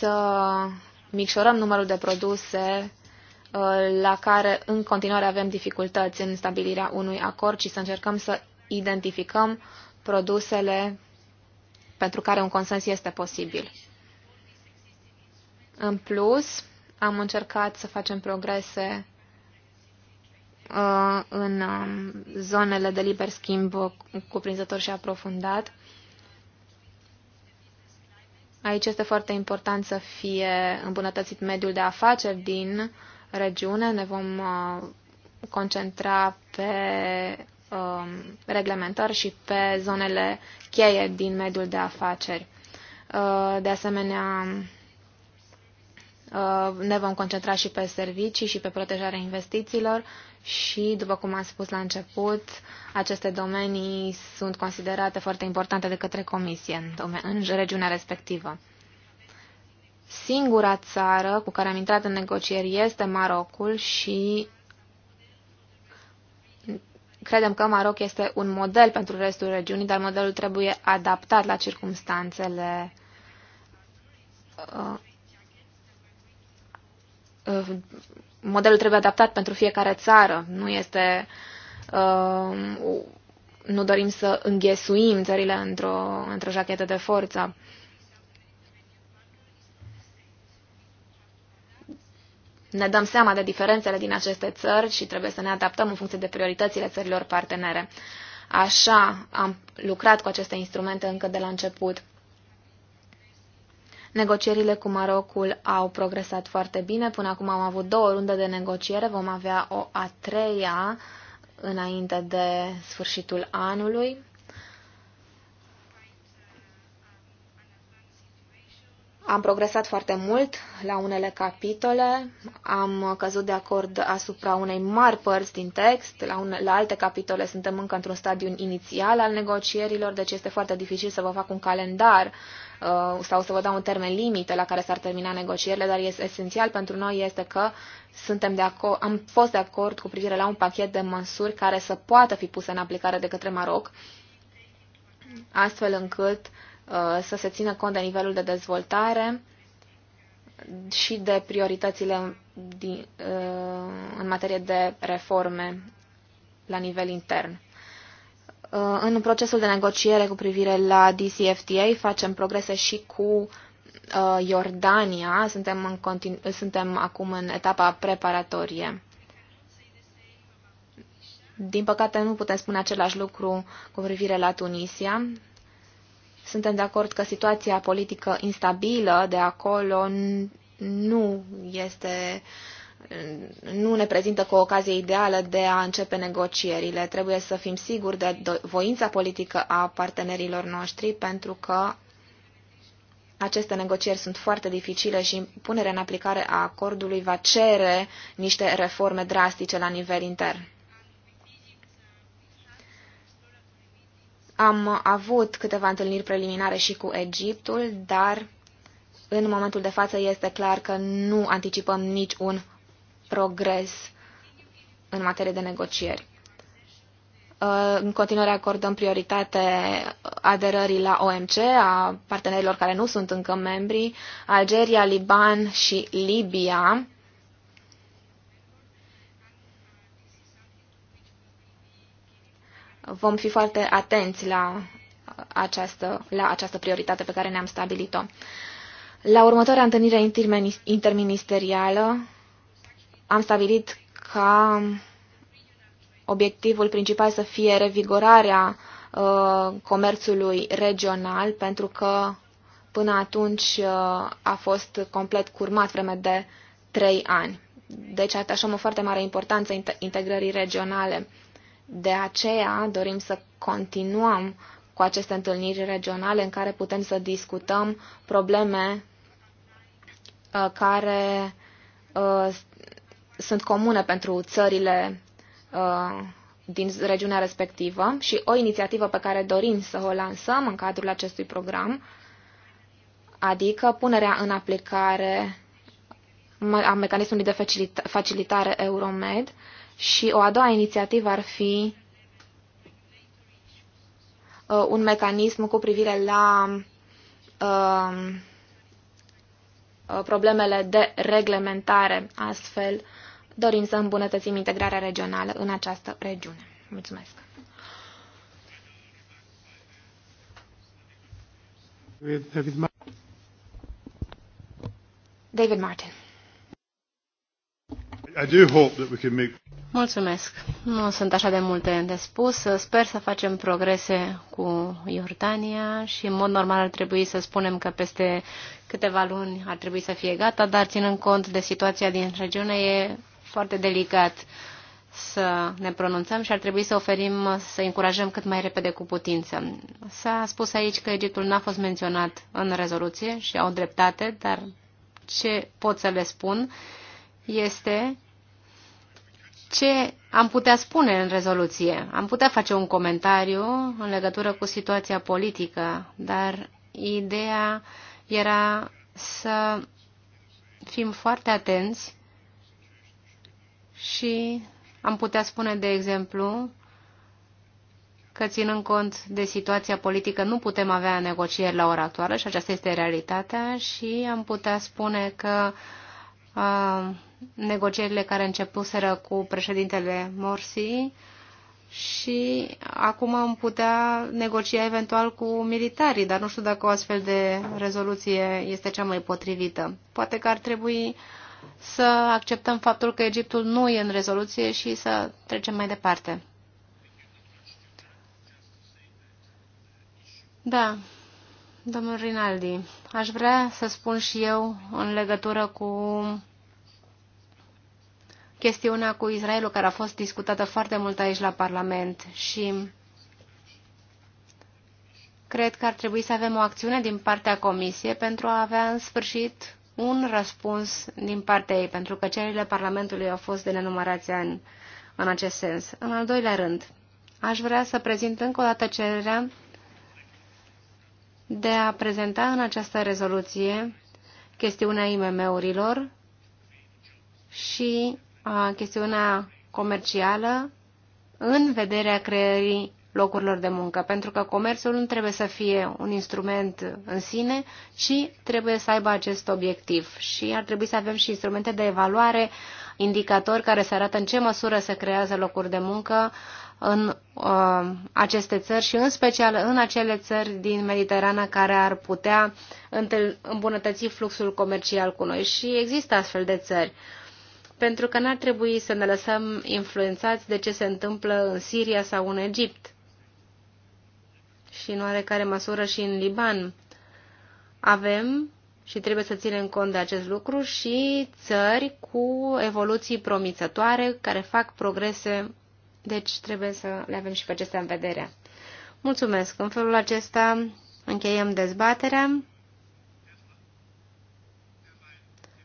să micșorăm numărul de produse uh, la care în continuare avem dificultăți în stabilirea unui acord și să încercăm să identificăm produsele pentru care un consens este posibil. În plus, am încercat să facem progrese Uh, în um, zonele de liber schimb cuprinzător și aprofundat. Aici este foarte important să fie îmbunătățit mediul de afaceri din regiune. Ne vom uh, concentra pe um, reglementări și pe zonele cheie din mediul de afaceri. Uh, de asemenea, ne vom concentra și pe servicii și pe protejarea investițiilor și, după cum am spus la început, aceste domenii sunt considerate foarte importante de către Comisie în, în regiunea respectivă. Singura țară cu care am intrat în negocieri este Marocul și credem că Maroc este un model pentru restul regiunii, dar modelul trebuie adaptat la circumstanțele uh, uh, modelul trebuie adaptat pentru fiecare țară. Nu este um, nu dorim să înghesuim țările într-o, într-o jachetă de forță. Ne dăm seama de diferențele din aceste țări și trebuie să ne adaptăm în funcție de prioritățile țărilor partenere. Așa am lucrat cu aceste instrumente încă de la început. Negocierile cu Marocul au progresat foarte bine. Până acum am avut două runde de negociere. Vom avea o a treia înainte de sfârșitul anului. Am progresat foarte mult la unele capitole, am căzut de acord asupra unei mari părți din text, la, un, la alte capitole suntem încă într-un stadiu inițial al negocierilor, deci este foarte dificil să vă fac un calendar uh, Uh, sau să vă dau un termen limită la care s-ar termina negocierile, dar este esențial pentru noi este că suntem de acord, am fost de acord cu privire la un pachet de măsuri care să poată fi puse în aplicare de către Maroc, astfel încât uh, să se țină cont de nivelul de dezvoltare și de prioritățile din, uh, în materie de reforme la nivel intern. Uh, în procesul de negociere cu privire la DCFTA facem progrese și cu uh, Iordania. Suntem, în continu- suntem acum în etapa preparatorie. Din păcate nu putem spune același lucru cu privire la Tunisia. Suntem de acord că situația politică instabilă de acolo nu este uh, nu ne prezintă cu o ocazie ideală de a începe negocierile. Trebuie să fim siguri de voința politică a partenerilor noștri, pentru că aceste negocieri sunt foarte dificile și punerea în aplicare a acordului va cere niște reforme drastice la nivel intern. Am avut câteva întâlniri preliminare și cu Egiptul, dar în momentul de față este clar că nu anticipăm nici un progres în materie de negocieri. Uh, în continuare acordăm prioritate aderării la OMC, a partenerilor care nu sunt încă membri, Algeria, Liban și Libia. Vom fi foarte atenți la această, la această prioritate pe care ne-am stabilit-o. La următoarea întâlnire interministerială am stabilit ca obiectivul principal să fie revigorarea uh, comerțului regional, pentru că până atunci uh, a fost complet curmat vreme de trei ani. Deci atașăm o foarte mare importanță integrării regionale. De aceea dorim să continuăm cu aceste întâlniri regionale în care putem să discutăm probleme uh, care uh, sunt comune pentru țările uh, din regiunea respectivă și o inițiativă pe care dorim să o lansăm în cadrul acestui program, adică punerea în aplicare a mecanismului de facilitare Euromed și o a doua inițiativă ar fi uh, un mecanism cu privire la uh, problemele de reglementare, astfel dorim să îmbunătățim integrarea regională în această regiune. Mulțumesc! David Martin. I do hope that we can make... Mulțumesc. Nu sunt așa de multe de spus. Sper să facem progrese cu Iordania și în mod normal ar trebui să spunem că peste câteva luni ar trebui să fie gata, dar ținând cont de situația din regiune e foarte delicat să ne pronunțăm și ar trebui să oferim, să încurajăm cât mai repede cu putință. S-a spus aici că Egiptul n-a fost menționat în rezoluție și au dreptate, dar ce pot să le spun este ce am putea spune în rezoluție. Am putea face un comentariu în legătură cu situația politică, dar ideea era să fim foarte atenți și am putea spune, de exemplu, că ținând cont de situația politică nu putem avea negocieri la ora actuală și aceasta este realitatea și am putea spune că uh, negocierile care începuseră cu președintele Morsi și acum am putea negocia eventual cu militarii, dar nu știu dacă o astfel de rezoluție este cea mai potrivită. Poate că ar trebui uh, să acceptăm faptul că Egiptul nu e în rezoluție și să trecem mai departe. Da, domnul Rinaldi, aș vrea să spun și eu în legătură cu chestiunea cu Israelul, care a fost discutată foarte mult aici la Parlament și cred că ar trebui să avem o acțiune din partea Comisiei pentru a avea în sfârșit un răspuns din partea ei, pentru că cererile Parlamentului au fost de nenumărați ani în acest sens. În al doilea rând, aș vrea să prezint încă o dată cererea de a prezenta în această rezoluție chestiunea IMM-urilor și a, chestiunea comercială în vederea creării locurilor de muncă, pentru că comerțul nu trebuie să fie un instrument în sine, ci trebuie să aibă acest obiectiv. Și ar trebui să avem și instrumente de evaluare, indicatori care să arată în ce măsură se creează locuri de muncă în uh, aceste țări și în special în acele țări din Mediterana care ar putea îmbunătăți fluxul comercial cu noi. Și există astfel de țări pentru că n-ar trebui să ne lăsăm influențați de ce se întâmplă în Siria sau în Egipt și în oarecare măsură și în Liban. Avem și trebuie să ținem cont de acest lucru și țări cu evoluții promițătoare care fac progrese, deci trebuie să le avem și pe acestea în vedere. Mulțumesc! În felul acesta încheiem dezbaterea.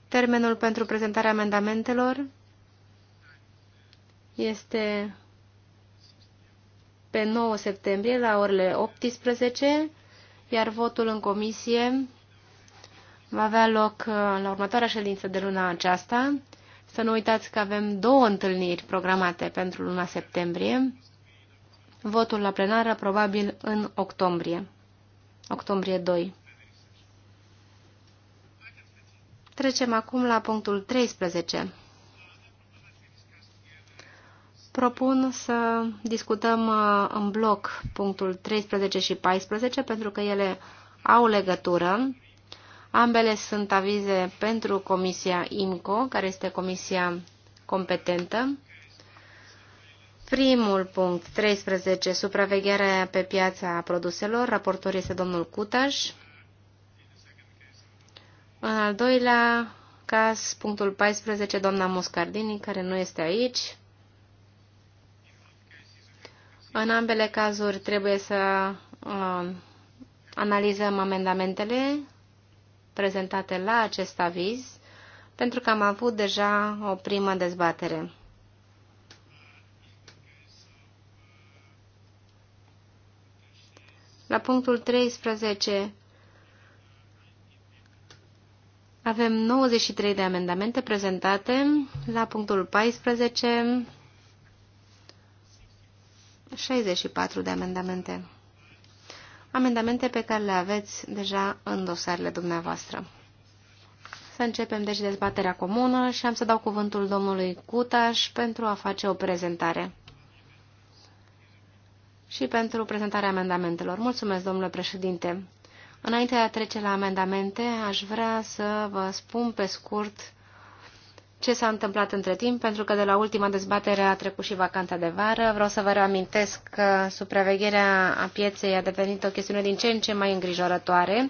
Termenul pentru prezentarea amendamentelor este pe 9 septembrie la orele 18, iar votul în comisie va avea loc uh, la următoarea ședință de luna aceasta. Să nu uitați că avem două întâlniri programate pentru luna septembrie. Votul la plenară probabil în octombrie. Octombrie 2. Trecem acum la punctul 13. Propun să discutăm uh, în bloc punctul 13 și 14 pentru că ele au legătură. Ambele sunt avize pentru Comisia IMCO, care este comisia competentă. Primul punct, 13, supravegherea pe piața produselor. Raportor este domnul Cutaș. În al doilea caz, punctul 14, doamna Moscardini, care nu este aici. În ambele cazuri trebuie să uh, analizăm amendamentele prezentate la acest aviz, pentru că am avut deja o primă dezbatere. La punctul 13 avem 93 de amendamente prezentate. La punctul 14 64 de amendamente. Amendamente pe care le aveți deja în dosarele dumneavoastră. Să începem deci dezbaterea comună și am să dau cuvântul domnului Cutaș pentru a face o prezentare și pentru prezentarea amendamentelor. Mulțumesc, domnule președinte. Înainte de a trece la amendamente, aș vrea să vă spun pe scurt ce s-a întâmplat între timp, pentru că de la ultima dezbatere a trecut și vacanța de vară. Vreau să vă reamintesc că supravegherea a pieței a devenit o chestiune din ce în ce mai îngrijorătoare,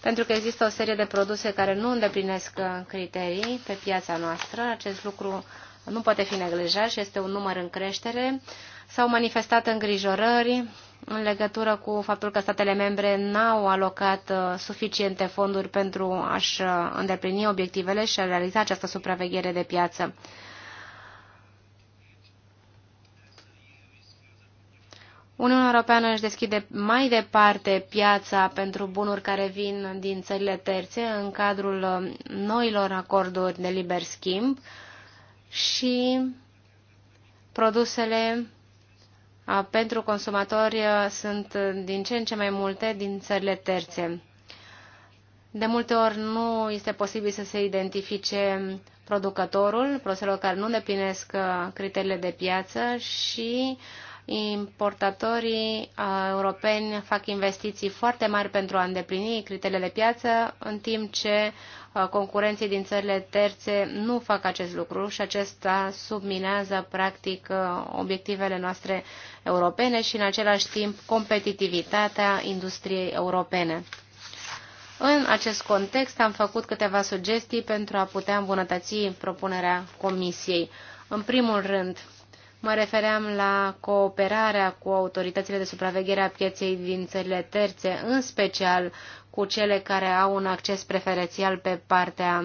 pentru că există o serie de produse care nu îndeplinesc uh, criterii pe piața noastră. Acest lucru nu poate fi neglijat și este un număr în creștere. S-au manifestat îngrijorări în legătură cu faptul că statele membre n-au alocat uh, suficiente fonduri pentru a-și uh, îndeplini obiectivele și a realiza această supraveghere de piață. Uniunea Europeană își deschide mai departe piața pentru bunuri care vin din țările terțe în cadrul uh, noilor acorduri de liber schimb și produsele pentru consumatori sunt din ce în ce mai multe din țările terțe. De multe ori nu este posibil să se identifice producătorul, produselor care nu depinesc criteriile de piață și uh, importatorii europeni fac investiții foarte mari pentru a îndeplini criteriile de piață, în timp ce concurenții din țările terțe nu fac acest lucru și acesta subminează practic obiectivele noastre europene și în același timp competitivitatea industriei europene. În acest context am făcut câteva sugestii pentru a putea îmbunătăți propunerea Comisiei. În primul rând, Mă refeream la cooperarea cu autoritățile de supraveghere a pieței din țările terțe, în special cu cele care au un acces preferențial pe partea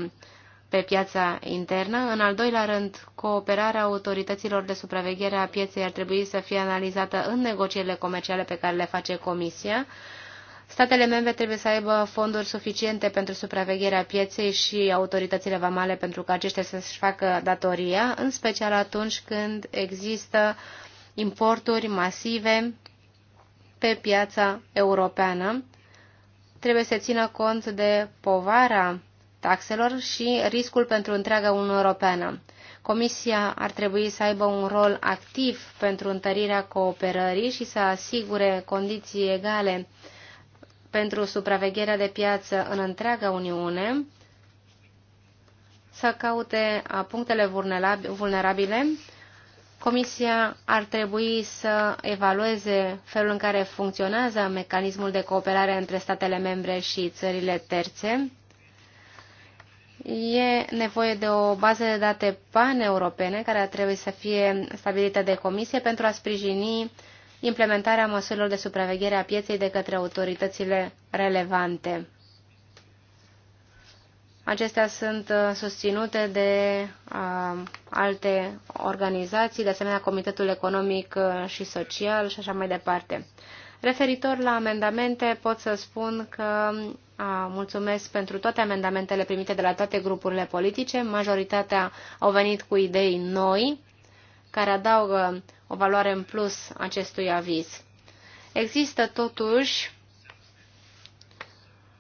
pe piața internă. În al doilea rând, cooperarea autorităților de supraveghere a pieței ar trebui să fie analizată în negocierile comerciale pe care le face Comisia Statele membre trebuie să aibă fonduri suficiente pentru supravegherea pieței și autoritățile vamale pentru ca aceștia să-și facă datoria, în special atunci când există importuri masive pe piața europeană. Trebuie să țină cont de povara taxelor și riscul pentru întreaga Uniune Europeană. Comisia ar trebui să aibă un rol activ pentru întărirea cooperării și să asigure condiții egale pentru supravegherea de piață în întreaga Uniune, să caute punctele vulnerabile, Comisia ar trebui să evalueze felul în care funcționează mecanismul de cooperare între statele membre și țările terțe. E nevoie de o bază de date paneuropene care ar trebui să fie stabilită de Comisie pentru a sprijini implementarea măsurilor de supraveghere a pieței de către autoritățile relevante. Acestea sunt uh, susținute de uh, alte organizații, de asemenea Comitetul Economic uh, și Social și așa mai departe. Referitor la amendamente, pot să spun că a, mulțumesc pentru toate amendamentele primite de la toate grupurile politice. Majoritatea au venit cu idei noi, care adaugă o valoare în plus acestui aviz. Există totuși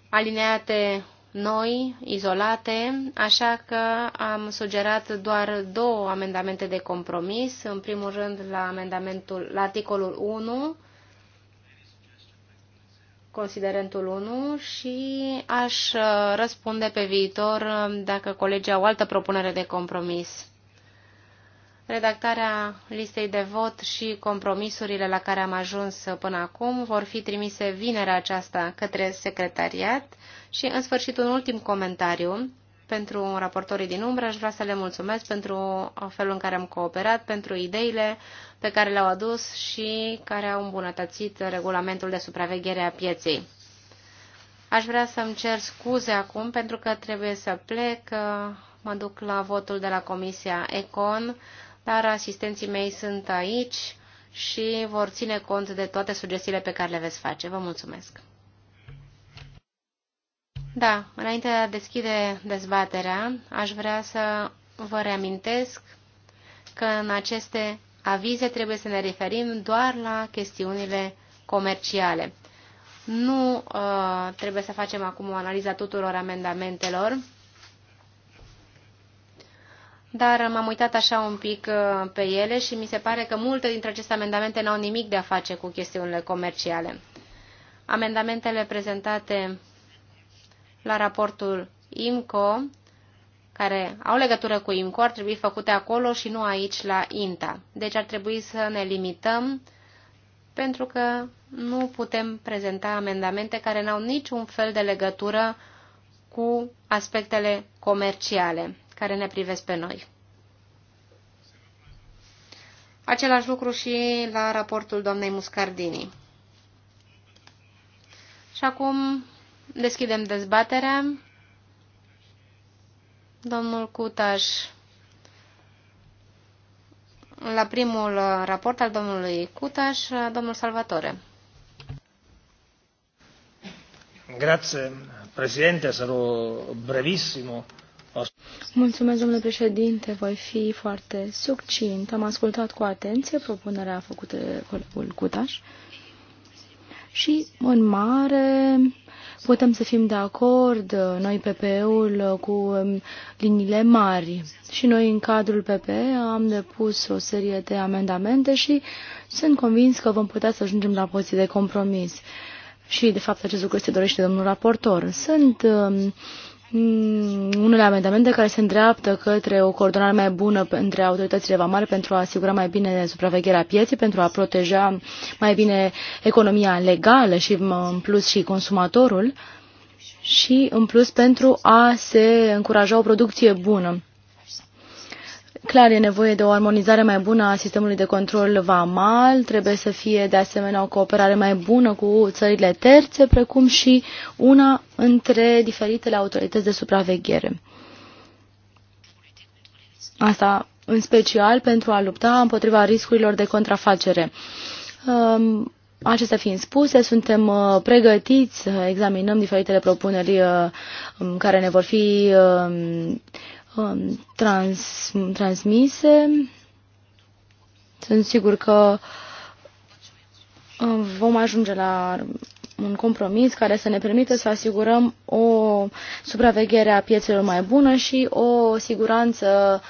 alineate noi, izolate, așa că am sugerat doar două amendamente de compromis. În primul rând la, amendamentul, la articolul 1, considerentul 1 și aș răspunde pe viitor dacă colegii au altă propunere de compromis. Redactarea listei de vot și compromisurile la care am ajuns până acum vor fi trimise vinerea aceasta către secretariat. Și, în sfârșit, un ultim comentariu pentru raportorii din umbră. Aș vrea să le mulțumesc pentru felul în care am cooperat, pentru ideile pe care le-au adus și care au îmbunătățit regulamentul de supraveghere a pieței. Aș vrea să-mi cer scuze acum pentru că trebuie să plec. Mă duc la votul de la Comisia ECON dar asistenții mei sunt aici și vor ține cont de toate sugestiile pe care le veți face. Vă mulțumesc! Da, înainte de a deschide dezbaterea, aș vrea să vă reamintesc că în aceste avize trebuie să ne referim doar la chestiunile comerciale. Nu uh, trebuie să facem acum o analiză tuturor amendamentelor, dar m-am uitat așa un pic uh, pe ele și mi se pare că multe dintre aceste amendamente n-au nimic de a face cu chestiunile comerciale. Amendamentele prezentate la raportul IMCO, care au legătură cu IMCO, ar trebui făcute acolo și nu aici la INTA. Deci ar trebui să ne limităm pentru că nu putem prezenta amendamente care n-au niciun fel de legătură cu aspectele comerciale care ne privesc pe noi. Același lucru și la raportul doamnei Muscardini. Și acum deschidem dezbaterea. Domnul Cutaș, la primul raport al domnului Cutaș, domnul Salvatore. Grazie, Presidente, sarò brevissimo. Mulțumesc, domnule președinte, voi fi foarte succint. Am ascultat cu atenție propunerea făcută de colegul Cutaș și, în mare, putem să fim de acord, noi PPE-ul, cu um, liniile mari. Și noi, în cadrul PPE, am depus o serie de amendamente și sunt convins că vom putea să ajungem la poziție de compromis. Și, de fapt, acest lucru este dorește domnul raportor. Sunt um, Mm, unele amendamente care se îndreaptă către o coordonare mai bună între autoritățile vamale pentru a asigura mai bine supravegherea pieței, pentru a proteja mai bine economia legală și în plus și consumatorul și în plus pentru a se încuraja o producție bună. Clar, e nevoie de o armonizare mai bună a sistemului de control vamal, trebuie să fie de asemenea o cooperare mai bună cu țările terțe, precum și una între diferitele autorități de supraveghere. Asta în special pentru a lupta împotriva riscurilor de contrafacere. Um, acestea fiind spuse, suntem uh, pregătiți să examinăm diferitele propuneri uh, um, care ne vor fi um, um, trans, transmise. Sunt sigur că um, vom ajunge la un compromis care să ne permită să asigurăm o supraveghere a piețelor mai bună și o siguranță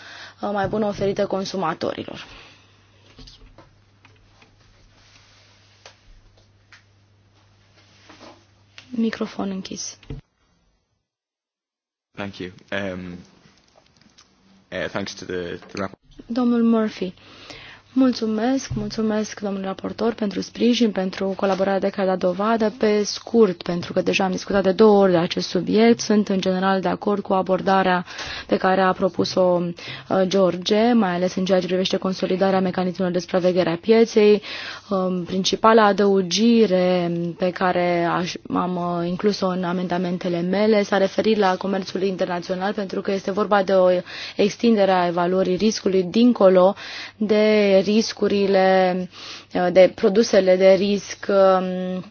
uh, mai bună oferită consumatorilor. Microfon închis. Thank you. Um, Uh, thanks to the, Domnul Murphy. Uh, Mulțumesc, mulțumesc domnul raportor pentru sprijin, pentru colaborarea de care a dovadă. Pe scurt, pentru că deja am discutat de două ori de acest subiect, sunt în general de acord cu abordarea pe care a propus-o uh, George, mai ales în ceea ce privește consolidarea mecanismelor de supraveghere a pieței. Um, principala adăugire pe care am uh, inclus-o în amendamentele mele s-a referit la comerțul internațional, pentru că este vorba de o extindere a evaluării riscului dincolo de riscurile, uh, de produsele de risc um,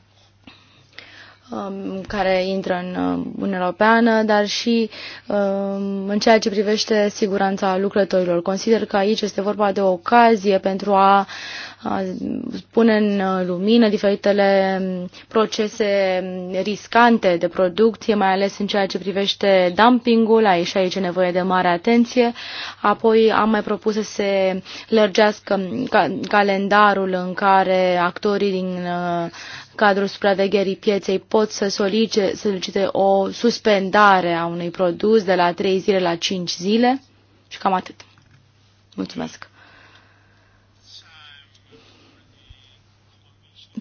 um, care intră în uh, Uniunea Europeană, dar și um, în ceea ce privește siguranța lucrătorilor. Consider că aici este vorba de o ocazie pentru a pune în uh, lumină diferitele mm, procese mm, riscante de producție, mai ales în ceea ce privește dumpingul, aici aici e nevoie de mare atenție. Apoi am mai propus să se lărgească mm, calendarul în care actorii din uh, cadrul supravegherii pieței pot să solicite, solicite o suspendare a unui produs de la 3 zile la 5 zile și cam atât. Mulțumesc.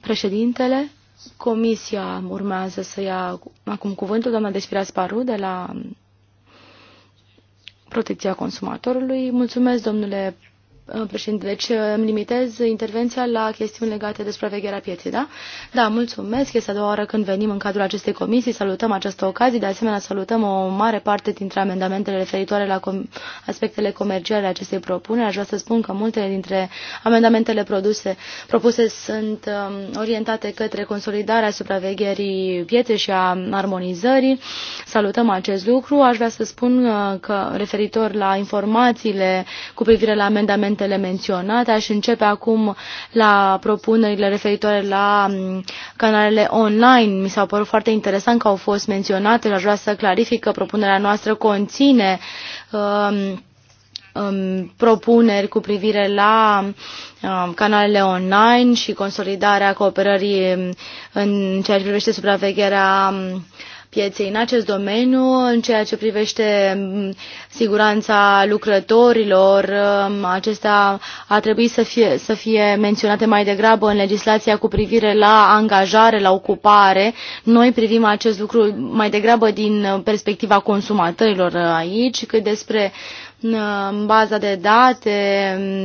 Președintele, comisia urmează să ia acum cuvântul doamna Despira Sparu de la Protecția Consumatorului. Mulțumesc, domnule președinte. Deci îmi limitez intervenția la chestiuni legate de supravegherea pieței, da? Da, mulțumesc. Este a doua oară când venim în cadrul acestei comisii. Salutăm această ocazie. De asemenea, salutăm o mare parte dintre amendamentele referitoare la com aspectele comerciale ale acestei propuneri. Aș vrea să spun că multe dintre amendamentele produse, propuse sunt um, orientate către consolidarea supravegherii pieței și a armonizării. Salutăm acest lucru. Aș vrea să spun uh, că referitor la informațiile cu privire la amendamente elementele menționate. Aș începe acum la propunerile referitoare la mm, canalele online. Mi s-au părut foarte interesant că au fost menționate. Aș vrea să clarific că propunerea noastră conține um, um, propuneri cu privire la um, canalele online și consolidarea cooperării mm, în ceea ce privește supravegherea um, pieței în acest domeniu, în ceea ce privește mm, siguranța lucrătorilor. Mm, acestea ar trebui să fie, să fie menționate mai degrabă în legislația cu privire la angajare, la ocupare. Noi privim acest lucru mai degrabă din perspectiva consumatorilor aici, cât despre uh, în baza de date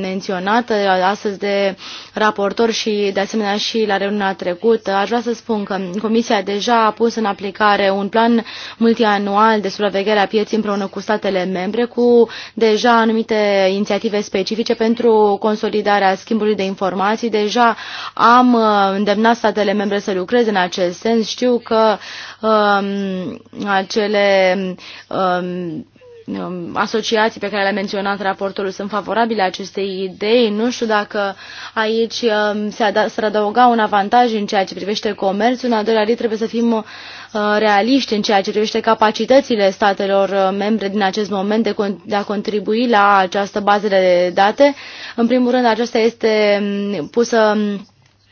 menționată astăzi de raportor și de asemenea și la reuniunea trecută. Aș vrea să spun că Comisia deja a pus în aplicare un plan multianual de supraveghere a pieții împreună cu statele membre cu deja anumite inițiative specifice pentru consolidarea schimbului de informații. Deja am uh, îndemnat statele membre să lucreze în acest sens. Știu că um, acele um, Um, asociații pe care le-a menționat raportul sunt favorabile acestei idei. Nu știu dacă aici um, s-ar adăuga un avantaj în ceea ce privește comerțul. În al doilea rând trebuie să fim uh, realiști în ceea ce privește capacitățile statelor uh, membre din acest moment de, de a contribui la această bază de date. În primul rând, aceasta este um, pusă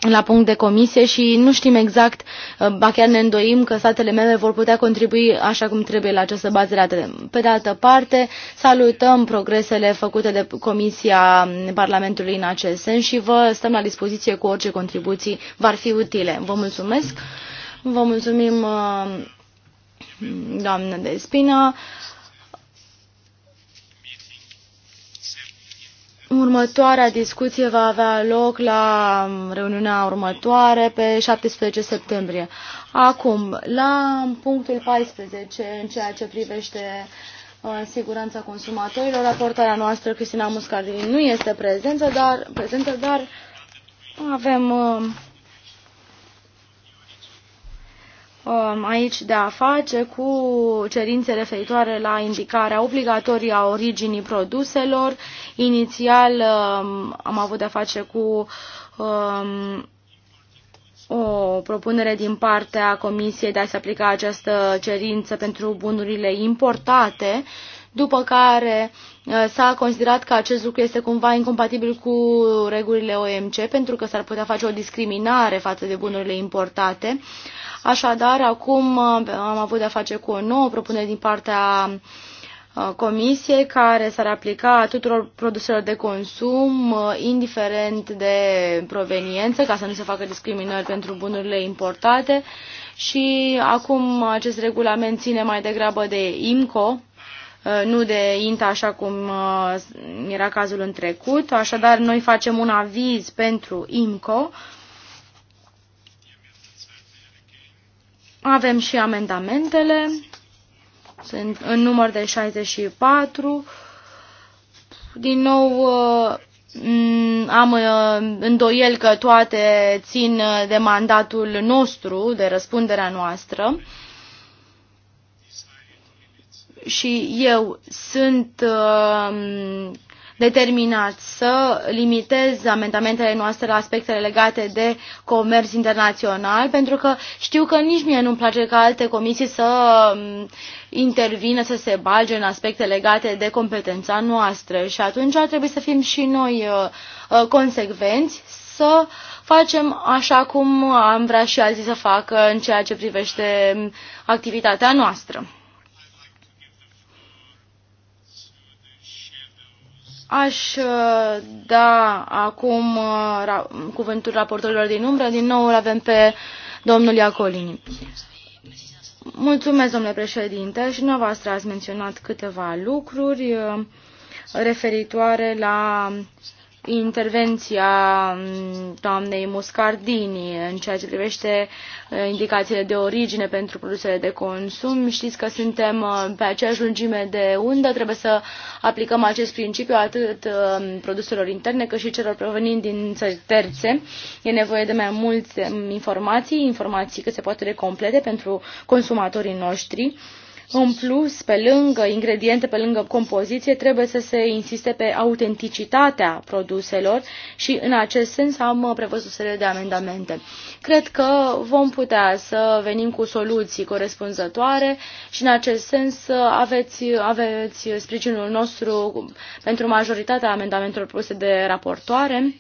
la punct de comisie și nu știm exact, uh, ba chiar ne îndoim că statele membre vor putea contribui așa cum trebuie la această bază de date. Pe de altă parte, salutăm progresele făcute de Comisia Parlamentului în acest sens și vă stăm la dispoziție cu orice contribuții v-ar fi utile. Vă mulțumesc, vă mulțumim uh, doamnă de Spina. Următoarea discuție va avea loc la reuniunea următoare pe 17 septembrie. Acum, la punctul 14, în ceea ce privește uh, siguranța consumatorilor, raportarea noastră, Cristina Muscardini, nu este prezentă, dar, prezentă, dar avem uh, Um, aici de a face cu cerințe referitoare la indicarea obligatorie a originii produselor. Inițial um, am avut de a face cu um, o propunere din partea Comisiei de a se aplica această cerință pentru bunurile importate după care uh, s-a considerat că acest lucru este cumva incompatibil cu regulile OMC pentru că s-ar putea face o discriminare față de bunurile importate. Așadar, acum uh, am avut de-a face cu o nouă propunere din partea uh, Comisiei care s-ar aplica tuturor produselor de consum, indiferent de proveniență, ca să nu se facă discriminări pentru bunurile importate. Și acum acest regulament ține mai degrabă de IMCO, Uh, nu de INTA așa cum uh, era cazul în trecut. Așadar, noi facem un aviz pentru IMCO. Avem și amendamentele, sunt în număr de 64. Din nou, uh, am îndoiel că toate țin de mandatul nostru, de răspunderea noastră și eu sunt um, determinat să limitez amendamentele noastre la aspectele legate de comerț internațional, pentru că știu că nici mie nu-mi place ca alte comisii să um, intervină, să se balge în aspecte legate de competența noastră și atunci ar trebui să fim și noi uh, uh, consecvenți să facem așa cum am vrea și alții să facă în ceea ce privește um, activitatea noastră. Aș uh, da acum uh, cuvântul raportorilor din umbră. Din nou îl avem pe domnul Iacolini. Mulțumesc, domnule președinte, și dumneavoastră ați menționat câteva lucruri uh, referitoare la intervenția mm, doamnei Muscardini în ceea ce privește uh, indicațiile de origine pentru produsele de consum. Știți că suntem uh, pe aceeași lungime de undă, trebuie să aplicăm acest principiu atât um, produselor interne cât și celor provenind din țări terțe. E nevoie de mai multe um, informații, informații cât se poate de complete pentru consumatorii noștri în plus, pe lângă ingrediente, pe lângă compoziție, trebuie să se insiste pe autenticitatea produselor și în acest sens am uh, prevăzut o serie de amendamente. Cred că vom putea să venim cu soluții corespunzătoare și în acest sens uh, aveți, aveți sprijinul nostru pentru majoritatea amendamentelor puse de raportoare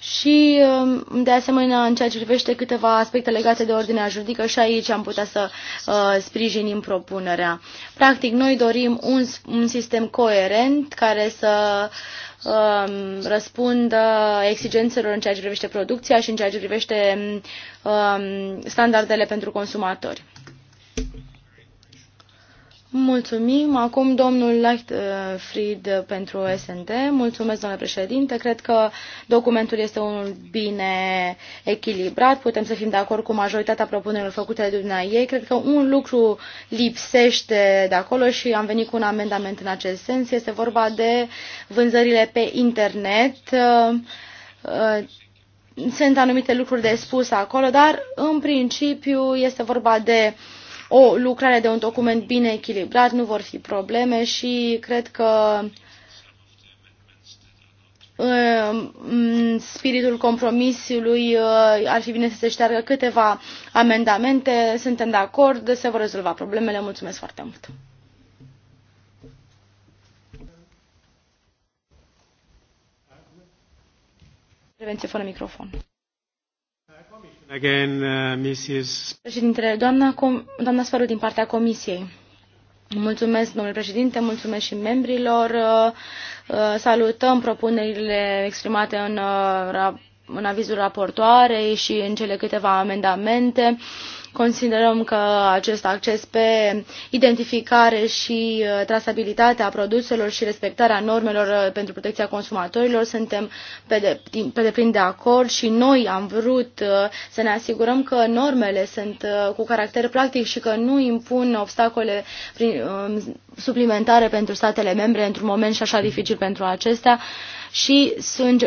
și, um, de asemenea, în ceea ce privește câteva aspecte legate de ordinea juridică și aici am putea să uh, sprijinim propunerea. Practic, noi dorim un, un sistem coerent care să uh, răspundă exigențelor în ceea ce privește producția și în ceea ce privește uh, standardele pentru consumatori. Mulțumim. Acum domnul Leichtfried pentru SND. Mulțumesc, domnule președinte. Cred că documentul este unul bine echilibrat. Putem să fim de acord cu majoritatea propunerilor făcute de dumneavoastră. Cred că un lucru lipsește de acolo și am venit cu un amendament în acest sens. Este vorba de vânzările pe internet sunt anumite lucruri de spus acolo, dar în principiu este vorba de o lucrare de un document bine echilibrat, nu vor fi probleme și cred că în um, spiritul compromisului uh, ar fi bine să se șteargă câteva amendamente. Suntem de acord, se vor rezolva problemele. Mulțumesc foarte mult! Prevenție fără microfon. Again, uh, Mrs. Președintele, doamna, doamna Sfăru din partea Comisiei. Mulțumesc, domnule președinte, mulțumesc și membrilor. Uh, uh, salutăm propunerile exprimate în, uh, în avizul raportoarei și în cele câteva amendamente. Considerăm că acest acces pe identificare și uh, trasabilitatea produselor și respectarea normelor uh, pentru protecția consumatorilor suntem pe, de, pe deplin de acord și noi am vrut uh, să ne asigurăm că normele sunt cu caracter practic și că nu impun obstacole prin, um, suplimentare pentru statele membre într-un moment și așa dificil pentru acestea și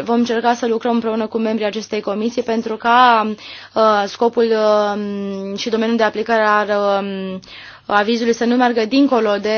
vom încerca să lucrăm împreună cu membrii acestei comisii pentru ca uh, scopul um, și domeniul de aplicare al um, avizului să nu meargă dincolo de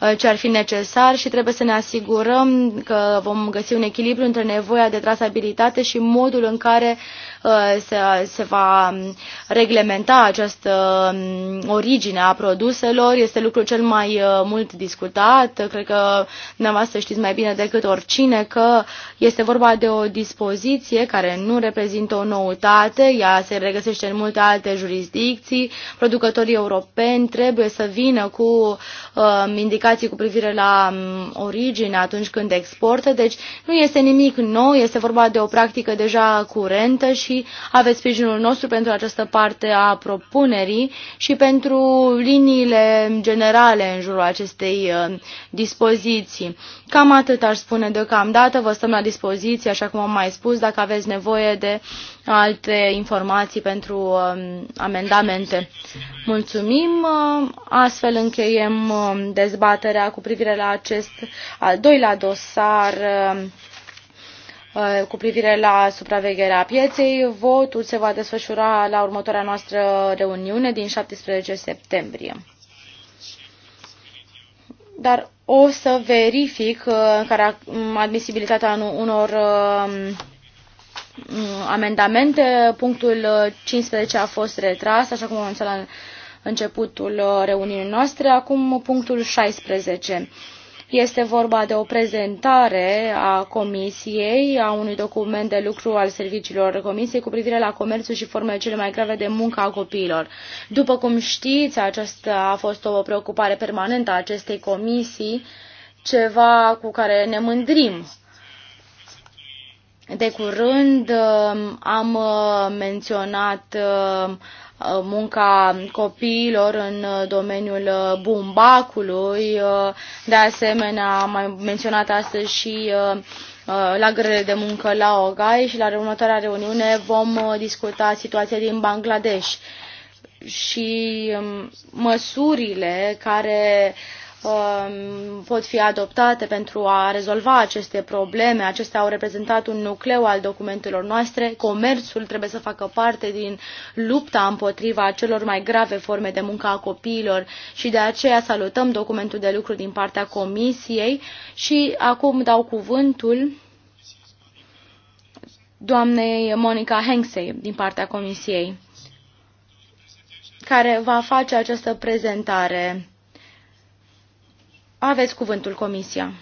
uh, ce ar fi necesar și trebuie să ne asigurăm că vom găsi un echilibru între nevoia de trasabilitate și modul în care Uh, se, se va um, reglementa această um, origine a produselor. Este lucru cel mai uh, mult discutat. Cred că dumneavoastră știți mai bine decât oricine că este vorba de o dispoziție care nu reprezintă o noutate. Ea se regăsește în multe alte jurisdicții. Producătorii europeni trebuie să vină cu uh, indicații cu privire la um, origine atunci când exportă. Deci nu este nimic nou, este vorba de o practică deja curentă și și aveți sprijinul nostru pentru această parte a propunerii și pentru liniile generale în jurul acestei uh, dispoziții. Cam atât aș spune deocamdată, vă stăm la dispoziție, așa cum am mai spus, dacă aveți nevoie de alte informații pentru um, amendamente. Mulțumim, uh, astfel încheiem um, dezbaterea cu privire la acest al doilea dosar uh, Uh, cu privire la supravegherea pieței. Votul se va desfășura la următoarea noastră reuniune din 17 septembrie. Dar o să verific uh, care admisibilitatea unor uh, mm, amendamente. Punctul 15 a fost retras, așa cum am înțeles la începutul reuniunii noastre. Acum punctul 16 este vorba de o prezentare a Comisiei, a unui document de lucru al serviciilor Comisiei cu privire la comerțul și formele cele mai grave de muncă a copiilor. După cum știți, aceasta a fost o preocupare permanentă a acestei comisii, ceva cu care ne mândrim. De curând um, am uh, menționat uh, Uh, munca copiilor în uh, domeniul uh, bumbacului, de asemenea am mai menționat astăzi și la grele de muncă la Ogai și la următoarea reuniune vom discuta situația din Bangladesh și um, măsurile care uh, Um, pot fi adoptate pentru a rezolva aceste probleme. Acestea au reprezentat un nucleu al documentelor noastre. Comerțul trebuie să facă parte din lupta împotriva celor mai grave forme de muncă a copiilor și de aceea salutăm documentul de lucru din partea Comisiei și acum dau cuvântul doamnei Monica Hengsei din partea Comisiei care va face această prezentare aveți cuvântul, Comisia.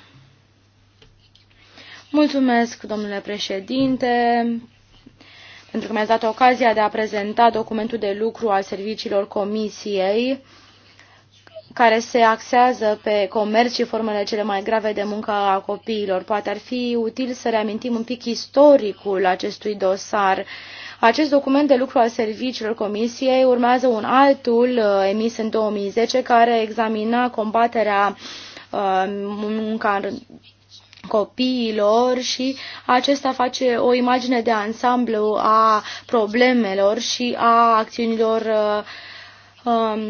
Mulțumesc, domnule președinte, pentru că mi-ați dat ocazia de a prezenta documentul de lucru al serviciilor Comisiei care se axează pe comerț și formele cele mai grave de muncă a copiilor. Poate ar fi util să reamintim un pic istoricul acestui dosar. Acest document de lucru al serviciilor Comisiei urmează un altul uh, emis în 2010 care examina combaterea uh, Uh, munca copiilor și acesta face o imagine de ansamblu a problemelor și a acțiunilor uh, um,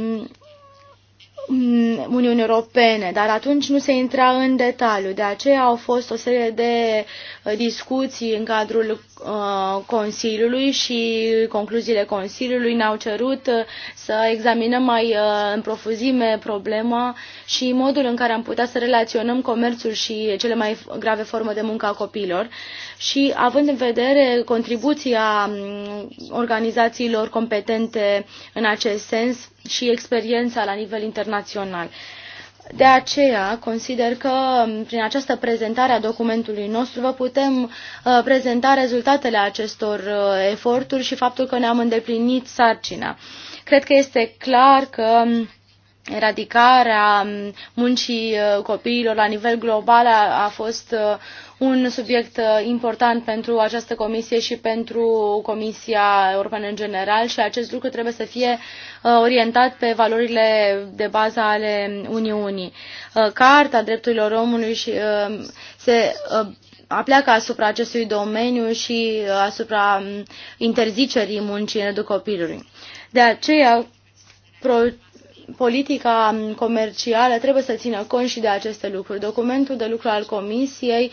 mm, Uniunii Europene, dar atunci nu se intra în detaliu. De aceea au fost o serie de uh, discuții în cadrul Uh, Consiliului și concluziile Consiliului ne-au cerut uh, să examinăm mai uh, în profuzime problema și modul în care am putea să relaționăm comerțul și cele mai grave forme de muncă a copiilor. Și având în vedere contribuția um, organizațiilor competente în acest sens și experiența la nivel internațional. De aceea consider că prin această prezentare a documentului nostru vă putem uh, prezenta rezultatele acestor uh, eforturi și faptul că ne-am îndeplinit sarcina. Cred că este clar că eradicarea muncii uh, copiilor la nivel global a fost un subiect uh, important pentru această comisie și pentru Comisia Europeană în general și acest lucru trebuie să fie uh, orientat pe valorile de bază ale Uniunii. Uh, Carta drepturilor omului și, se apleacă asupra acestui domeniu și asupra um, interzicerii muncii în rândul copilului. De aceea, pro, politica um, comercială trebuie să țină cont și de aceste lucruri. Documentul de lucru al Comisiei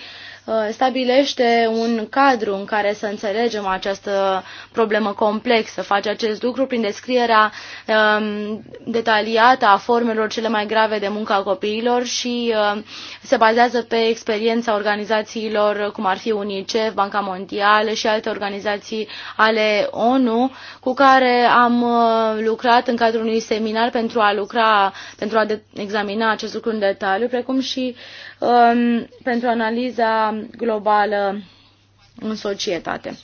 Uh, stabilește un cadru în care să înțelegem această problemă complexă. Face acest lucru prin descrierea um, detaliată a formelor cele mai grave de muncă a copiilor și uh, se bazează pe experiența organizațiilor cum ar fi UNICEF, Banca Mondială și alte organizații ale ONU cu care am uh, lucrat în cadrul unui seminar pentru a lucra, pentru a examina acest lucru în detaliu, precum și uh, um, pentru analiza globală în societate.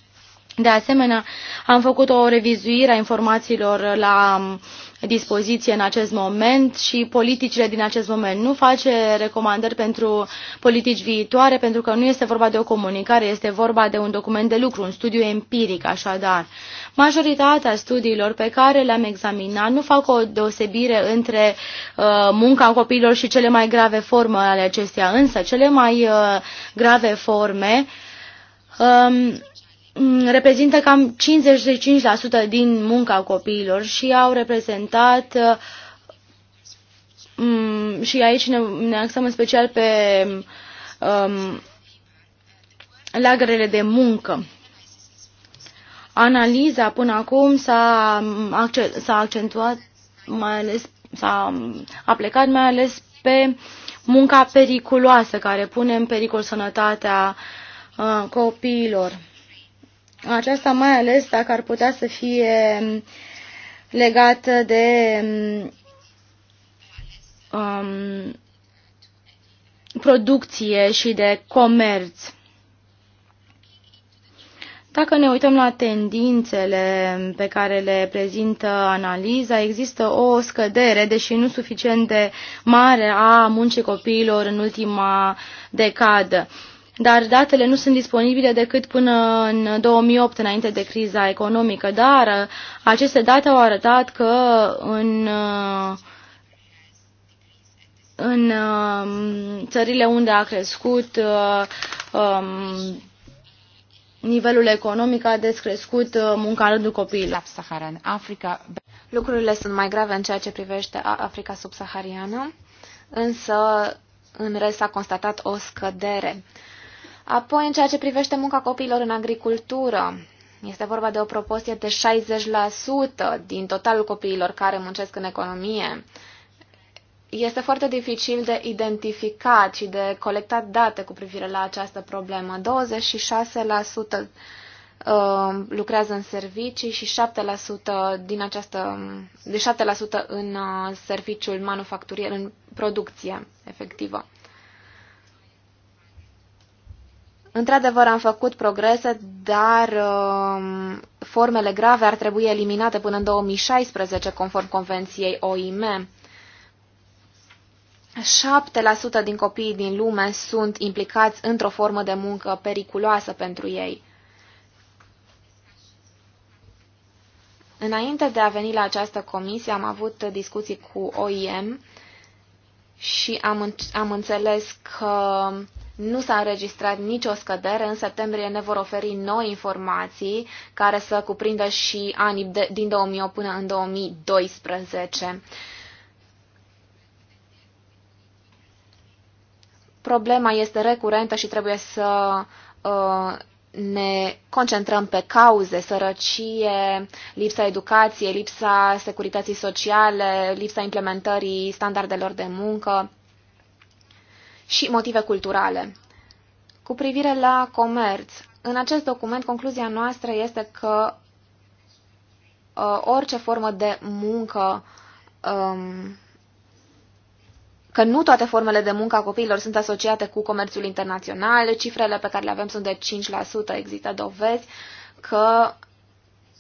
De asemenea, am făcut o revizuire a informațiilor la um, dispoziție în acest moment și politicile din acest moment. Nu face recomandări pentru politici viitoare, pentru că nu este vorba de o comunicare, este vorba de un document de lucru, un studiu empiric, așadar. Majoritatea studiilor pe care le-am examinat nu fac o deosebire între uh, munca copiilor și cele mai grave forme ale acesteia, însă cele mai uh, grave forme um, Mm, reprezintă cam 55% din munca copiilor și au reprezentat mm, mm, și aici ne, ne axăm în special pe um, lagărele de muncă. Analiza până acum s-a accentuat mai ales s-a aplicat mai ales pe munca periculoasă care pune în pericol sănătatea uh, copiilor. Aceasta mai ales dacă ar putea să fie legată de um, producție și de comerț. Dacă ne uităm la tendințele pe care le prezintă analiza, există o scădere, deși nu suficient de mare, a muncii copiilor în ultima decadă dar datele nu sunt disponibile decât până în 2008, înainte de criza economică. Dar uh, aceste date au arătat că în, uh, în uh, țările unde a crescut um, nivelul economic a descrescut munca rândul copiilor. Africa. Lucrurile sunt mai grave în ceea ce privește Africa subsahariană, însă în rest s-a constatat o scădere. Apoi, în ceea ce privește munca copiilor în agricultură, este vorba de o proporție de 60% din totalul copiilor care muncesc în economie. Este foarte dificil de identificat și de colectat date cu privire la această problemă. 26% uh, lucrează în servicii și 7% din această, de 7% în uh, serviciul manufacturier, în producție efectivă. Într-adevăr, am făcut progrese, dar uh, formele grave ar trebui eliminate până în 2016, conform Convenției OIM. 7% din copiii din lume sunt implicați într-o formă de muncă periculoasă pentru ei. Înainte de a veni la această comisie, am avut discuții cu OIM și am, am înțeles că nu s-a înregistrat nicio scădere, în septembrie ne vor oferi noi informații care să cuprindă și anii de, din 2008 până în 2012. Problema este recurentă și trebuie să uh, ne concentrăm pe cauze, sărăcie, lipsa educației, lipsa securității sociale, lipsa implementării standardelor de muncă și motive culturale. Cu privire la comerț, în acest document concluzia noastră este că uh, orice formă de muncă, um, că nu toate formele de muncă a copiilor sunt asociate cu comerțul internațional, cifrele pe care le avem sunt de 5%, există dovezi că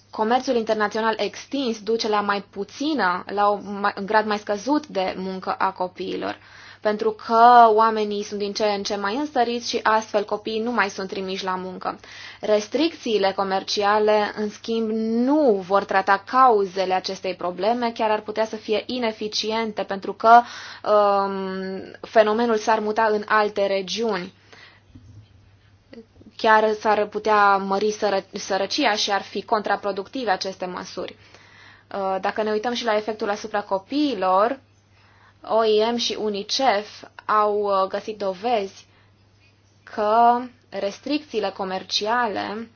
comerțul internațional extins duce la mai puțină, la un grad mai scăzut de muncă a copiilor. Uh, pentru că oamenii sunt din ce în ce mai înstăriți și astfel copiii nu mai sunt trimiși la muncă. Restricțiile comerciale, în schimb, nu vor trata cauzele acestei probleme, chiar ar putea să fie ineficiente pentru că um, fenomenul s-ar muta în alte regiuni chiar s-ar putea mări sără, sărăcia și ar fi contraproductive aceste măsuri. Uh, dacă ne uităm și la efectul asupra copiilor, OIM și UNICEF au uh, găsit dovezi că restricțiile comerciale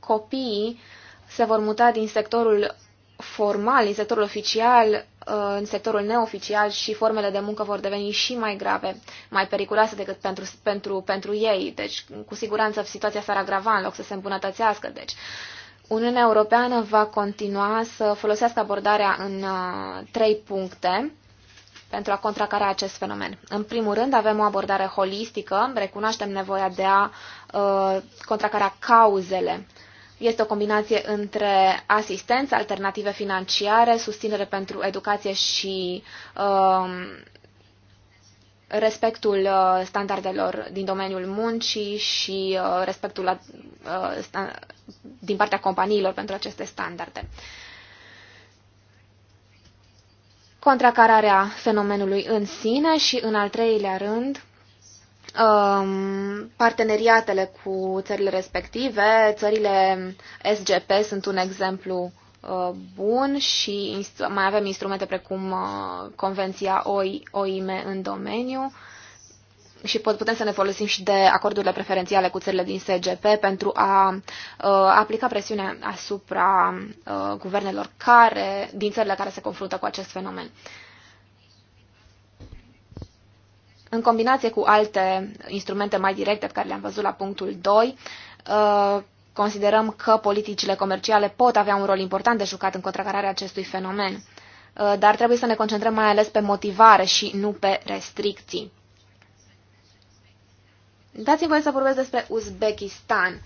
copiii se vor muta din sectorul formal, din sectorul oficial, uh, în sectorul neoficial și formele de muncă vor deveni și mai grave, mai periculoase decât pentru, pentru, pentru ei. Deci, cu siguranță, situația s-ar agrava în loc să se îmbunătățească. Deci, uh, Uniunea Europeană va continua să folosească abordarea în uh, trei puncte pentru a contracara acest fenomen. În primul rând, avem o abordare holistică, recunoaștem nevoia de a uh, contracara cauzele. Este o combinație între asistență, alternative financiare, susținere pentru educație și uh, respectul uh, standardelor din domeniul muncii și uh, respectul uh, din partea companiilor pentru aceste standarde. Contracararea fenomenului în sine și, în al treilea rând, um, parteneriatele cu țările respective. Țările SGP sunt un exemplu Uh, bun și mai avem instrumente precum uh, Convenția OIM în domeniu și putem să ne folosim și de acordurile preferențiale cu țările din SGP pentru a uh, aplica presiune asupra guvernelor care, din țările care se confruntă cu acest fenomen. În combinație cu alte instrumente mai directe pe care le-am văzut la punctul 2, Considerăm că politicile comerciale pot avea un rol important de jucat în contracararea acestui fenomen, uh, dar trebuie să ne concentrăm mai ales pe motivare și nu pe restricții. Dați-mi voie să vorbesc despre Uzbekistan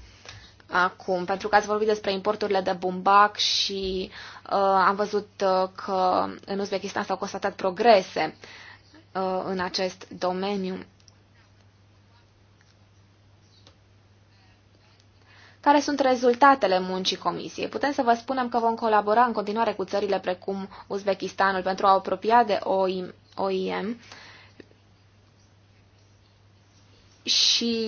acum, pentru că ați vorbit despre importurile de bumbac și uh, am văzut uh, că în Uzbekistan s-au constatat progrese uh, în acest domeniu. care sunt rezultatele muncii Comisiei. Putem să vă spunem că vom colabora în continuare cu țările precum Uzbekistanul pentru a apropia de OIM și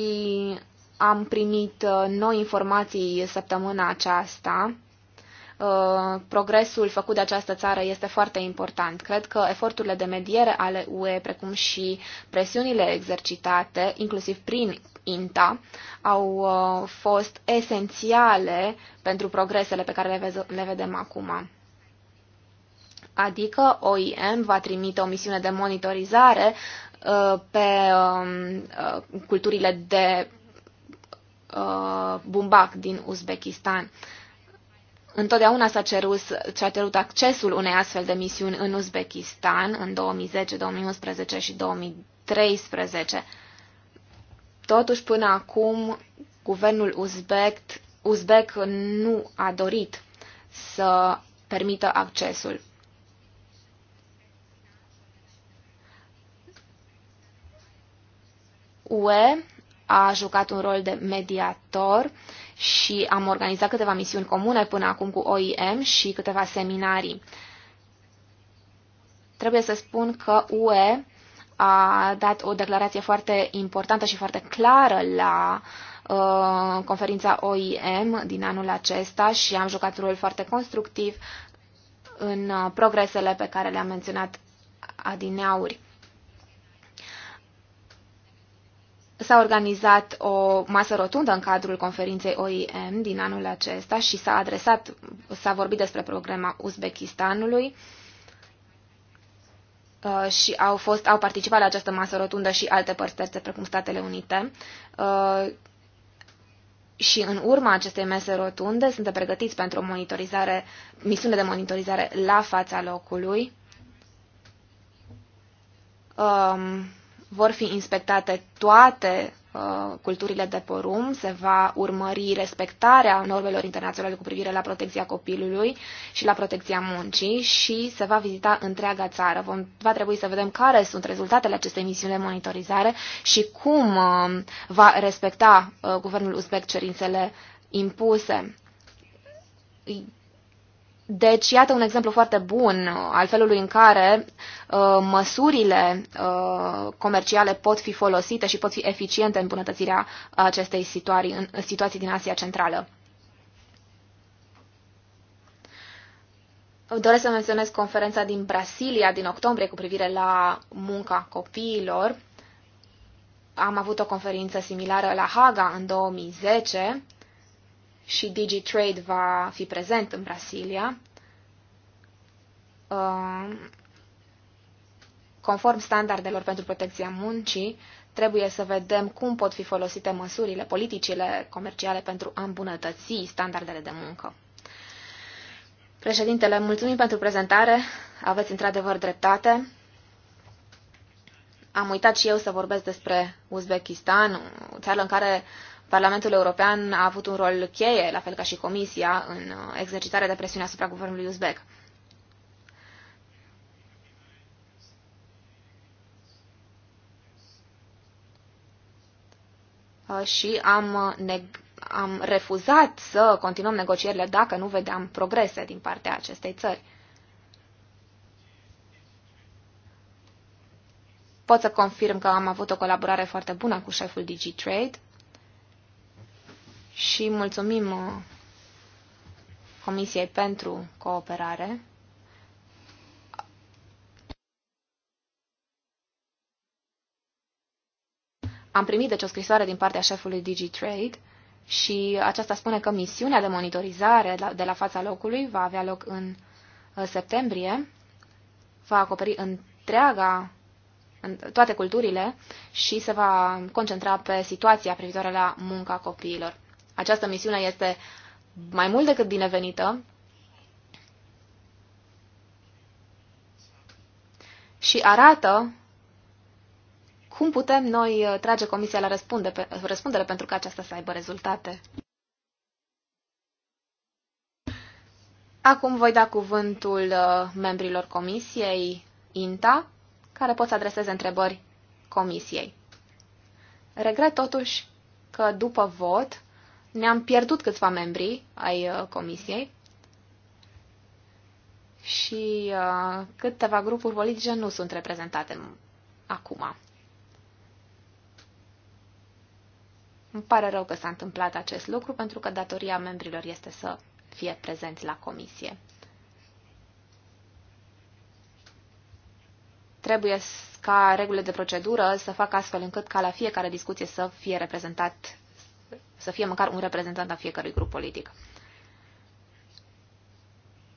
am primit uh, noi informații săptămâna aceasta Uh, progresul făcut de această țară este foarte important. Cred că eforturile de mediere ale UE, precum și presiunile exercitate, inclusiv prin INTA, au uh, fost esențiale pentru progresele pe care le vedem acum adică OIM va trimite o misiune de monitorizare uh, pe um, culturile de bumbac din Uzbekistan. Întotdeauna s-a cerut, s-a cerut accesul unei astfel de misiuni în Uzbekistan în 2010, 2011 și 2013. Totuși, până acum, guvernul uzbek, uzbek nu a dorit să permită accesul. UE a jucat un rol de mediator și am organizat câteva misiuni comune până acum cu OIM și câteva seminarii. Trebuie să spun că UE a dat o declarație foarte importantă și foarte clară la uh, conferința OIM din anul acesta și am jucat rol foarte constructiv în uh, progresele pe care le-am menționat adineauri. S-a organizat o masă rotundă în cadrul conferinței OIM din anul acesta și s-a adresat, s-a vorbit despre problema Uzbekistanului uh, și au, fost, au participat la această masă rotundă și alte părți terțe, precum Statele Unite. Uh, și în urma acestei mese rotunde sunt pregătiți pentru o monitorizare, misiune de monitorizare la fața locului. Um, vor fi inspectate toate uh, culturile de porum, se va urmări respectarea normelor internaționale cu privire la protecția copilului și la protecția muncii și se va vizita întreaga țară. Vom, va trebui să vedem care sunt rezultatele acestei misiuni de monitorizare și cum uh, va respecta uh, guvernul uzbec cerințele impuse deci, iată un exemplu foarte bun uh, al felului în care uh, măsurile uh, comerciale pot fi folosite și pot fi eficiente în bunătățirea acestei situații, în situații din Asia Centrală. Doresc să menționez conferința din Brasilia din octombrie cu privire la munca copiilor. Am avut o conferință similară la Haga în 2010 și DigiTrade va fi prezent în Brasilia. Um, conform standardelor pentru protecția muncii, trebuie să vedem cum pot fi folosite măsurile, politicile comerciale pentru a îmbunătăți standardele de muncă. Președintele, mulțumim pentru prezentare. Aveți într-adevăr dreptate. Am uitat și eu să vorbesc despre Uzbekistan, o țară în care Parlamentul European a avut un rol cheie, la fel ca și Comisia, în uh, exercitarea de presiune asupra guvernului uzbek. Uh, și am, uh, am refuzat să continuăm negocierile dacă nu vedeam progrese din partea acestei țări. Pot să confirm că am avut o colaborare foarte bună cu șeful DigiTrade și mulțumim uh, Comisiei pentru cooperare. Am primit deci o scrisoare din partea șefului DigiTrade și aceasta spune că misiunea de monitorizare de la fața locului va avea loc în uh, septembrie, va acoperi întreaga în toate culturile și se va concentra pe situația privitoare la munca copiilor. Această misiune este mai mult decât binevenită și arată cum putem noi uh, trage Comisia la răspunde, răspundere pentru ca aceasta să aibă rezultate. Acum voi da cuvântul uh, membrilor Comisiei INTA, care pot să adreseze întrebări Comisiei. Regret totuși că după vot ne-am pierdut câțiva membri ai uh, comisiei și uh, câteva grupuri politice nu sunt reprezentate acum. Îmi pare rău că s-a întâmplat acest lucru, pentru că datoria membrilor este să fie prezenți la comisie. Trebuie ca regulile de procedură să facă astfel încât ca la fiecare discuție să fie reprezentat să fie măcar un reprezentant a fiecărui grup politic.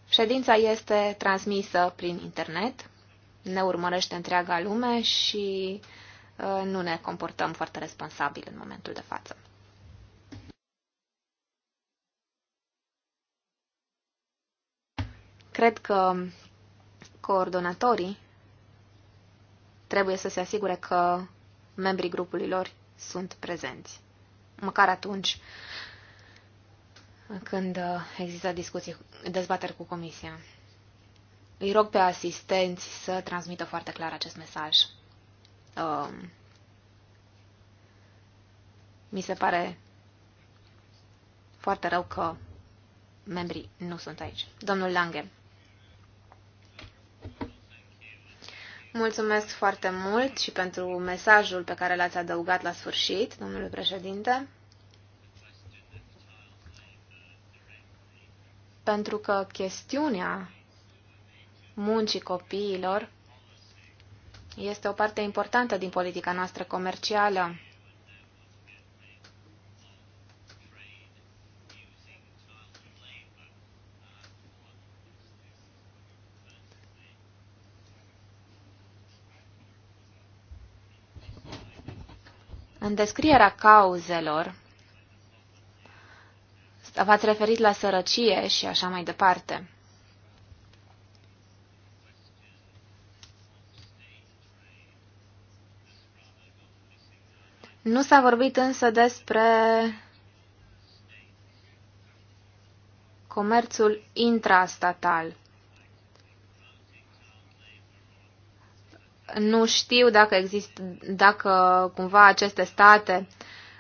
Ședința este transmisă prin internet, ne urmărește întreaga lume și uh, nu ne comportăm foarte responsabil în momentul de față. Cred că coordonatorii trebuie să se asigure că membrii grupului lor sunt prezenți măcar atunci când uh, există discuții, dezbateri cu comisia. Îi rog pe asistenți să transmită foarte clar acest mesaj. Um, mi se pare foarte rău că membrii nu sunt aici. Domnul Lange. Mulțumesc foarte mult și pentru mesajul pe care l-ați adăugat la sfârșit, domnule președinte. Pentru că chestiunea muncii copiilor este o parte importantă din politica noastră comercială. În descrierea cauzelor, v-ați referit la sărăcie și așa mai departe. Nu s-a vorbit însă despre comerțul intrastatal. nu știu dacă există, dacă cumva aceste state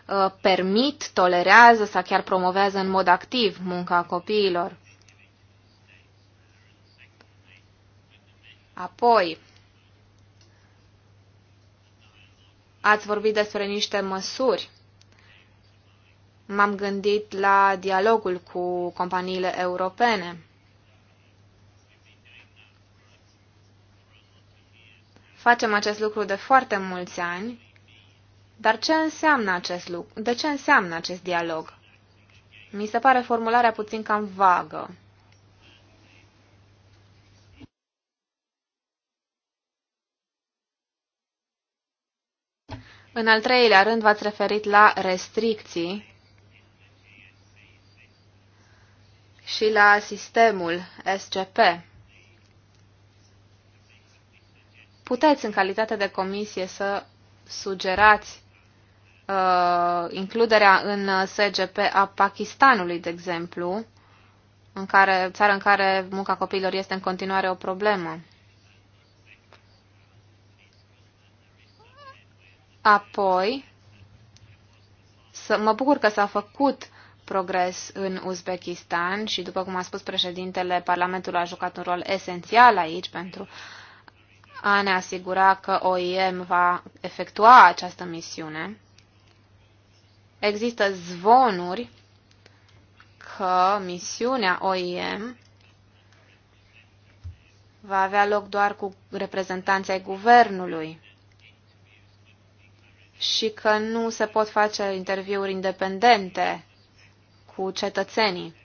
uh, permit, tolerează sau chiar promovează în mod activ munca copiilor. Apoi, ați vorbit despre niște măsuri. M-am gândit la dialogul cu companiile europene. Facem acest lucru de foarte mulți ani, dar ce înseamnă acest lucru? De ce înseamnă acest dialog? Mi se pare formularea puțin cam vagă. În al treilea rând v-ați referit la restricții și la sistemul SCP. puteți, în calitate de comisie, să sugerați uh, includerea în SGP a Pakistanului, de exemplu, în care, țară în care munca copiilor este în continuare o problemă. Apoi, să, mă bucur că s-a făcut progres în Uzbekistan și, după cum a spus președintele, Parlamentul a jucat un rol esențial aici pentru a ne asigura că OIM va efectua această misiune. Există zvonuri că misiunea OIM va avea loc doar cu reprezentanții ai guvernului și că nu se pot face interviuri independente cu cetățenii.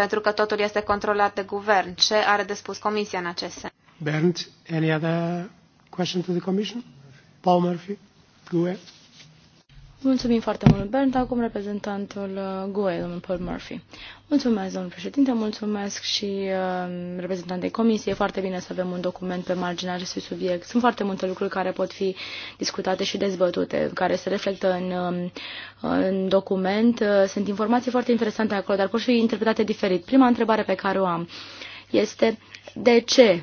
pentru că totul este controlat de guvern. Ce are de spus Comisia în acest sens? Bernd, any other question to the Commission? Paul Murphy, go ahead. Mulțumim foarte mult, Bernd. Acum reprezentantul uh, GUE, domnul Paul Murphy. Mulțumesc, domnul președinte, mulțumesc și uh, reprezentantei comisiei. foarte bine să avem un document pe marginea acestui subiect. Sunt foarte multe lucruri care pot fi discutate și dezbătute, care se reflectă în, um, în document. Uh, sunt informații foarte interesante acolo, dar pot fi interpretate diferit. Prima întrebare pe care o am este de ce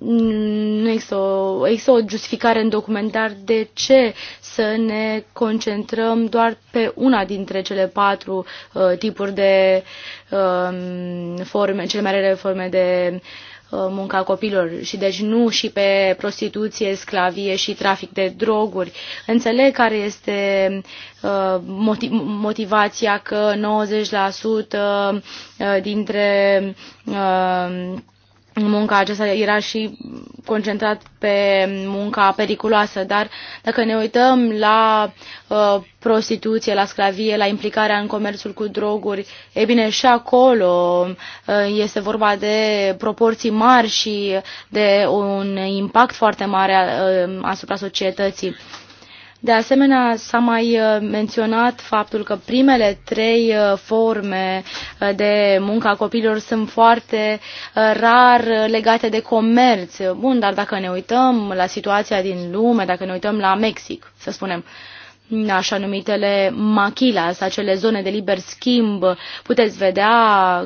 nu există o, există o justificare în documentar de ce să ne concentrăm doar pe una dintre cele patru uh, tipuri de uh, forme, cele mai rele forme de uh, munca copilor și deci nu și pe prostituție, sclavie și trafic de droguri. Înțeleg care este uh, motivația că 90% uh, dintre munca aceasta era și concentrat pe munca periculoasă, dar dacă ne uităm la uh, prostituție, la sclavie, la implicarea în comerțul cu droguri, e bine, și acolo uh, este vorba de proporții mari și de un impact foarte mare uh, asupra societății. De asemenea, s-a mai uh, menționat faptul că primele trei uh, forme uh, de muncă a copiilor sunt foarte rar legate de comerț. Bun, dar dacă ne uităm la situația din lume, dacă ne uităm la Mexic, să spunem, așa numitele machilas, acele zone de liber schimb, puteți vedea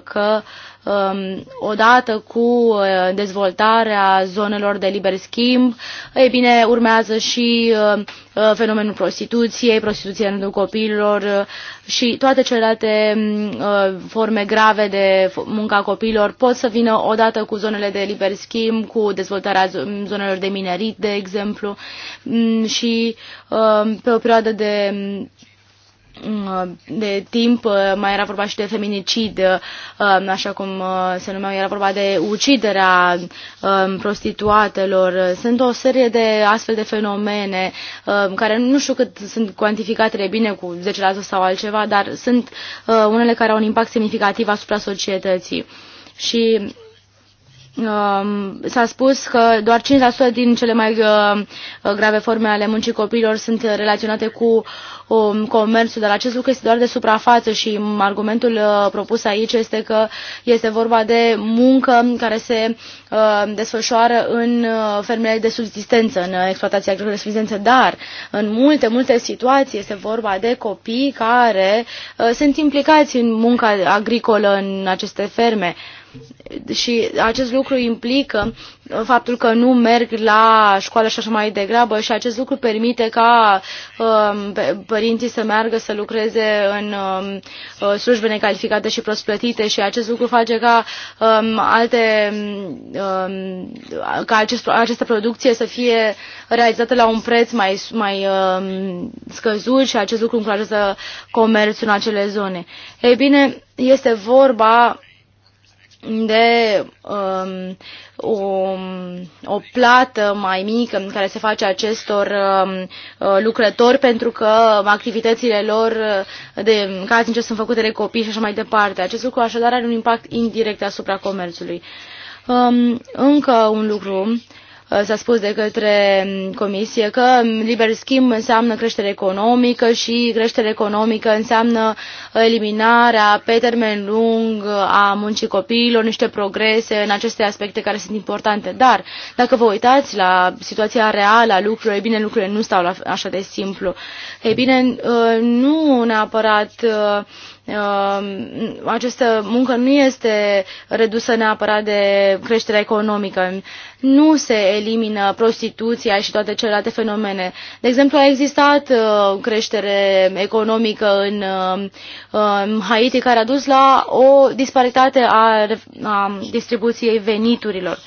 că uh, Um, odată cu uh, dezvoltarea zonelor de liber schimb, e bine, urmează și uh, uh, fenomenul prostituției, prostituția în rândul copiilor și toate celelalte um, forme grave de munca copiilor pot să vină odată cu zonele de liber schimb, cu dezvoltarea um, zonelor de minerit, de exemplu, mm, și pe o perioadă de Mm, de timp uh, mai era vorba și de feminicid, uh, um, așa cum uh, se numeau, era vorba de uciderea um, prostituatelor. Sunt o serie de astfel de fenomene um, care nu știu cât sunt cuantificatele bine cu 10% sau altceva, dar sunt unele care au un impact semnificativ asupra societății. Și Um, s-a spus că doar 5% din cele mai uh, grave forme ale muncii copiilor sunt relaționate cu um, comerțul, dar acest lucru este doar de suprafață și argumentul uh, propus aici este că este vorba de muncă care se uh, desfășoară în fermele de subsistență, în exploatația agricolă de subsistență, dar în multe, multe situații este vorba de copii care sunt implicați în munca agricolă în aceste ferme și acest lucru implică faptul că nu merg la școală și așa mai degrabă și acest lucru permite ca um, părinții să meargă să lucreze în um, uh, slujbe necalificate și prost plătite și acest lucru face ca um, alte ca această producție să fie realizată la un preț mai, mai scăzut și acest lucru încurajează comerțul în acele zone. Ei bine, este vorba de um, o, o plată mai mică în care se face acestor um, uh, lucrători pentru că activitățile lor uh, de caz în ce sunt făcute de copii și așa mai departe. Acest lucru așadar are un impact indirect asupra comerțului. Um, încă un lucru Uh, s-a spus de către um, Comisie că um, liber schimb înseamnă creștere economică și creștere economică înseamnă eliminarea pe termen lung a muncii copiilor, niște progrese în aceste aspecte care sunt importante. Dar dacă vă uitați la situația reală a lucrurilor, bine, lucrurile nu stau așa de simplu. Ei bine, uh, nu neapărat uh, Um, această muncă nu este redusă neapărat de creșterea economică. Nu se elimină prostituția și toate celelalte fenomene. De exemplu, a existat uh, creștere economică uh, în Haiti care a dus la o disparitate a, distribuției veniturilor.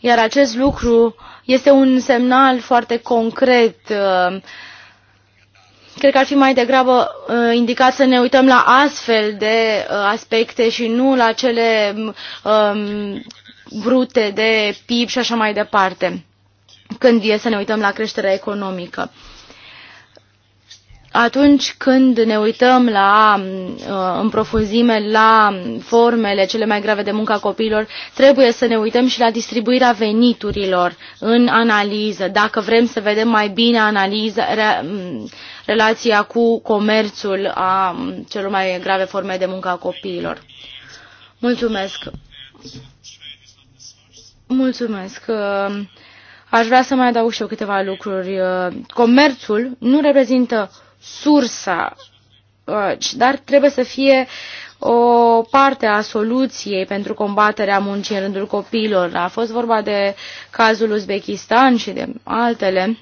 Iar acest lucru este un semnal foarte concret uh, Cred că ar fi mai degrabă uh, indicat să ne uităm la astfel de uh, aspecte și nu la cele um, um, brute de PIB și așa mai departe, când e să ne uităm la creșterea economică atunci când ne uităm la, uh, în profunzime la formele cele mai grave de muncă a copiilor, trebuie să ne uităm și la distribuirea veniturilor în analiză, dacă vrem să vedem mai bine analiza, re, mm, relația cu comerțul a mm, celor mai grave forme de muncă a copiilor. Mulțumesc! Mulțumesc! Uh, aș vrea să mai adaug și eu câteva lucruri. Uh, comerțul nu reprezintă sursa, uh, dar trebuie să fie o parte a soluției pentru combaterea muncii în rândul copiilor. A fost vorba de cazul Uzbekistan și de altele.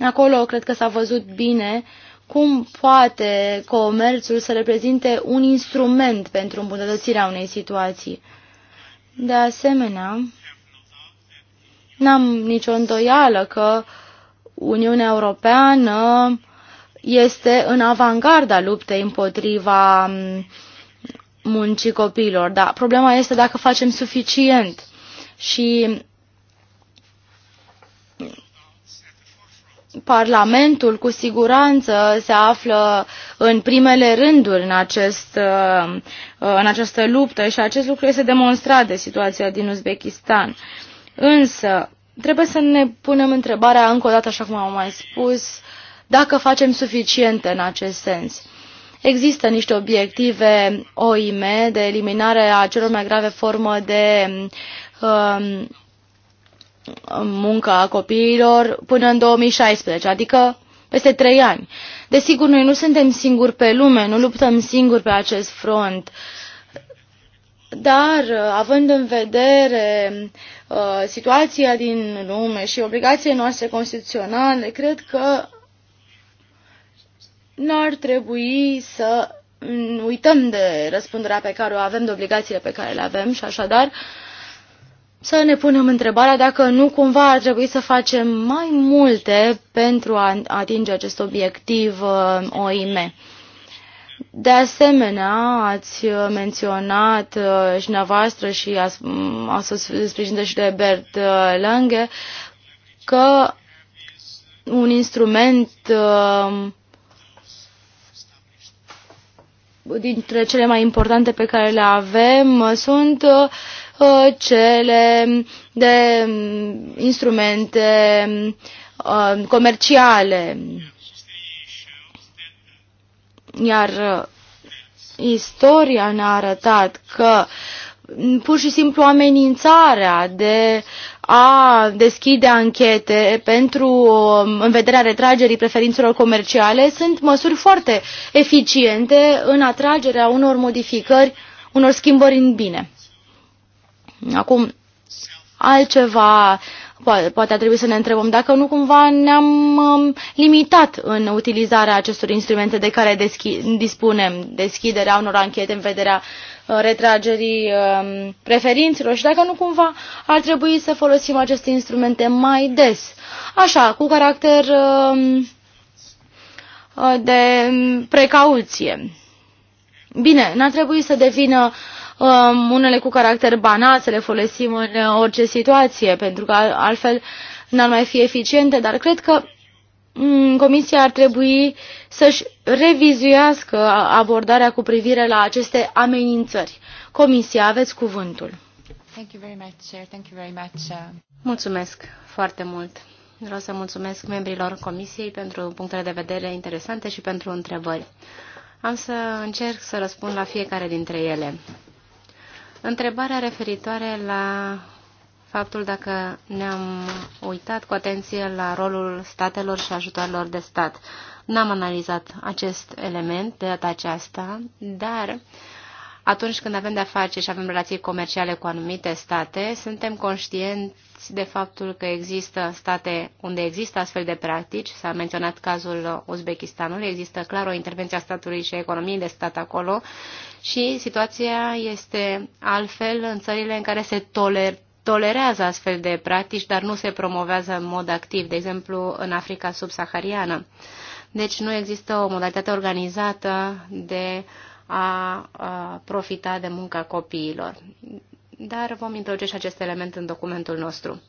Acolo cred că s-a văzut bine cum poate comerțul să reprezinte un instrument pentru îmbunătățirea unei situații. De asemenea, n-am nicio îndoială că uh, Uniunea Europeană este în avangarda luptei împotriva muncii copiilor, dar problema este dacă facem suficient. Și Parlamentul cu siguranță se află în primele rânduri în, acest, uh, în această luptă și acest lucru este demonstrat de situația din Uzbekistan. Însă, Trebuie să ne punem întrebarea încă o dată, așa cum am mai spus, dacă facem suficiente în acest sens. Există niște obiective OIM de eliminare a celor mai grave formă de um, muncă a copiilor până în 2016, adică peste trei ani. Desigur, noi nu suntem singuri pe lume, nu luptăm singuri pe acest front, dar având în vedere Uh, situația din lume și obligațiile noastre constituționale, cred că nu ar trebui să uităm de răspunderea pe care o avem, de obligațiile pe care le avem și așadar să ne punem întrebarea dacă nu cumva ar trebui să facem mai multe pentru a atinge acest obiectiv uh, OIM. De asemenea, ați menționat uh, și dumneavoastră și ați, mm, sprijinit și de Bert uh, Lange că un instrument uh, dintre cele mai importante pe care le avem sunt cele de mm, instrumente comerciale. Iar uh, istoria ne-a arătat că mm, pur și simplu amenințarea de a deschide anchete pentru um, în vederea retragerii preferințelor comerciale sunt măsuri foarte eficiente în atragerea unor modificări, unor schimbări în bine. Acum, altceva Poate, poate ar trebui să ne întrebăm dacă nu cumva ne-am um, limitat în utilizarea acestor instrumente de care deschi, dispunem, deschiderea unor anchete în vederea uh, retragerii preferinților um, preferințelor și dacă nu cumva ar trebui să folosim aceste instrumente mai des, așa, cu caracter um, uh, de precauție. Bine, n-ar trebui să devină uh, Um, unele cu caracter banal, să le folosim în uh, orice situație, pentru că altfel n-ar mai fi eficiente, dar cred că mm, Comisia ar trebui să-și revizuiască abordarea cu privire la aceste amenințări. Comisia, aveți cuvântul. Thank you very much, Chair. Thank you very much. Uh, mulțumesc foarte mult. Vreau să mulțumesc membrilor Comisiei pentru punctele de vedere interesante și pentru întrebări. Am să încerc să răspund la fiecare dintre ele. Întrebarea referitoare la faptul dacă ne-am uitat cu atenție la rolul statelor și ajutoarelor de stat. N-am analizat acest element de data aceasta, dar atunci când avem de-a face și avem relații comerciale cu anumite state, suntem conștienți de faptul că există state unde există astfel de practici. S-a menționat cazul Uzbekistanului, există clar o intervenție a statului și a economiei de stat acolo și situația este altfel în țările în care se toler tolerează astfel de practici, dar nu se promovează în mod activ, de exemplu în Africa subsahariană. Deci nu există o modalitate organizată de uh, a, a profita de munca copiilor. Dar vom introduce și acest element în documentul nostru.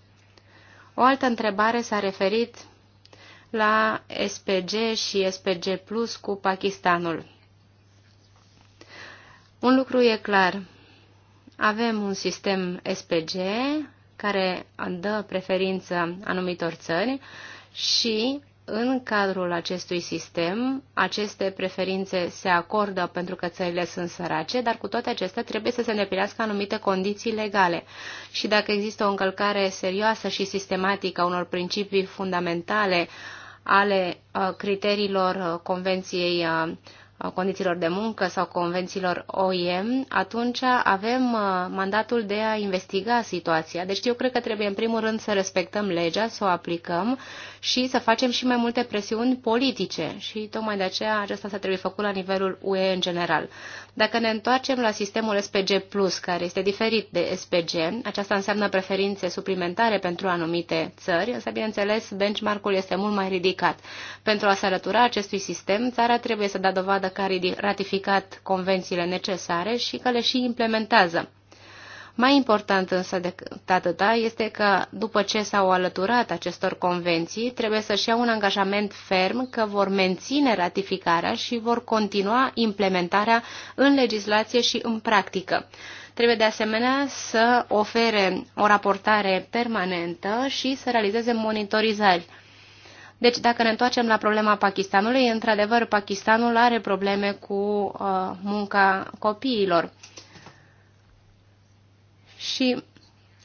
O altă întrebare s-a referit la SPG și SPG Plus cu Pakistanul. Un lucru e clar. Avem un sistem SPG care dă preferință anumitor țări și în cadrul acestui sistem aceste preferințe se acordă pentru că țările sunt sărace, dar cu toate acestea trebuie să se îndeplinească anumite condiții legale. Și dacă există o încălcare serioasă și sistematică a unor principii fundamentale ale uh, criteriilor uh, Convenției uh, condițiilor de muncă sau convențiilor OIM, atunci avem uh, mandatul de a investiga situația. Deci eu cred că trebuie în primul rând să respectăm legea, să o aplicăm și să facem și mai multe presiuni politice și tocmai de aceea acesta s-a trebuit făcut la nivelul UE în general. Dacă ne întoarcem la sistemul SPG+, care este diferit de SPG, aceasta înseamnă preferințe suplimentare pentru anumite țări, însă bineînțeles benchmark-ul este mult mai ridicat. Pentru a se alătura acestui sistem, țara trebuie să dea dovadă care a ratificat convențiile necesare și că le și implementează. Mai important însă decât atâta este că, după ce s-au alăturat acestor convenții, trebuie să-și iau un angajament ferm că vor menține ratificarea și vor continua implementarea în legislație și în practică. Trebuie de asemenea să ofere o raportare permanentă și să realizeze monitorizări deci, dacă ne întoarcem la problema Pakistanului, într-adevăr, Pakistanul are probleme cu uh, munca copiilor. Și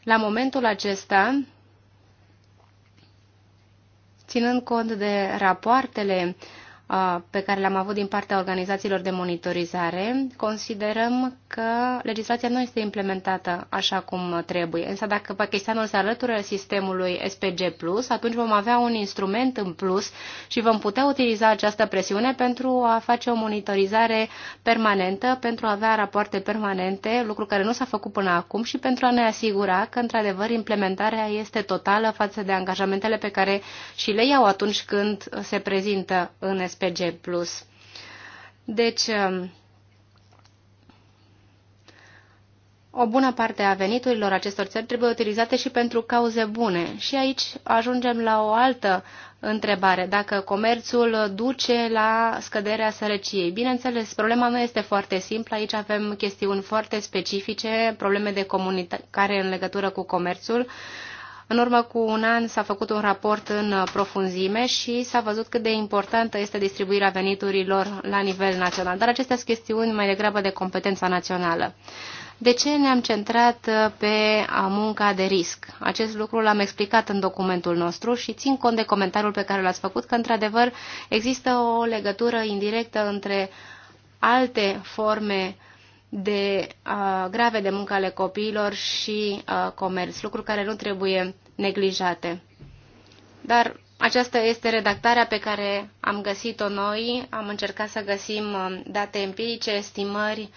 la momentul acesta, ținând cont de rapoartele uh, pe care le-am avut din partea organizațiilor de monitorizare, considerăm că legislația nu este implementată așa cum trebuie. Însă dacă Pakistanul se alătură sistemului SPG+, atunci vom avea un instrument în plus și vom putea utiliza această presiune pentru a face o monitorizare permanentă, pentru a avea rapoarte permanente, lucru care nu s-a făcut până acum și pentru a ne asigura că, într-adevăr, implementarea este totală față de angajamentele pe care și le iau atunci când se prezintă în SPG+. Deci, um, o bună parte a veniturilor acestor țări trebuie utilizate și pentru cauze bune. Și aici ajungem la o altă întrebare, dacă comerțul duce la scăderea sărăciei. Bineînțeles, problema nu este foarte simplă, aici avem chestiuni foarte specifice, probleme de comunicare în legătură cu comerțul, în urmă cu un an s-a făcut un raport în uh, profunzime și s-a văzut cât de importantă este distribuirea veniturilor la nivel național. Dar acestea sunt chestiuni mai degrabă de competența națională. De ce ne-am centrat uh, pe munca de risc? Acest lucru l-am explicat în documentul nostru și țin cont de comentariul pe care l-ați făcut că, într-adevăr, există o legătură indirectă între alte forme de uh, grave de muncă ale copiilor și uh, comerț, lucru care nu trebuie neglijate. Dar aceasta este redactarea pe care am găsit-o noi. Am încercat să găsim um, date empirice, estimări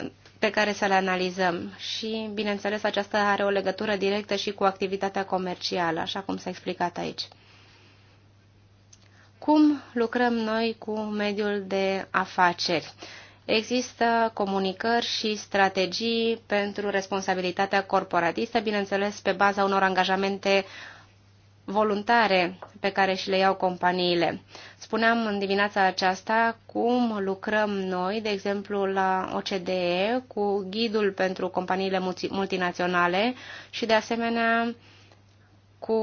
um, pe care să le analizăm. Și, bineînțeles, aceasta are o legătură directă și cu activitatea comercială, așa cum s-a explicat aici. Cum lucrăm noi cu mediul de afaceri? Există comunicări și strategii pentru responsabilitatea corporatistă, bineînțeles pe baza unor angajamente voluntare pe care și le iau companiile. Spuneam în dimineața aceasta cum lucrăm noi, de exemplu, la OCDE cu ghidul pentru companiile multinaționale și, de asemenea, cu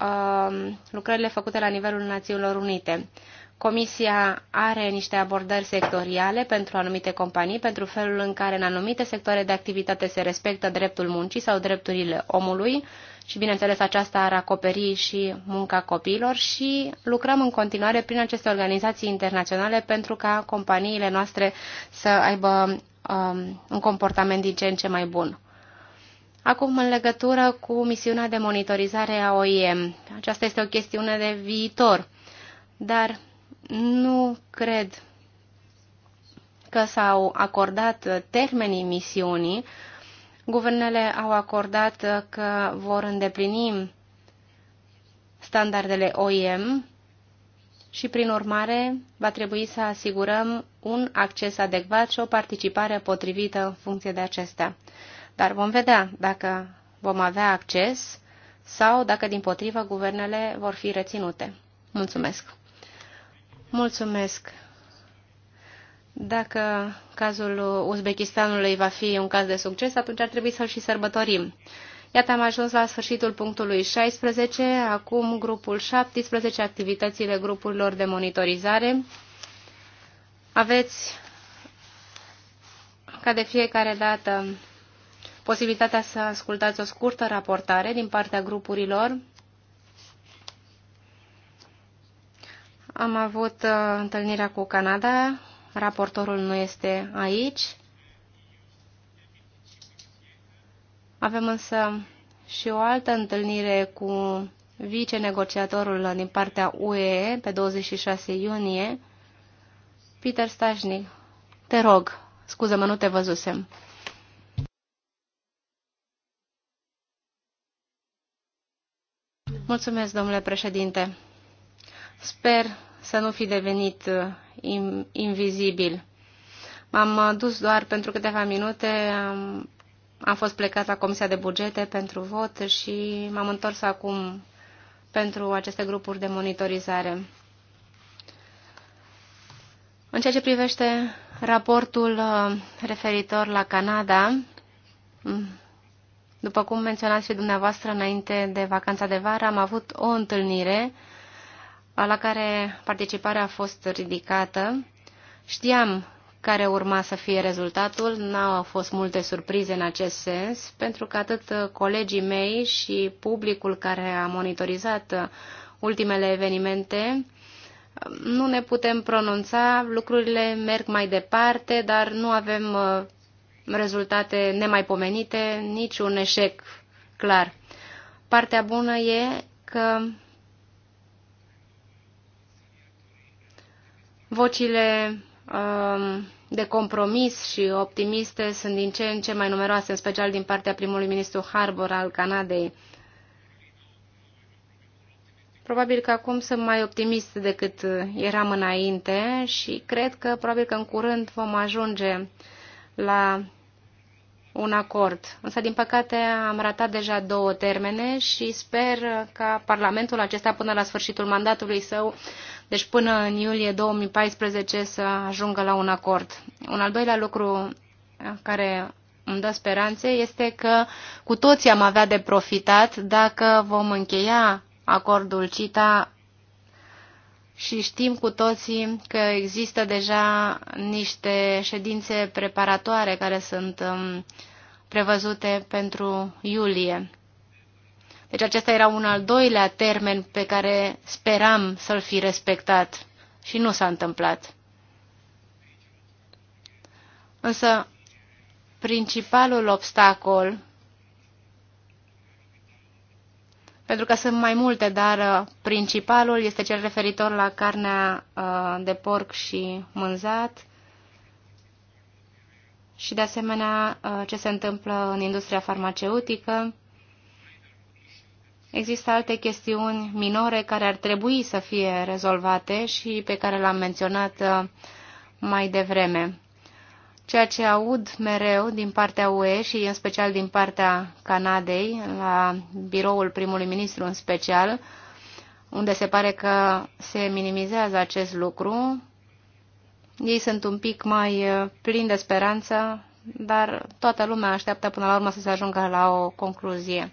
uh, lucrările făcute la nivelul Națiunilor Unite. Comisia are niște abordări sectoriale pentru anumite companii, pentru felul în care în anumite sectoare de activitate se respectă dreptul muncii sau drepturile omului și, bineînțeles, aceasta ar acoperi și munca copiilor și lucrăm în continuare prin aceste organizații internaționale pentru ca companiile noastre să aibă um, un comportament din ce în ce mai bun. Acum, în legătură cu misiunea de monitorizare a OIM, aceasta este o chestiune de viitor, dar nu cred că s-au acordat termenii misiunii. Guvernele au acordat că vor îndeplini standardele OIM și, prin urmare, va trebui să asigurăm un acces adecvat și o participare potrivită în funcție de acestea. Dar vom vedea dacă vom avea acces sau dacă, din potrivă, guvernele vor fi reținute. Mulțumesc! Mulțumesc. Dacă cazul Uzbekistanului va fi un caz de succes, atunci ar trebui să-l și sărbătorim. Iată, am ajuns la sfârșitul punctului 16, acum grupul 17, activitățile grupurilor de monitorizare. Aveți, ca de fiecare dată, posibilitatea să ascultați o scurtă raportare din partea grupurilor Am avut uh, întâlnirea cu Canada, raportorul nu este aici. Avem însă și o altă întâlnire cu vicenegociatorul din partea UE pe 26 iunie, Peter Stajnic. Te rog, scuză-mă, nu te văzusem. Mulțumesc, domnule președinte. Sper să nu fi devenit uh, invizibil. M-am uh, dus doar pentru câteva minute, am, am fost plecat la Comisia de Bugete pentru vot și m-am întors acum pentru aceste grupuri de monitorizare. În ceea ce privește raportul uh, referitor la Canada, după cum menționați și dumneavoastră înainte de vacanța de vară, am avut o întâlnire la care participarea a fost ridicată. Știam care urma să fie rezultatul, n-au fost multe surprize în acest sens, pentru că atât colegii mei și publicul care a monitorizat ultimele evenimente nu ne putem pronunța, lucrurile merg mai departe, dar nu avem uh, rezultate nemaipomenite, nici un eșec clar. Partea bună e că Vocile um, de compromis și optimiste sunt din ce în ce mai numeroase, în special din partea primului ministru Harbour al Canadei. Probabil că acum sunt mai optimist decât eram înainte și cred că probabil că în curând vom ajunge la un acord. Însă, din păcate, am ratat deja două termene și sper ca Parlamentul acesta până la sfârșitul mandatului său deci până în iulie 2014 să ajungă la un acord. Un al doilea lucru uh, care îmi dă speranțe este că cu toții am avea de profitat dacă vom încheia acordul CITA și știm cu toții că există deja niște ședințe preparatoare care sunt um, prevăzute pentru iulie. Deci acesta era un al doilea termen pe care speram să-l fi respectat și nu s-a întâmplat. Însă, principalul obstacol, pentru că sunt mai multe, dar uh, principalul este cel referitor la carnea uh, de porc și mânzat și, de asemenea, uh, ce se întâmplă în industria farmaceutică, Există alte chestiuni minore care ar trebui să fie rezolvate și pe care l-am menționat uh, mai devreme. Ceea ce aud mereu din partea UE și în special din partea Canadei, la biroul primului ministru în special, unde se pare că se minimizează acest lucru, ei sunt un pic mai uh, plini de speranță, dar toată lumea așteaptă până la urmă să se ajungă la o concluzie.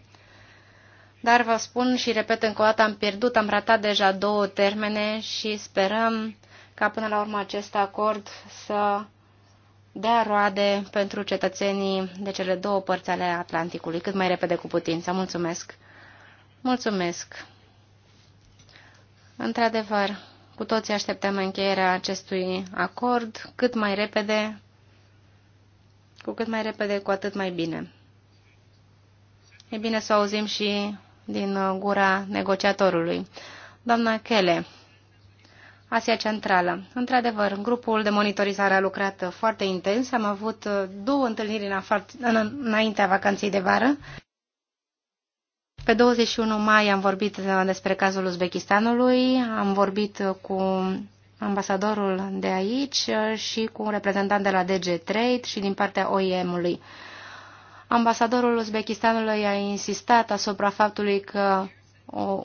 Dar vă spun și repet încă o dată, am pierdut, am ratat deja două termene și sperăm ca până la urmă acest acord să dea roade pentru cetățenii de cele două părți ale Atlanticului, cât mai repede cu putință. Mulțumesc! Mulțumesc! Într-adevăr, cu toții așteptăm încheierea acestui acord cât mai repede, cu cât mai repede, cu atât mai bine. E bine să auzim și din uh, gura negociatorului. Doamna Kele, Asia Centrală. Într-adevăr, grupul de monitorizare a lucrat uh, foarte intens. Am avut uh, două întâlniri în în, înaintea vacanței de vară. Pe 21 mai am vorbit despre cazul Uzbekistanului, am vorbit cu ambasadorul de aici și cu un reprezentant de la DG Trade și din partea OIM-ului. Ambasadorul Uzbekistanului a insistat asupra faptului că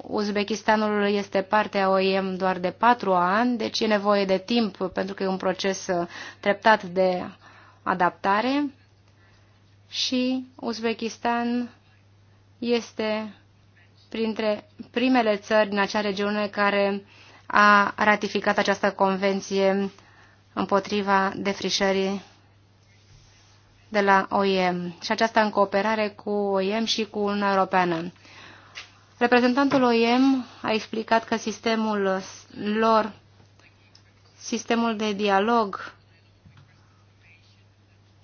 Uzbekistanul este parte a OIM doar de patru ani, deci e nevoie de timp pentru că e un proces uh, treptat de adaptare și Uzbekistan este printre primele țări din acea regiune care a ratificat această convenție împotriva defrișării de la OIM și aceasta în cooperare cu OIM și cu Uniunea Europeană. Reprezentantul OIM a explicat că sistemul lor, sistemul de dialog,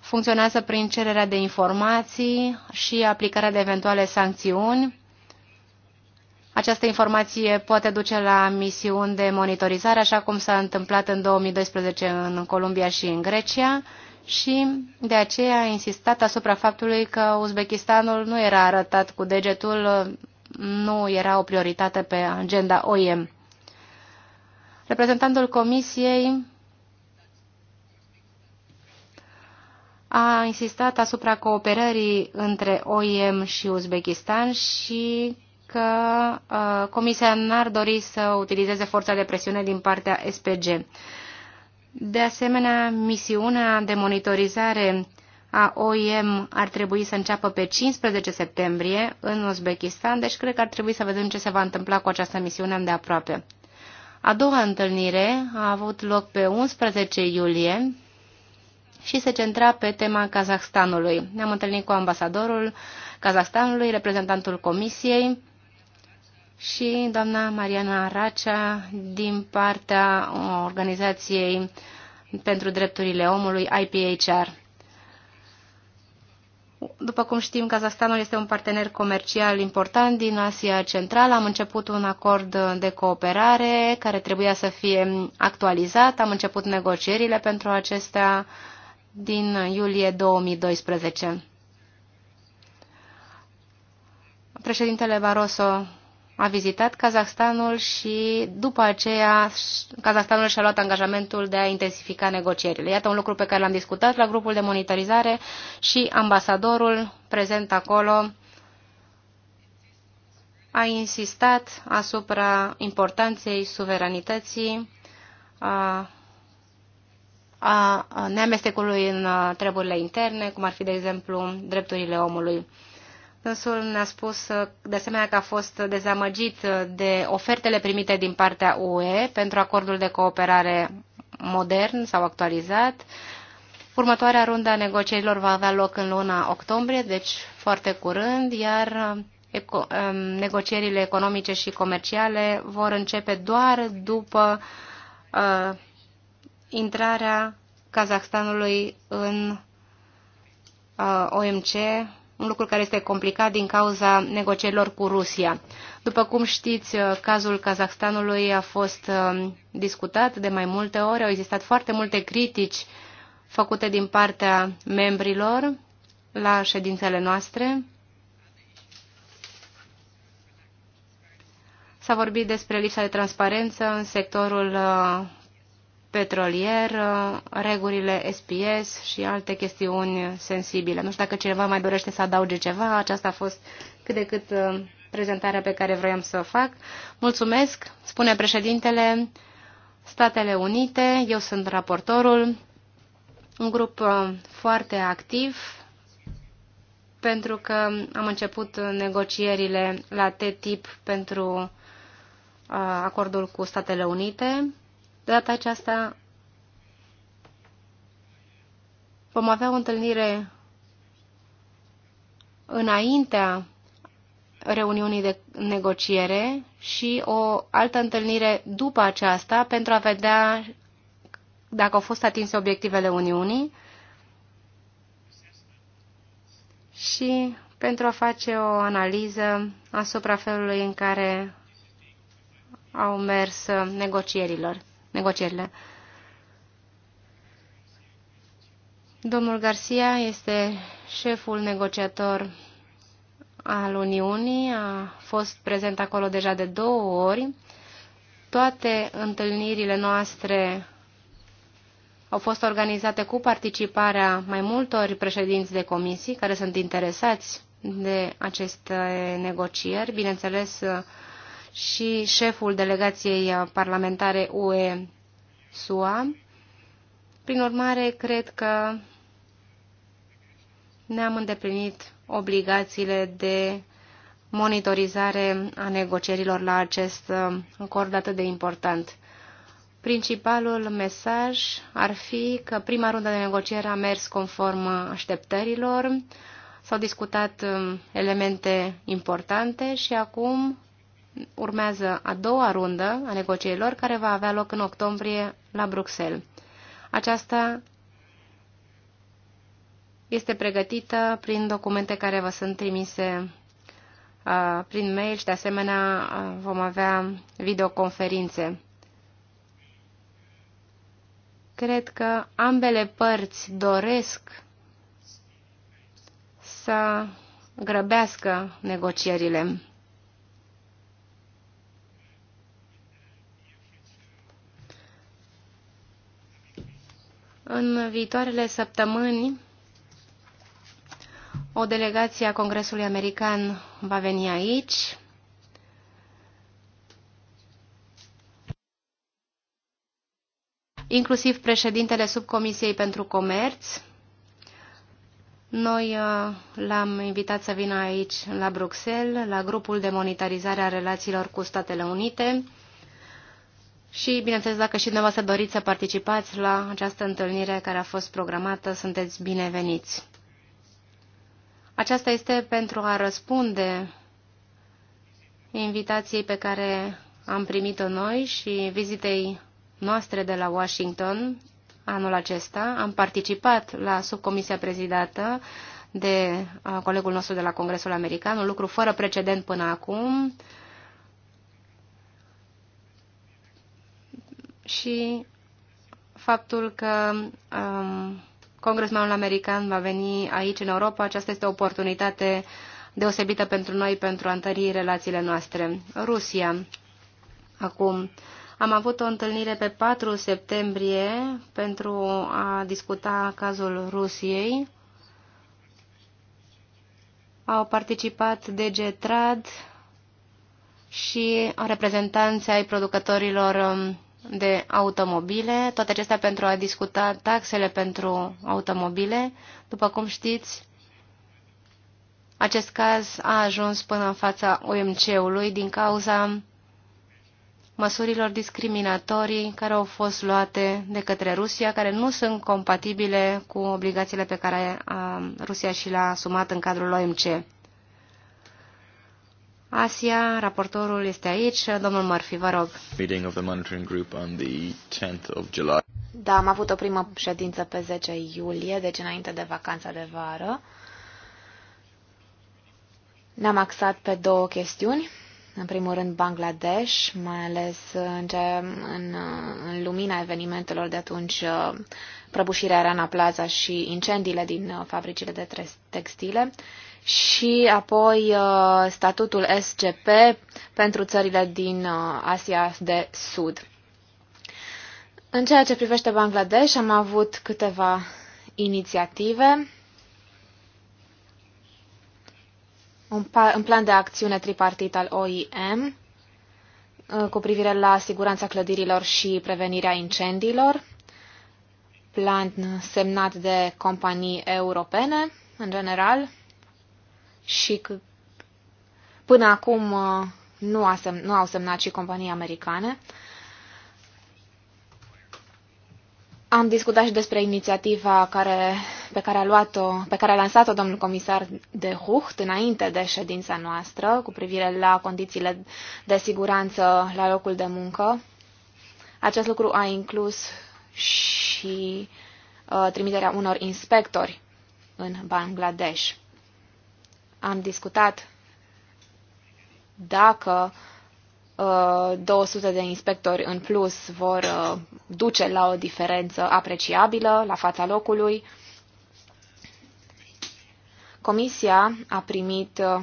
funcționează prin cererea de informații și aplicarea de eventuale sancțiuni. Această informație poate duce la misiuni de monitorizare, așa cum s-a întâmplat în 2012 în Columbia și în Grecia, și de aceea a insistat asupra faptului că Uzbekistanul nu era arătat cu degetul, nu era o prioritate pe agenda OIM. Reprezentantul Comisiei a insistat asupra cooperării între OIM și Uzbekistan și că uh, Comisia n-ar dori să utilizeze forța de presiune din partea SPG. De asemenea, misiunea de monitorizare a OIM ar trebui să înceapă pe 15 septembrie în Uzbekistan, deci cred că ar trebui să vedem ce se va întâmpla cu această misiune de aproape. A doua întâlnire a avut loc pe 11 iulie și se centra pe tema Kazahstanului. Ne-am întâlnit cu ambasadorul Kazahstanului, reprezentantul Comisiei, și doamna Mariana Racea din partea organizației pentru drepturile omului IPHR. După cum știm, Kazahstanul este un partener comercial important din Asia Centrală. Am început un acord de cooperare care trebuia să fie actualizat. Am început negocierile pentru acestea din iulie 2012. Președintele Barroso a vizitat Kazahstanul și după aceea Kazahstanul și-a luat angajamentul de a intensifica negocierile. Iată un lucru pe care l-am discutat la grupul de monitorizare și ambasadorul prezent acolo a insistat asupra importanței suveranității, a, a neamestecului în uh, treburile interne, cum ar fi, de exemplu, drepturile omului. Dânsul ne-a spus uh, de asemenea că a fost dezamăgit uh, de ofertele primite din partea UE pentru acordul de cooperare modern sau actualizat. Următoarea rundă a negocierilor va avea loc în luna octombrie, deci foarte curând, iar uh, eco um, negocierile economice și comerciale vor începe doar după uh, intrarea Kazahstanului în uh, OMC un lucru care este complicat din cauza negocierilor cu Rusia. După cum știți, cazul Kazahstanului a fost um, discutat de mai multe ori, au existat foarte multe critici făcute din partea membrilor la ședințele noastre. S-a vorbit despre lipsa de transparență în sectorul uh, petrolier, regulile SPS și alte chestiuni sensibile. Nu știu dacă cineva mai dorește să adauge ceva, aceasta a fost cât de cât uh, prezentarea pe care vroiam să o fac. Mulțumesc, spune președintele Statele Unite, eu sunt raportorul, un grup uh, foarte activ pentru că am început negocierile la TTIP pentru uh, acordul cu Statele Unite de data aceasta vom avea o întâlnire înaintea reuniunii de negociere și o altă întâlnire după aceasta pentru a vedea dacă au fost atinse obiectivele Uniunii și pentru a face o analiză asupra felului în care au mers negocierilor negocierile. Domnul Garcia este șeful negociator al Uniunii, a fost prezent acolo deja de două ori. Toate întâlnirile noastre au fost organizate cu participarea mai multor președinți de comisii care sunt interesați de aceste negocieri. Bineînțeles, și șeful delegației parlamentare UE SUA. Prin urmare, cred că ne-am îndeplinit obligațiile de monitorizare a negocierilor la acest acord atât de important. Principalul mesaj ar fi că prima rundă de negociere a mers conform așteptărilor, s-au discutat um, elemente importante și acum urmează a doua rundă a negocierilor care va avea loc în octombrie la Bruxelles. Aceasta este pregătită prin documente care vă sunt trimise uh, prin mail și de asemenea uh, vom avea videoconferințe. Cred că ambele părți doresc să grăbească negocierile. În viitoarele săptămâni, o delegație a Congresului American va veni aici. inclusiv președintele Subcomisiei pentru Comerț. Noi uh, l-am invitat să vină aici, la Bruxelles, la grupul de monitorizare a relațiilor cu Statele Unite și, bineînțeles, dacă și dumneavoastră doriți să participați la această întâlnire care a fost programată, sunteți bineveniți. Aceasta este pentru a răspunde invitației pe care am primit-o noi și vizitei noastre de la Washington anul acesta. Am participat la subcomisia prezidată de colegul nostru de la Congresul American, un lucru fără precedent până acum, și faptul că um, congresmanul american va veni aici în Europa, aceasta este o oportunitate deosebită pentru noi pentru a întări relațiile noastre. Rusia. Acum, am avut o întâlnire pe 4 septembrie pentru a discuta cazul Rusiei. Au participat DG Trad și reprezentanții ai producătorilor um, de automobile, toate acestea pentru a discuta taxele pentru automobile. După cum știți, acest caz a ajuns până în fața OMC-ului din cauza măsurilor discriminatorii care au fost luate de către Rusia, care nu sunt compatibile cu obligațiile pe care Rusia și le-a asumat în cadrul OMC. Asia. Raportorul este aici. Domnul Murphy, vă rog. Meeting of the monitoring group on the 10th of July. Da, am avut o primă ședință pe 10 iulie, deci înainte de vacanța de vară. Ne-am axat pe două chestiuni. În primul rând Bangladesh, mai ales în, ce, în, în lumina evenimentelor de atunci, uh, prăbușirea Rana Plaza și incendiile din uh, fabricile de textile și apoi uh, statutul SGP pentru țările din uh, Asia de Sud. În ceea ce privește Bangladesh, am avut câteva inițiative, un, plan de acțiune tripartit al OIM uh, cu privire la siguranța clădirilor și prevenirea incendiilor, plan semnat de companii europene, în general, și că până acum uh, nu, a semn, nu au semnat și companii americane. Am discutat și despre inițiativa care, pe care a luat-o, pe care a lansat-o domnul comisar de Hucht înainte de ședința noastră cu privire la condițiile de siguranță la locul de muncă. Acest lucru a inclus și uh, trimiterea unor inspectori în Bangladesh. Am discutat dacă uh, 200 de inspectori în plus vor uh, duce la o diferență apreciabilă la fața locului. Comisia a primit uh,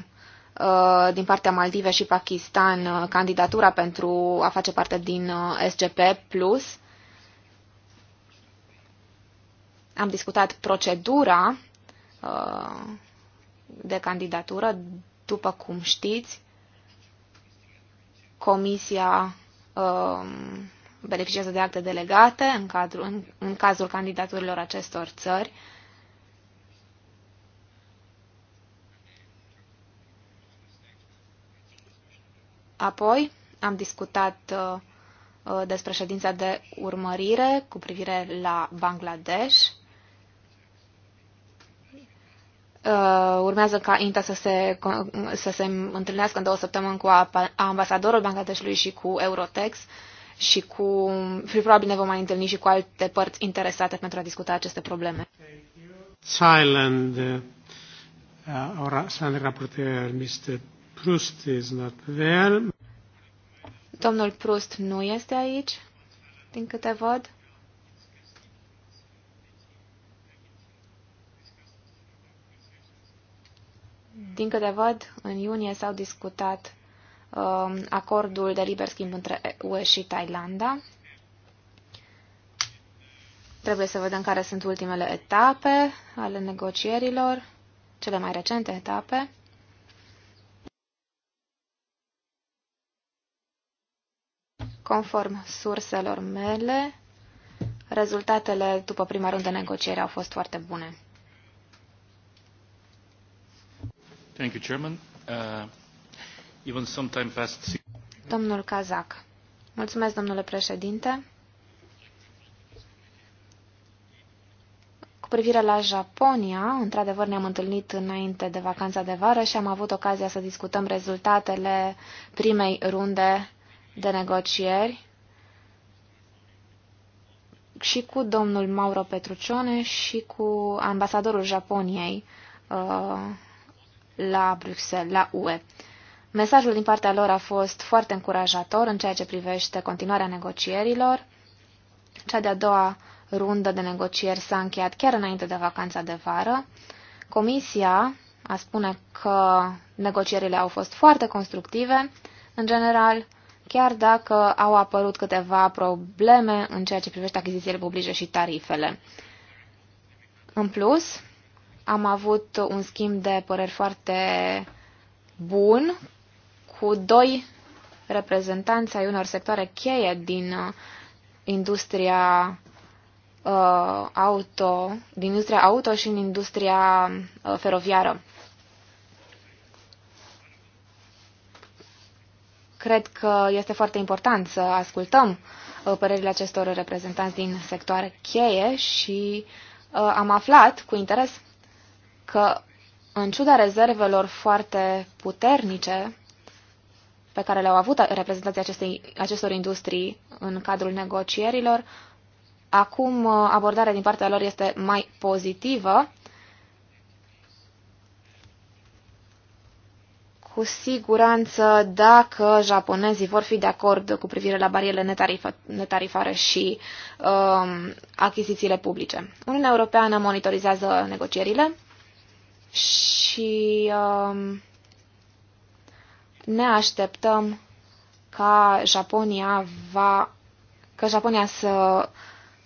uh din partea Maldive și Pakistan uh, candidatura pentru a face parte din uh, SGP+. Plus. Am discutat procedura uh, de candidatură. După cum știți, Comisia um, beneficiază de acte delegate în, cadru, în, în cazul candidaturilor acestor țări. Apoi am discutat uh, despre ședința de urmărire cu privire la Bangladesh. Uh, urmează ca INTA să se, să se întâlnească în două săptămâni cu ambasadorul Bangladeshului și cu Eurotex și cu, și probabil ne vom mai întâlni și cu alte părți interesate pentru a discuta aceste probleme. Thailand, uh, rapporteur, Mr. Proust is not there. Domnul Proust nu este aici, din câte văd. Din câte văd, în iunie s-au discutat um, acordul de liber schimb între UE și Thailanda. Trebuie să vedem care sunt ultimele etape ale negocierilor, cele mai recente etape. Conform surselor mele, rezultatele după prima rundă negocieri au fost foarte bune. Uh, domnul Kazak. Mulțumesc, domnule președinte. Cu privire la Japonia, într-adevăr ne-am întâlnit înainte de vacanța de vară și am avut ocazia să discutăm rezultatele primei runde de negocieri și cu domnul Mauro Petrucione și cu ambasadorul Japoniei uh, la Bruxelles, la UE. Mesajul din partea lor a fost foarte încurajator în ceea ce privește continuarea negocierilor. Cea de-a doua rundă de negocieri s-a încheiat chiar înainte de vacanța de vară. Comisia a spune că negocierile au fost foarte constructive, în general, chiar dacă au apărut câteva probleme în ceea ce privește achizițiile publice și tarifele. În plus, am avut un schimb de păreri foarte bun cu doi reprezentanți ai unor sectoare cheie din uh, industria uh, auto, din industria auto și în industria uh, feroviară. Cred că este foarte important să ascultăm uh, părerile acestor reprezentanți din sectoare cheie și uh, am aflat cu interes că, în ciuda rezervelor foarte puternice pe care le-au avut reprezentanții acestei, acestor industrii în cadrul negocierilor, acum uh, abordarea din partea lor este mai pozitivă. Cu siguranță, dacă japonezii vor fi de acord cu privire la barierele netarifare și um, achizițiile publice. Uniunea Europeană monitorizează negocierile și um, ne așteptăm ca Japonia va ca Japonia să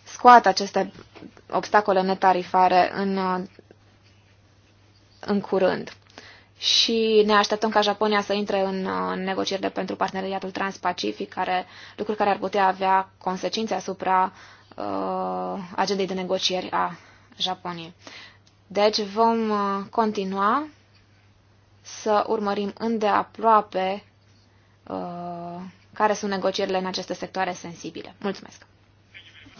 scoată aceste obstacole netarifare în, uh, în curând. Și ne așteptăm ca Japonia să intre în, uh, în negocierile pentru parteneriatul transpacific, care, lucruri care ar putea avea consecințe asupra uh, agendei de negocieri a Japoniei. Deci vom uh, continua să urmărim îndeaproape uh, care sunt negocierile în aceste sectoare sensibile. Mulțumesc!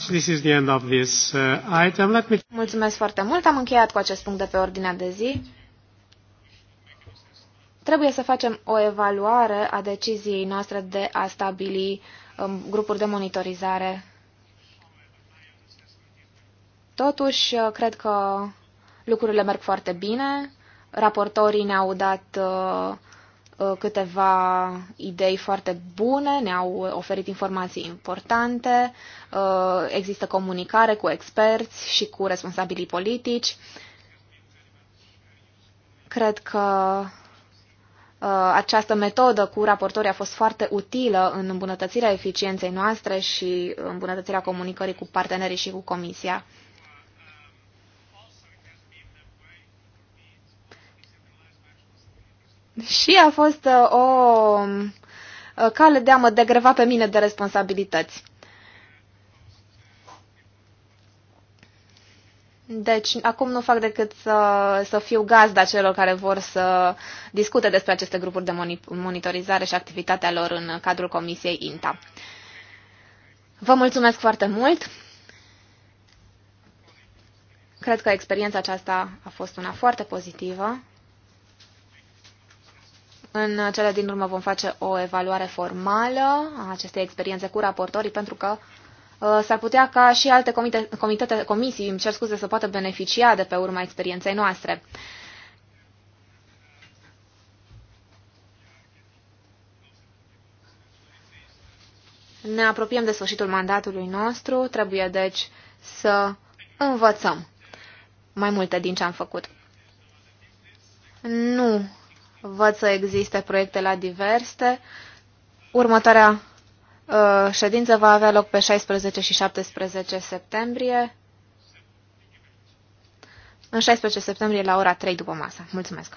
This is the end of this uh, item. Let me... Mulțumesc foarte mult. Am încheiat cu acest punct de pe ordinea de zi. Trebuie să facem o evaluare a deciziei noastre de a stabili um, grupuri de monitorizare. Totuși, uh, cred că lucrurile merg foarte bine. Raportorii ne-au dat uh, uh, câteva idei foarte bune, ne-au oferit informații importante, uh, există comunicare cu experți și cu responsabilii politici. Cred că această metodă cu raportorii a fost foarte utilă în îmbunătățirea eficienței noastre și îmbunătățirea comunicării cu partenerii și cu Comisia. și a fost uh, o uh, cale de a mă degreva pe mine de responsabilități. Deci, acum nu fac decât să, să fiu gazda celor care vor să discute despre aceste grupuri de monitorizare și activitatea lor în cadrul Comisiei INTA. Vă mulțumesc foarte mult! Cred că experiența aceasta a fost una foarte pozitivă. În cele din urmă vom face o evaluare formală a acestei experiențe cu raportorii, pentru că uh, s-ar putea ca și alte comite, comitete, comisii, îmi cer scuze, să poată beneficia de pe urma experienței noastre. Ne apropiem de sfârșitul mandatului nostru, trebuie deci să învățăm mai multe din ce am făcut. Nu Văd să existe proiecte la diverse. Următoarea uh, ședință va avea loc pe 16 și 17 septembrie. În 16 septembrie la ora 3 după masă. Mulțumesc!